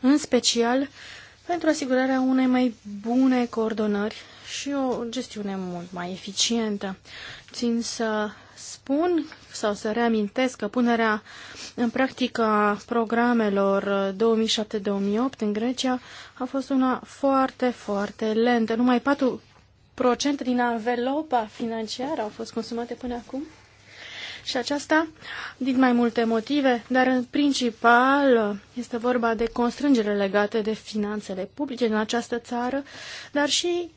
în special pentru asigurarea unei mai bune coordonări și o gestiune mult mai eficientă. Țin să spun sau să reamintesc că punerea în practică a programelor 2007-2008 în Grecia a fost una foarte, foarte lentă. Numai 4% din anvelopa financiară au fost consumate până acum. Și aceasta din mai multe motive, dar în principal este vorba de constrângere legate de finanțele publice din această țară, dar și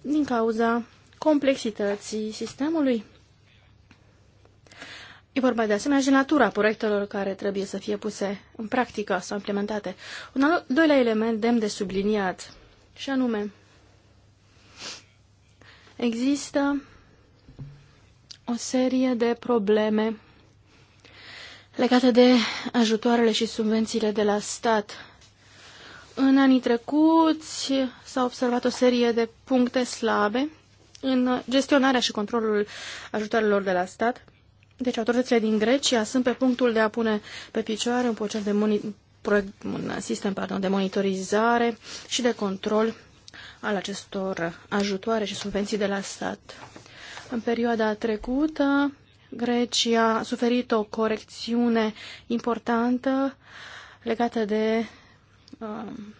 din cauza complexității sistemului. E vorba de asemenea și natura proiectelor care trebuie să fie puse în practică sau implementate. Un al doilea element demn de subliniat, și anume, există o serie de probleme legate de ajutoarele și subvențiile de la stat. În anii trecuți s-a observat o serie de puncte slabe în gestionarea și controlul ajutoarelor de la stat deci autoritățile din Grecia sunt pe punctul de a pune pe picioare un, proces de moni- proiect, un sistem pardon, de monitorizare și de control al acestor ajutoare și subvenții de la stat. În perioada trecută, Grecia a suferit o corecțiune importantă legată de um,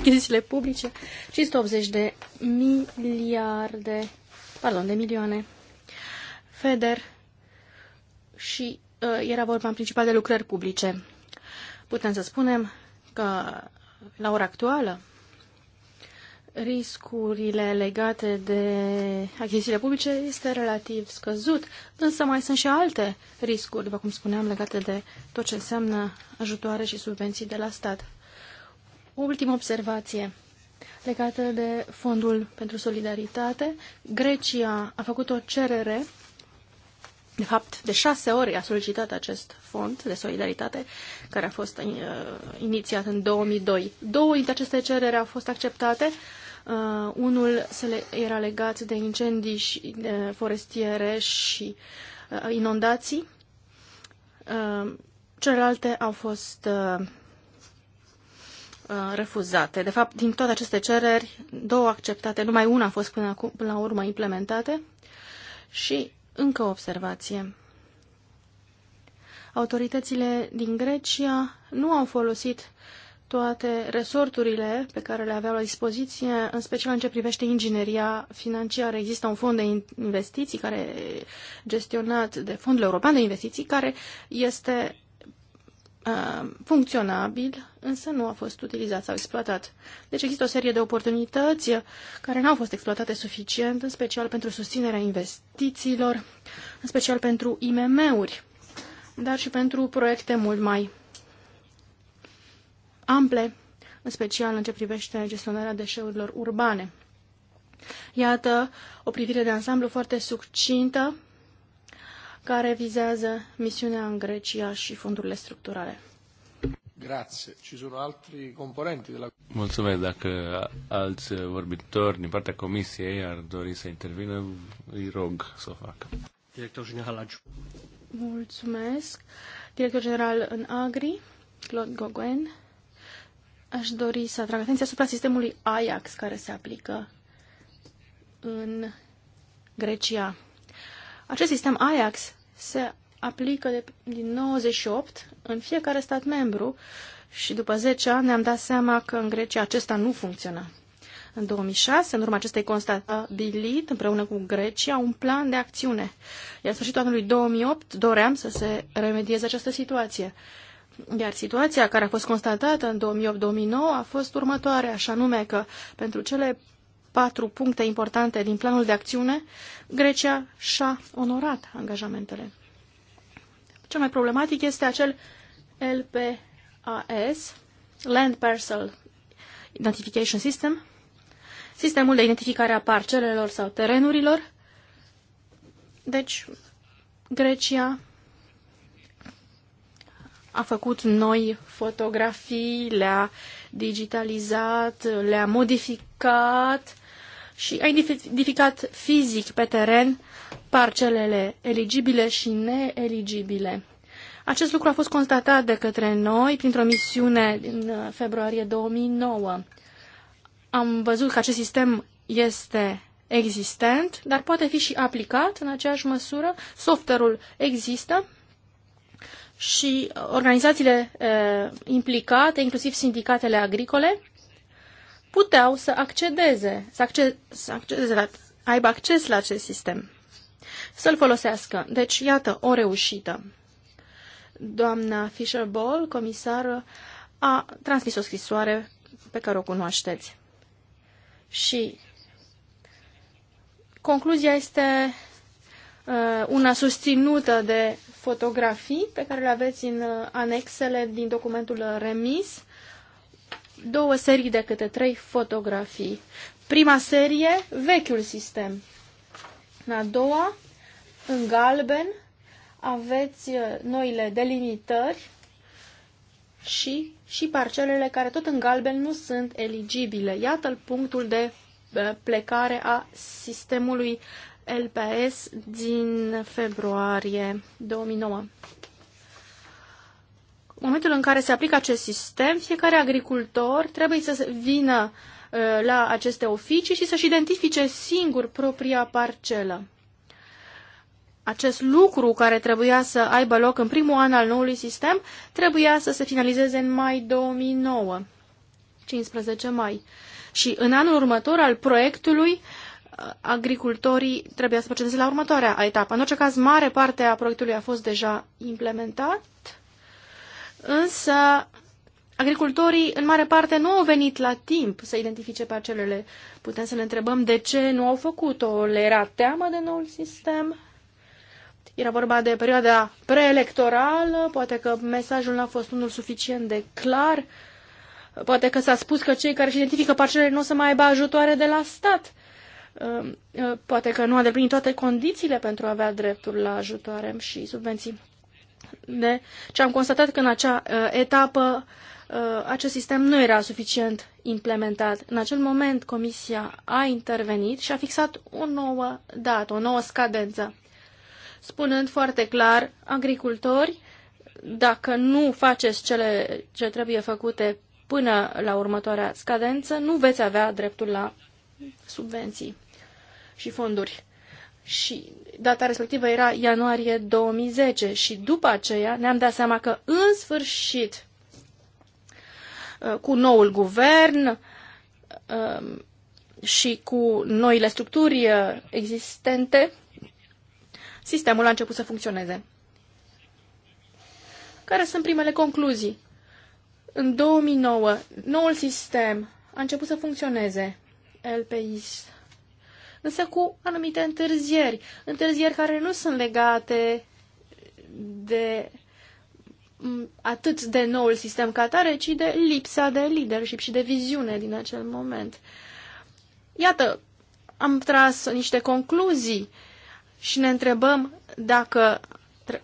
achizițiile publice, 580 de miliarde, pardon, de milioane. FEDER și uh, era vorba în principal de lucrări publice. Putem să spunem că la ora actuală riscurile legate de achizițiile publice este relativ scăzut, însă mai sunt și alte riscuri, după cum spuneam, legate de tot ce înseamnă ajutoare și subvenții de la stat ultimă observație legată de Fondul pentru Solidaritate. Grecia a făcut o cerere, de fapt de șase ori a solicitat acest fond de solidaritate, care a fost uh, inițiat în 2002. Două dintre aceste cereri au fost acceptate. Uh, unul se le, era legat de incendii și, de forestiere și uh, inundații. Uh, celelalte au fost uh, Uh, refuzate. De fapt, din toate aceste cereri, două acceptate, numai una a fost până, acum, până la urmă implementate. Și încă o observație. Autoritățile din Grecia nu au folosit toate resorturile pe care le aveau la dispoziție, în special în ce privește ingineria financiară. Există un fond de investiții care gestionat de Fondul European de Investiții, care este Uh, funcționabil, însă nu a fost utilizat sau exploatat. Deci există o serie de oportunități care nu au fost exploatate suficient, în special pentru susținerea investițiilor, în special pentru IMM-uri, dar și pentru proiecte mult mai ample, în special în ce privește gestionarea deșeurilor urbane. Iată o privire de ansamblu foarte succintă care vizează misiunea în Grecia și fondurile structurale. Grazie. Ci sono altri componenti della... Mulțumesc. Dacă alți vorbitori din partea Comisiei ar dori să intervină, îi rog să o facă. Director General Agiu. Mulțumesc. Director General în Agri, Claude Goguen. Aș dori să atrag atenția asupra sistemului Ajax care se aplică în Grecia. Acest sistem Ajax se aplică de, din 98 în fiecare stat membru și după 10 ani ne-am dat seama că în Grecia acesta nu funcționa. În 2006, în urma acestei constabilit, împreună cu Grecia, un plan de acțiune. Iar în sfârșitul anului 2008 doream să se remedieze această situație. Iar situația care a fost constatată în 2008-2009 a fost următoarea, așa nume că pentru cele patru puncte importante din planul de acțiune, Grecia și-a onorat angajamentele. Cel mai problematic este acel LPAS, Land Parcel Identification System, sistemul de identificare a parcelelor sau terenurilor. Deci, Grecia a făcut noi fotografii, le-a digitalizat, le-a modificat și a identificat fizic pe teren parcelele eligibile și neeligibile. Acest lucru a fost constatat de către noi printr-o misiune în uh, februarie 2009. Am văzut că acest sistem este existent, dar poate fi și aplicat în aceeași măsură. Software-ul există și uh, organizațiile e, uh, implicate, inclusiv sindicatele agricole, puteau să accedeze, să, acce- să accedeze la, aibă acces la acest sistem, să-l folosească. Deci, iată, o reușită. Doamna Fisher-Ball, comisar, a transmis o scrisoare pe care o cunoașteți. Și concluzia este uh, una susținută de fotografii pe care le aveți în uh, anexele din documentul uh, remis două serii de câte trei fotografii. Prima serie, vechiul sistem. În a doua, în galben, aveți uh, noile delimitări și, și parcelele care tot în galben nu sunt eligibile. Iată punctul de uh, plecare a sistemului LPS din februarie 2009 momentul în care se aplică acest sistem, fiecare agricultor trebuie să vină uh, la aceste oficii și să-și identifice singur propria parcelă. Acest lucru care trebuia să aibă loc în primul an al noului sistem trebuia să se finalizeze în mai 2009, 15 mai. Și în anul următor al proiectului, uh, agricultorii trebuia să procedeze la următoarea etapă. În orice caz, mare parte a proiectului a fost deja implementat însă agricultorii în mare parte nu au venit la timp să identifice parcelele. Putem să ne întrebăm de ce nu au făcut-o. Le era teamă de noul sistem? Era vorba de perioada preelectorală, poate că mesajul n-a fost unul suficient de clar, poate că s-a spus că cei care își identifică parcelele nu o să mai aibă ajutoare de la stat. Ehm, poate că nu a deplinit toate condițiile pentru a avea dreptul la ajutoare și subvenții de ce am constatat că în acea uh, etapă uh, acest sistem nu era suficient implementat. În acel moment Comisia a intervenit și a fixat o nouă dată, o nouă scadență, spunând foarte clar, agricultori, dacă nu faceți cele ce trebuie făcute până la următoarea scadență, nu veți avea dreptul la subvenții și fonduri și data respectivă era ianuarie 2010 și după aceea ne-am dat seama că în sfârșit cu noul guvern um, și cu noile structuri uh, existente, sistemul a început să funcționeze. Care sunt primele concluzii? În 2009, noul sistem a început să funcționeze. LPIS însă cu anumite întârzieri. Întârzieri care nu sunt legate de atât de noul sistem ca tare, ci de lipsa de leadership și de viziune din acel moment. Iată, am tras niște concluzii și ne întrebăm dacă,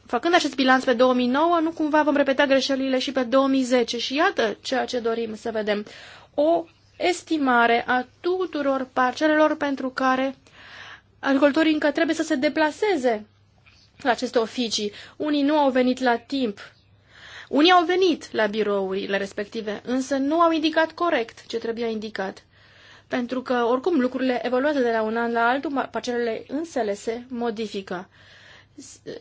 făcând acest bilanț pe 2009, nu cumva vom repeta greșelile și pe 2010. Și iată ceea ce dorim să vedem. O estimare a tuturor parcelelor pentru care agricultorii încă trebuie să se deplaseze la aceste oficii. Unii nu au venit la timp. Unii au venit la birourile respective, însă nu au indicat corect ce trebuia indicat. Pentru că, oricum, lucrurile evoluează de la un an la altul, parcelele însele se modifică.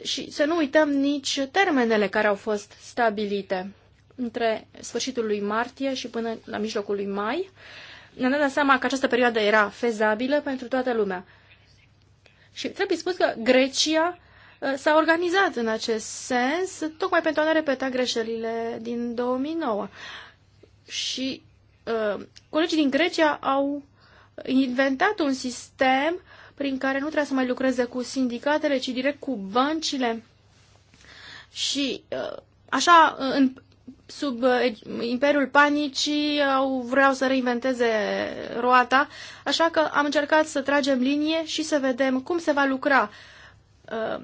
Și să nu uităm nici termenele care au fost stabilite între sfârșitul lui martie și până la mijlocul lui mai, ne-am dat seama că această perioadă era fezabilă pentru toată lumea. Și trebuie spus că Grecia uh, s-a organizat în acest sens, tocmai pentru a ne repeta greșelile din 2009. Și uh, colegii din Grecia au inventat un sistem prin care nu trebuie să mai lucreze cu sindicatele, ci direct cu băncile. Și uh, așa, în, sub eh, imperiul panicii au, vreau să reinventeze roata, așa că am încercat să tragem linie și să vedem cum se va lucra. Eh,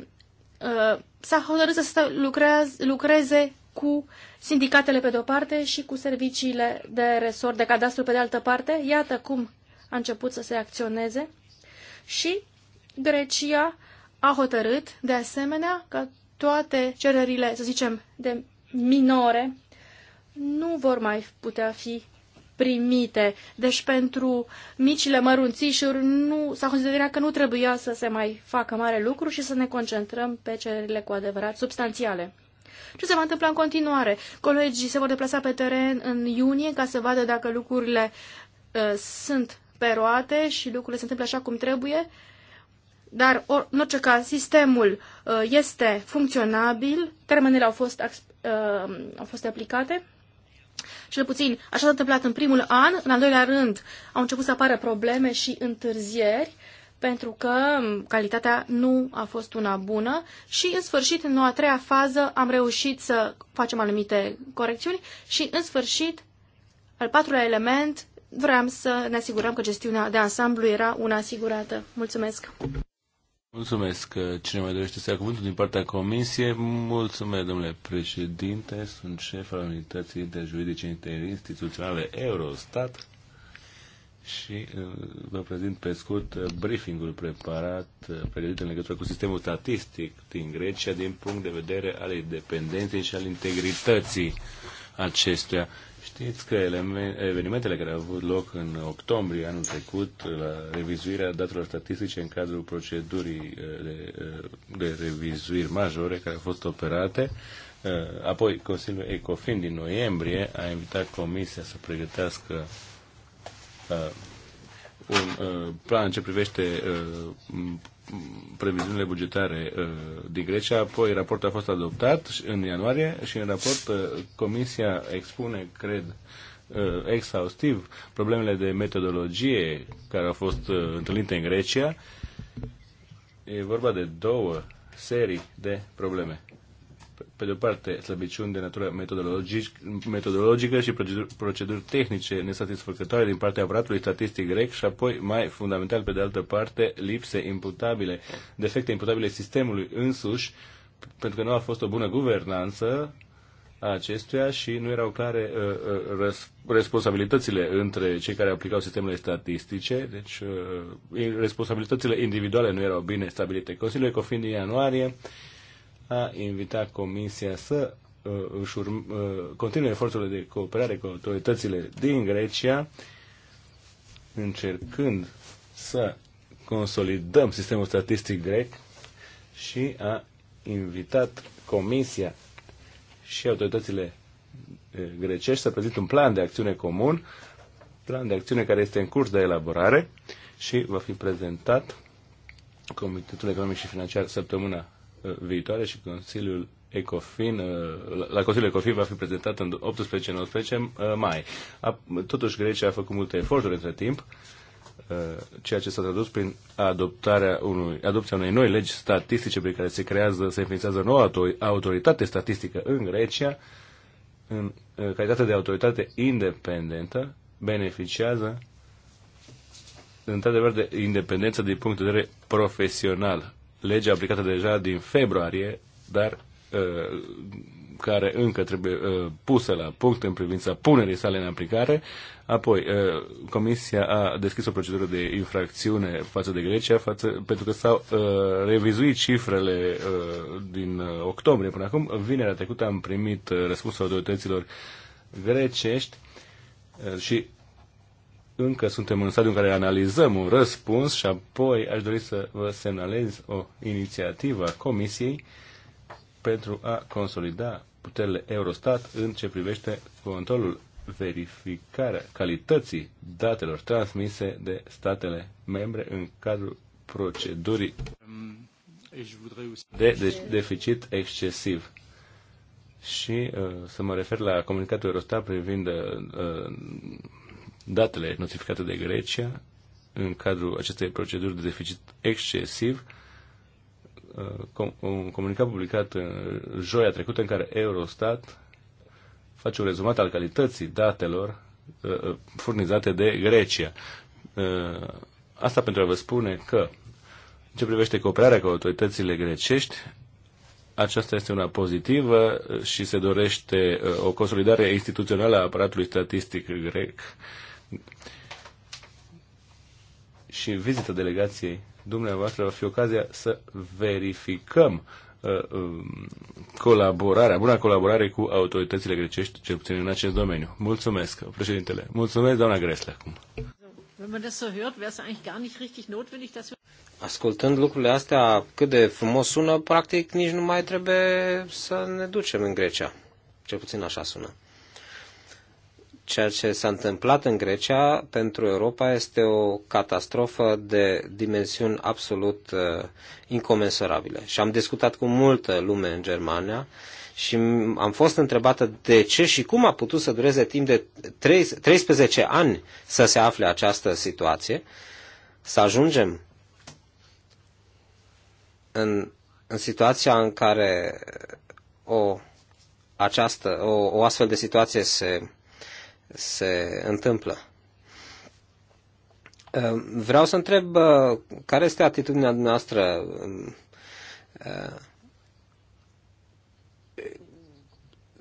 eh, S-a hotărât să lucreze, lucreze cu sindicatele pe de-o parte și cu serviciile de resort de cadastru pe de altă parte. Iată cum a început să se acționeze și Grecia a hotărât de asemenea că toate cererile, să zicem, de minore nu vor mai putea fi primite. Deci pentru micile mărunțișuri nu, s-a considerat că nu trebuia să se mai facă mare lucru și să ne concentrăm pe cererile cu adevărat substanțiale. Ce se va întâmpla în continuare? Colegii se vor deplasa pe teren în iunie ca să vadă dacă lucrurile uh, sunt pe roate și lucrurile se întâmplă așa cum trebuie, dar or, în orice caz sistemul uh, este funcționabil, termenele au fost uh, au fost aplicate. Cel puțin așa s-a întâmplat în primul an, în al doilea rând au început să apară probleme și întârzieri pentru că calitatea nu a fost una bună și, în sfârșit, în a treia fază am reușit să facem anumite corecțiuni și, în sfârșit, al patrulea element, vreau să ne asigurăm că gestiunea de ansamblu era una asigurată. Mulțumesc! Mulțumesc. Cine mai dorește să ia cuvântul din partea Comisiei? Mulțumesc, domnule președinte. Sunt șef al Unității Interjuridice Interinstituționale Eurostat și uh, vă prezint pe scurt uh, briefingul preparat, uh, pregătit în legătură cu sistemul statistic din Grecia din punct de vedere al independenței și al integrității acestuia. Știți că evenimentele care au avut loc în octombrie anul trecut la revizuirea datelor statistice în cadrul procedurii uh, de, uh, de revizuiri majore care au fost operate, uh, apoi Consiliul ECOFIN din noiembrie a invitat Comisia să pregătească un plan ce privește previziunile bugetare uh, din Grecia, apoi raportul a fost adoptat în ianuarie și în raport uh, Comisia expune, cred, uh, exhaustiv problemele de metodologie care au fost întâlnite în Grecia. E vorba de două serii de probleme pe de o parte, slăbiciuni de natură metodologic, metodologică și proceduri, proceduri tehnice nesatisfăcătoare din partea aparatului statistic grec și apoi, mai fundamental, pe de altă parte, lipse imputabile, defecte imputabile sistemului însuși, pentru că nu a fost o bună guvernanță a acestuia și nu erau clare uh, uh răs, responsabilitățile între cei care aplicau sistemele statistice, deci uh, responsabilitățile individuale nu erau bine stabilite. Consiliul Ecofin din ianuarie uh, a invitat Comisia să uh, își urm- uh, continue eforturile de cooperare cu autoritățile din Grecia, încercând să consolidăm sistemul statistic grec și a invitat Comisia și autoritățile uh, grecești să prezint un plan de acțiune comun, plan de acțiune care este în curs de elaborare și va fi prezentat Comitetul Economic și Financiar săptămâna viitoare și Consiliul Ecofin, uh, la Consiliul Ecofin va fi prezentat în 18-19 uh, mai. totuși Grecia a făcut multe eforturi între timp, uh, ceea ce s-a tradus prin adoptarea unui, adopția unei noi legi statistice prin care se creează, se înființează noua autoritate statistică în Grecia, în calitate de autoritate independentă, beneficiază într-adevăr de independență din punct de vedere profesional lege aplicată deja din februarie, dar uh, care încă trebuie uh, pusă la punct în privința punerii sale în aplicare. Apoi, uh, Comisia a deschis o procedură de infracțiune față de Grecia față, pentru că s-au uh, revizuit cifrele uh, din uh, octombrie până acum. Vinerea trecută am primit uh, răspunsul autorităților grecești uh, și încă suntem în stadiul în care analizăm un răspuns și apoi aș dori să vă semnalez o inițiativă a Comisiei pentru a consolida puterile Eurostat în ce privește controlul verificarea calității datelor transmise de statele membre în cadrul procedurii de, de deficit excesiv. Și uh, să mă refer la comunicatul Eurostat privind uh, uh datele notificate de Grecia în cadrul acestei proceduri de deficit excesiv, uh, un comunicat publicat joia trecută în care Eurostat face un rezumat al calității datelor uh, uh, furnizate de Grecia. Asta pentru a vă spune că, în ce privește cooperarea cu autoritățile grecești, aceasta este una pozitivă și se dorește o consolidare instituțională a aparatului statistic grec și vizita delegației dumneavoastră va fi ocazia să verificăm uh, um, colaborarea, buna colaborare cu autoritățile grecești, cel puțin în acest domeniu. Mulțumesc, președintele. Mulțumesc, doamna Gresle, acum. Ascultând lucrurile astea cât de frumos sună, practic nici nu mai trebuie să ne ducem în Grecia. Cel puțin așa sună. Ceea ce s-a întâmplat în Grecia pentru Europa este o catastrofă de dimensiuni absolut uh, incomensurabile. Și am discutat cu multă lume în Germania și am fost întrebată de ce și cum a putut să dureze timp de 13 ani să se afle această situație, să ajungem în, în situația în care o, această, o, o astfel de situație se se întâmplă. Ehm, vreau să întreb care este atitudinea noastră ehm, ehm,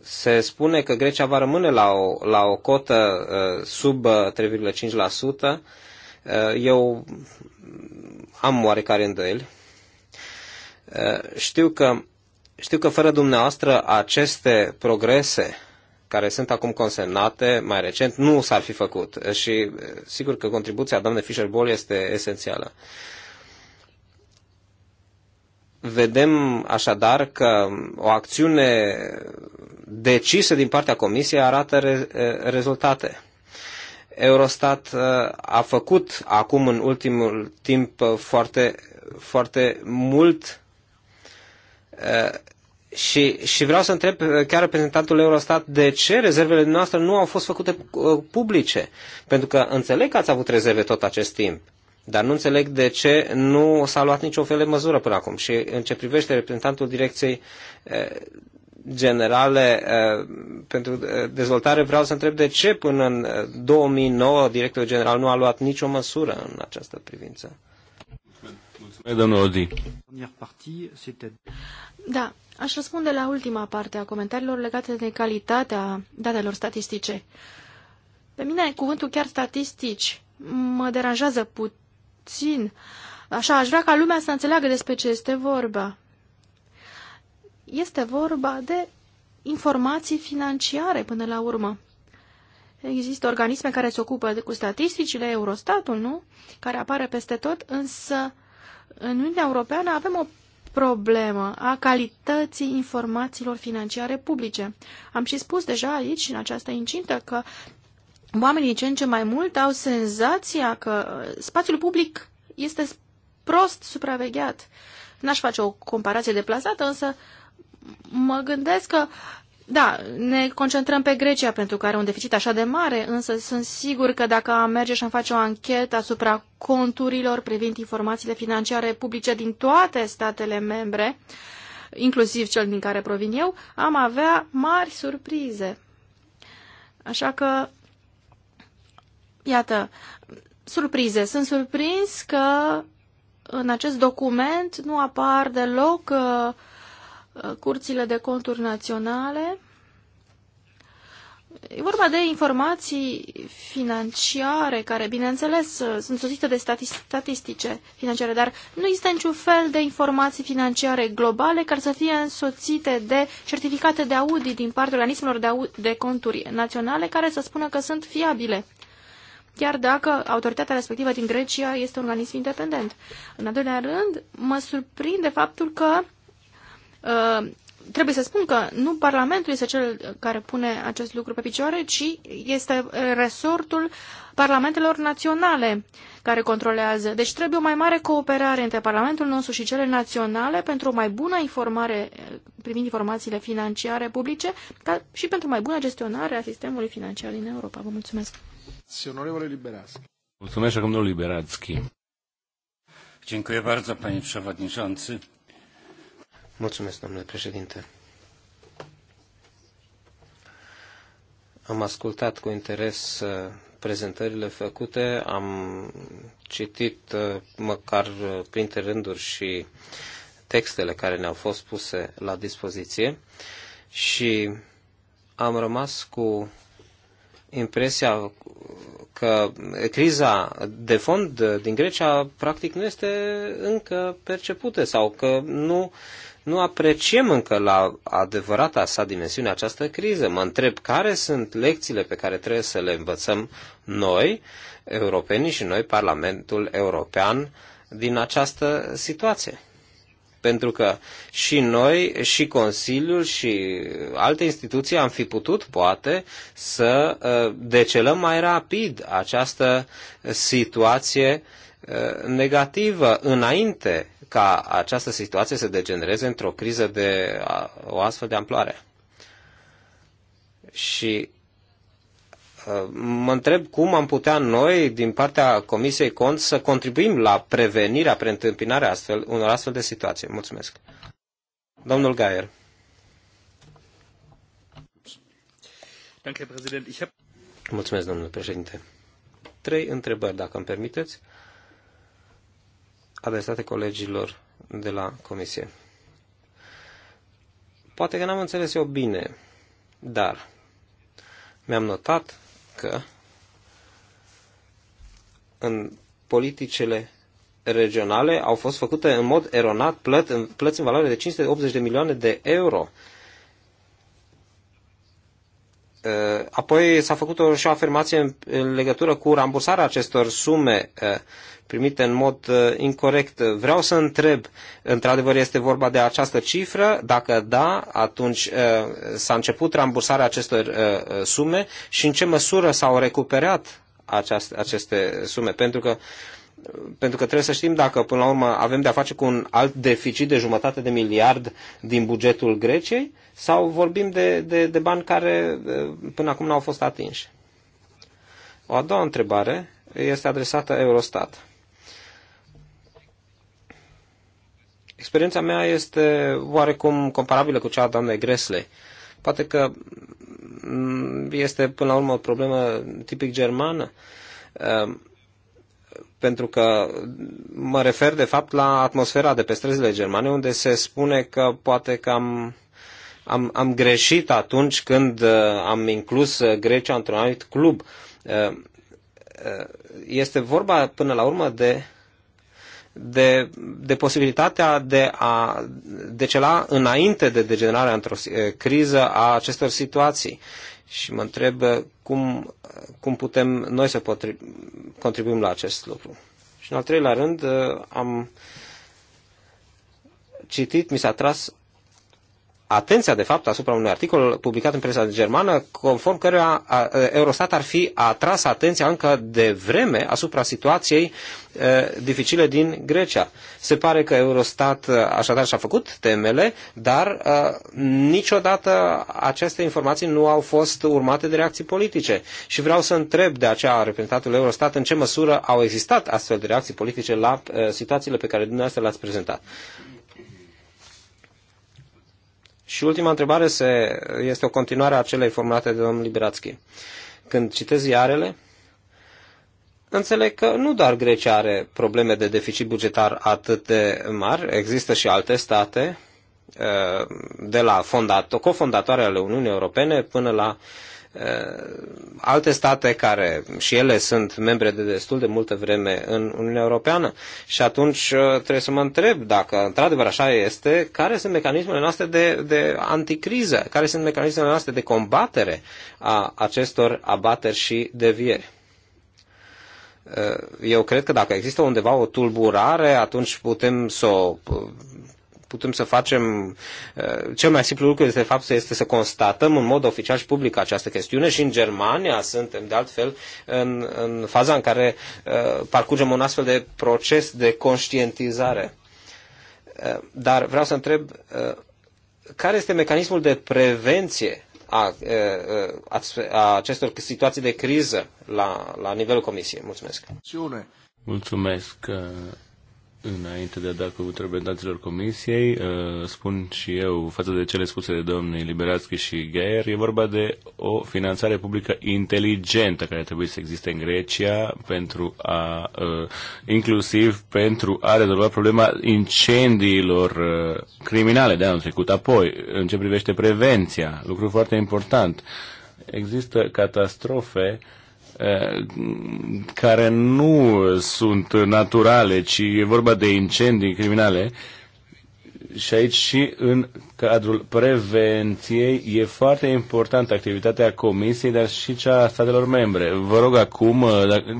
se spune că Grecia va rămâne la o, la o cotă sub 3,5%. Eu am oarecare îndoieli. Știu că, știu că fără dumneavoastră aceste progrese care sunt acum consemnate mai recent, nu s-ar fi făcut. Și eh, sigur că contribuția doamnei Fisher-Boll este esențială. Vedem așadar că o acțiune decisă din partea Comisiei arată re- eh, rezultate. Eurostat eh, a făcut acum în ultimul timp foarte, foarte mult și, și vreau să întreb uh, chiar reprezentantul Eurostat de ce rezervele noastre nu au fost făcute uh, publice. Pentru că înțeleg că ați avut rezerve tot acest timp, dar nu înțeleg de ce nu s-a luat nicio fel de măsură până acum. Și în ce privește reprezentantul Direcției uh, Generale pentru Dezvoltare, vreau să întreb de ce până în 2009 directorul general nu a luat nicio măsură în această privință. Mulțumesc, domnul Odi. Da, Aș răspunde la ultima parte a comentariilor legate de calitatea datelor statistice. Pe mine, cuvântul chiar statistici mă deranjează puțin. Așa, aș vrea ca lumea să înțeleagă despre ce este vorba. Este vorba de informații financiare până la urmă. Există organisme care se ocupă cu statisticile, Eurostatul, nu? Care apare peste tot, însă în Uniunea Europeană avem o problemă a calității informațiilor financiare publice. Am și spus deja aici, în această incintă, că oamenii ce în ce mai mult au senzația că spațiul public este prost supravegheat. N-aș face o comparație deplasată, însă mă gândesc că da, ne concentrăm pe Grecia pentru că are un deficit așa de mare, însă sunt sigur că dacă am merge și am face o anchetă asupra conturilor privind informațiile financiare publice din toate statele membre, inclusiv cel din care provin eu, am avea mari surprize. Așa că, iată, surprize. Sunt surprins că în acest document nu apar deloc uh, Uh, curțile de conturi naționale. E vorba de informații financiare care, bineînțeles, uh, sunt susținute de statistice financiare, dar nu există niciun fel de informații financiare globale care să fie însoțite de certificate de audit din partea organismelor de, de conturi naționale care să spună că sunt fiabile chiar dacă autoritatea respectivă din Grecia este un organism independent. În al doilea rând, mă surprinde faptul că Uh, trebuie să spun că nu Parlamentul este cel care pune acest lucru pe picioare, ci este resortul parlamentelor naționale care controlează. Deci trebuie o mai mare cooperare între Parlamentul nostru și cele naționale pentru o mai bună informare uh, privind informațiile financiare publice ca și pentru mai bună gestionare a sistemului financiar din Europa. Vă mulțumesc. Mulțumesc, domnul Liberațchi. Dziękuję bardzo, panie przewodniczący. Mulțumesc, domnule președinte. Am ascultat cu interes uh, prezentările făcute, am citit uh, măcar uh, printre rânduri și textele care ne-au fost puse la dispoziție și am rămas cu impresia că criza de fond din Grecia practic nu este încă percepută sau că nu uh, nu apreciem încă la adevărata sa dimensiune această criză. Mă întreb care sunt lecțiile pe care trebuie să le învățăm noi, europenii și noi, Parlamentul European, din această situație. Pentru că și noi, și Consiliul, și alte instituții am fi putut, poate, să uh, decelăm mai rapid această situație uh, negativă înainte ca această situație să degenereze într-o criză de o astfel de amploare. Și ă, mă întreb cum am putea noi, din partea Comisiei Cont, să contribuim la prevenirea, preîntâmpinarea astfel, unor astfel de situații. Mulțumesc. Domnul Gaier. Mulțumesc, domnule președinte. Trei întrebări, dacă îmi permiteți adresate colegilor de la comisie. Poate că n-am înțeles eu bine, dar mi-am notat că în politicele regionale au fost făcute în mod eronat plăți în, valoare de 580 de milioane de euro Uh, apoi s-a făcut o, și o afirmație în legătură cu rambursarea acestor sume uh, primite în mod uh, incorrect. Vreau să întreb, într-adevăr este vorba de această cifră? Dacă da, atunci s-a început rambursarea acestor sume și în ce măsură s-au recuperat aceste sume? Pentru că pentru că trebuie să știm dacă până la urmă avem de-a face cu un alt deficit de jumătate de miliard din bugetul Greciei sau vorbim de, de, de bani care până acum nu au fost atinși? O a doua întrebare este adresată Eurostat. Experiența mea este oarecum comparabilă cu cea a doamnei Gresley. Poate că mm, este până la urmă o problemă tipic germană, ehm, pentru că mă refer de fapt la atmosfera de pe străzile germane, unde se spune că poate că am am, am greșit atunci când uh, am inclus uh, Grecia într-un anumit club. Uh, este vorba până la urmă de, de, de posibilitatea de a decela înainte de degenerarea într-o criză a acestor situații. Și mă întreb cum, cum putem noi să potri, contribuim la acest lucru. Și în al treilea rând am citit, mi s-a tras atenția, de fapt, asupra unui articol publicat în presa germană, conform căruia Eurostat ar fi atras atenția încă de vreme asupra situației dificile din Grecia. Se pare că Eurostat așadar și-a făcut temele, dar niciodată aceste informații nu au fost urmate de reacții politice. Și vreau să întreb de aceea reprezentantul Eurostat în ce măsură au existat astfel de reacții politice la situațiile pe care dumneavoastră le-ați prezentat. Și ultima întrebare se, este o continuare a celei formulate de domnul Liberațchi. Când citez ziarele, înțeleg că nu doar Grecia are probleme de deficit bugetar atât de mari, există și alte state, uh, de la fondat, cofondatoare ale Uniunii Europene până la uh, Uh, alte state care și ele sunt membre de destul de multă vreme în Uniunea Europeană și atunci uh, trebuie să mă întreb dacă într-adevăr așa este, care sunt mecanismele noastre de, de anticriză, care sunt mecanismele noastre de combatere a acestor abateri și devieri uh, eu cred că dacă există undeva o tulburare, atunci putem să o putem să facem, uh, cel mai simplu lucru este, de fapt este să constatăm în mod oficial și public această chestiune și în Germania suntem de altfel în, în faza în care uh, parcurgem un astfel de proces de conștientizare. Uh, dar vreau să întreb, care este mecanismul de prevenție a, a, a acestor situații de criză la, la nivelul Comisiei? Mulțumesc! Mulțumesc! Înainte de a da cuvântul reprezentanților comisiei, uh, spun și eu, față de cele spuse de domnii Liberațchi și Gaier, e vorba de o finanțare publică inteligentă care trebuie să existe în Grecia, pentru a, uh, inclusiv pentru a rezolva problema incendiilor uh, criminale de anul trecut. Apoi, în ce privește prevenția, lucru foarte important, există catastrofe uh, care nu sunt naturale, ci e vorba de incendii criminale. Și aici și în cadrul prevenției e foarte importantă activitatea Comisiei, dar și cea a statelor membre. Vă rog acum,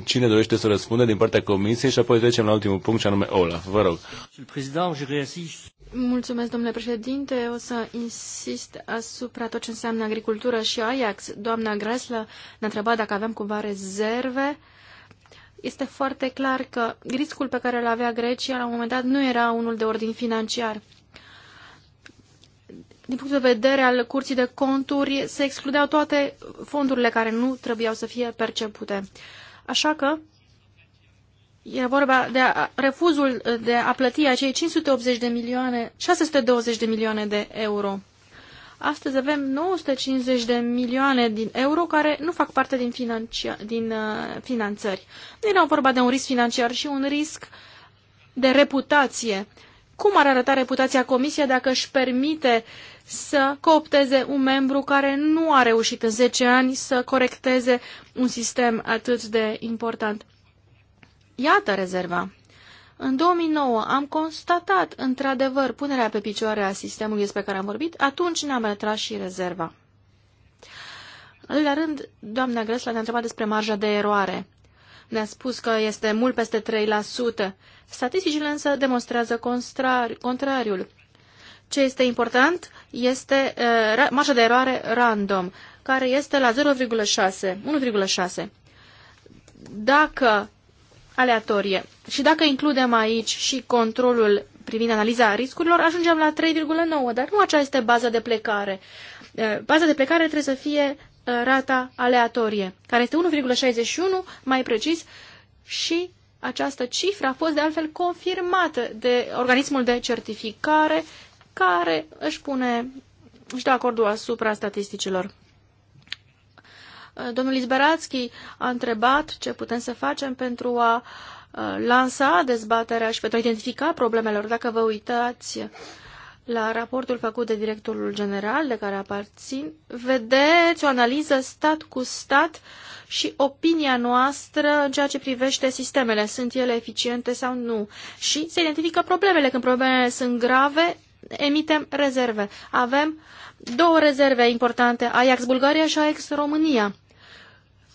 cine dorește să răspundă din partea Comisiei și apoi trecem la ultimul punct, și anume Olaf. Vă rog. Mulțumesc, domnule președinte. O să insist asupra tot ce înseamnă agricultură și Ajax. Doamna Gresla ne-a întrebat dacă avem cumva rezerve. Este foarte clar că riscul pe care îl avea Grecia la un moment dat nu era unul de ordin financiar. Din punct de vedere al curții de conturi, se excludeau toate fondurile care nu trebuiau să fie percepute. Așa că E vorba de a, refuzul uh, de a plăti acei 580 de milioane, 620 de milioane de euro. Astăzi avem 950 de milioane din euro care nu fac parte din, financia, din uh, finanțări. Nu era vorba de un risc financiar și un risc de reputație. Cum ar arăta reputația Comisiei dacă își permite să coopteze un membru care nu a reușit în 10 ani să corecteze un sistem atât de important? Iată rezerva. În 2009 am constatat într-adevăr punerea pe picioare a sistemului despre care am vorbit, atunci ne-am retras și rezerva. La rând, doamna Gresla ne-a întrebat despre marja de eroare. Ne-a spus că este mult peste 3%. Statisticile însă demonstrează contrariul. Ce este important este uh, marja de eroare random, care este la 0,6, 1,6. Dacă aleatorie. Și dacă includem aici și controlul privind analiza riscurilor, ajungem la 3,9, dar nu aceasta este baza de plecare. Eh, baza de plecare trebuie să fie eh, rata aleatorie, care este 1,61, mai precis, și această cifră a fost de altfel confirmată de organismul de certificare care își pune și de acordul asupra statisticilor. Domnul Izberatski a întrebat ce putem să facem pentru a lansa dezbaterea și pentru a identifica problemelor. Dacă vă uitați la raportul făcut de directorul general de care aparțin, vedeți o analiză stat cu stat și opinia noastră în ceea ce privește sistemele. Sunt ele eficiente sau nu? Și se identifică problemele. Când problemele sunt grave, emitem rezerve. Avem două rezerve importante, Ajax Bulgaria și Ajax România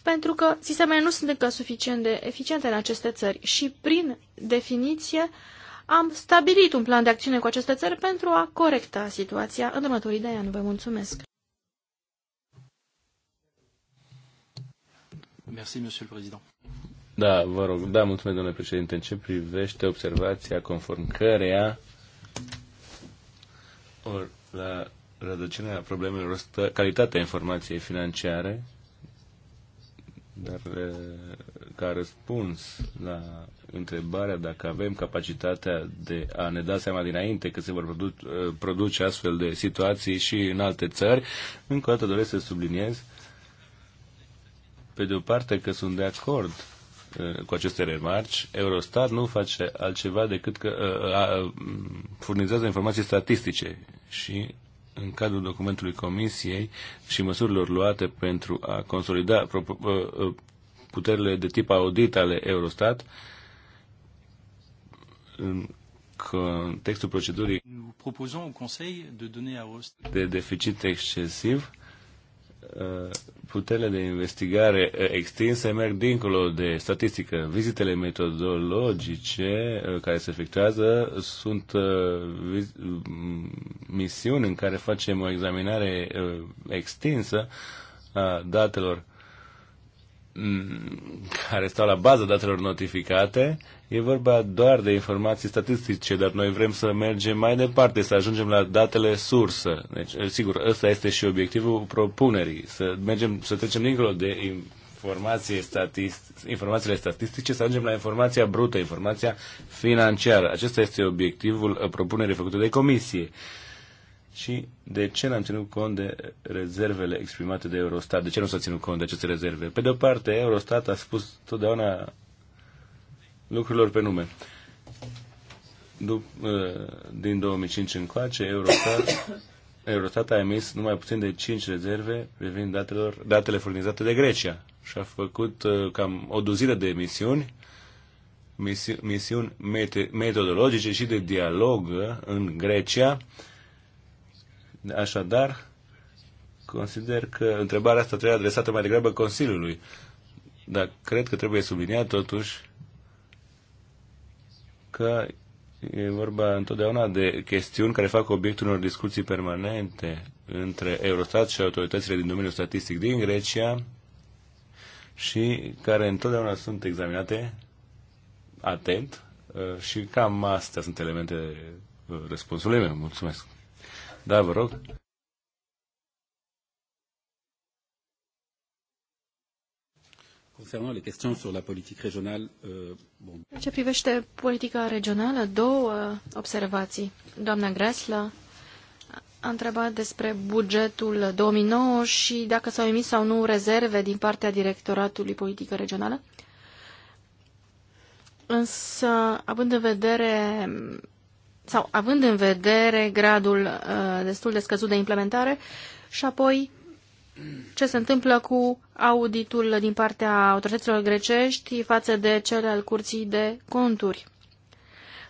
pentru că sistemele nu sunt încă suficient de eficiente în aceste țări și, prin definiție, am stabilit un plan de acțiune cu aceste țări pentru a corecta situația în următorii de ani. Vă mulțumesc! Merci, Monsieur le Président. Da, vă rog, da, mulțumesc, domnule președinte. În ce privește observația conform căreia or, la rădăcina problemelor stă calitatea informației financiare dar ca răspuns la întrebarea dacă avem capacitatea de a ne da seama dinainte că se vor produce astfel de situații și în alte țări, încă o dată doresc să subliniez pe de o parte că sunt de acord cu aceste remarci, Eurostat nu face altceva decât că a, a, furnizează informații statistice și în cadrul documentului Comisiei și măsurilor luate pentru a consolida ă, ă, puterile de tip audit ale Eurostat în contextul procedurii de deficit excesiv Uh, puterile de investigare uh, extinse merg dincolo de statistică. Vizitele metodologice uh, care se efectuează sunt misiuni în care facem o examinare extinsă a datelor Mm, care stau la baza datelor notificate, e vorba doar de informații statistice, dar noi vrem să mergem mai departe, să ajungem la datele sursă. Deci, eh, sigur, ăsta este și obiectivul propunerii, să mergem, să trecem dincolo de informație statist, informațiile statistice, să ajungem la informația brută, informația financiară. Acesta este obiectivul eh, propunerii făcute de comisie. Uh, și de ce n-am ținut cont de rezervele exprimate de Eurostat? De ce nu s-a ținut cont de aceste rezerve? Pe de o parte, Eurostat a spus totdeauna lucrurilor pe nume. Dup- ă, din 2005 încoace, Eurostat, (coughs) Eurostat a emis numai puțin de 5 rezerve privind datelor, datele furnizate de Grecia și a făcut ă, cam o duzină de emisiuni misiuni metodologice și de dialog în Grecia, Așadar, consider că întrebarea asta trebuie adresată mai degrabă Consiliului, dar cred că trebuie subliniat totuși că e vorba întotdeauna de chestiuni care fac obiectul unor discuții permanente între Eurostat și autoritățile din domeniul statistic din Grecia și care întotdeauna sunt examinate atent uh, și cam astea sunt elemente uh, răspunsului meu. Mulțumesc! Da, vă rog. Concernant les questions sur la politique régionale, euh, bon. În ce privește politica regională, două observații. Doamna Gresla a întrebat despre bugetul 2009 și dacă s-au emis sau nu rezerve din partea Directoratului Politică Regională. Însă, având în vedere sau având în vedere gradul uh, destul de scăzut de implementare și apoi ce se întâmplă cu auditul din partea autorităților grecești față de cele al curții de conturi.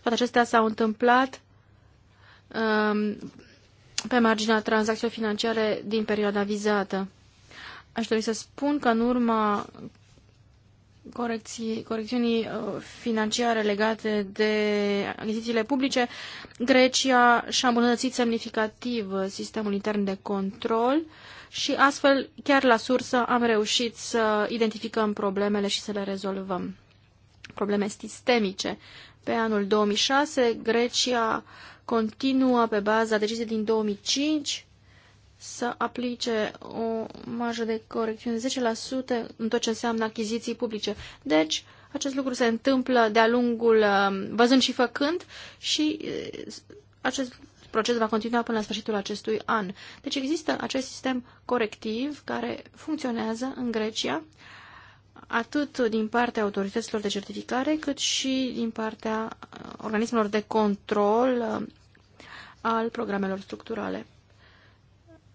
Toate acestea s-au întâmplat um, pe marginea tranzacțiilor financiare din perioada vizată. Aș dori să spun că în urma corecții, corecțiunii uh, financiare legate de achizițiile publice, Grecia și-a îmbunătățit semnificativ sistemul intern de control și astfel, chiar la sursă, am reușit să identificăm problemele și să le rezolvăm. Probleme sistemice. Pe anul 2006, Grecia continuă pe baza deciziei din 2005 să aplice o marjă de corecțiune 10% în tot ce înseamnă achiziții publice. Deci, acest lucru se întâmplă de-a lungul um, văzând și făcând și uh, acest proces va continua până la sfârșitul acestui an. Deci există acest sistem corectiv care funcționează în Grecia atât din partea autorităților de certificare, cât și din partea uh, organismelor de control uh, al programelor structurale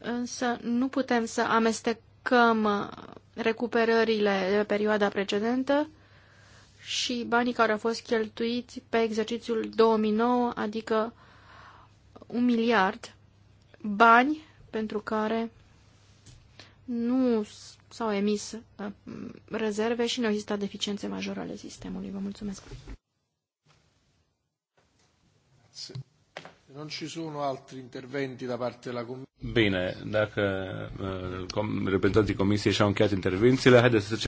însă nu putem să amestecăm recuperările de perioada precedentă și banii care au fost cheltuiți pe exercițiul 2009, adică un miliard, bani pentru care nu s-au emis uh, rezerve și nu există deficiențe majore ale sistemului. Vă mulțumesc! Non ci sono altri interventi da parte della Commissione. Bine, dacă uh, com, reprezentanții Comisiei și-au încheiat intervențiile, haideți să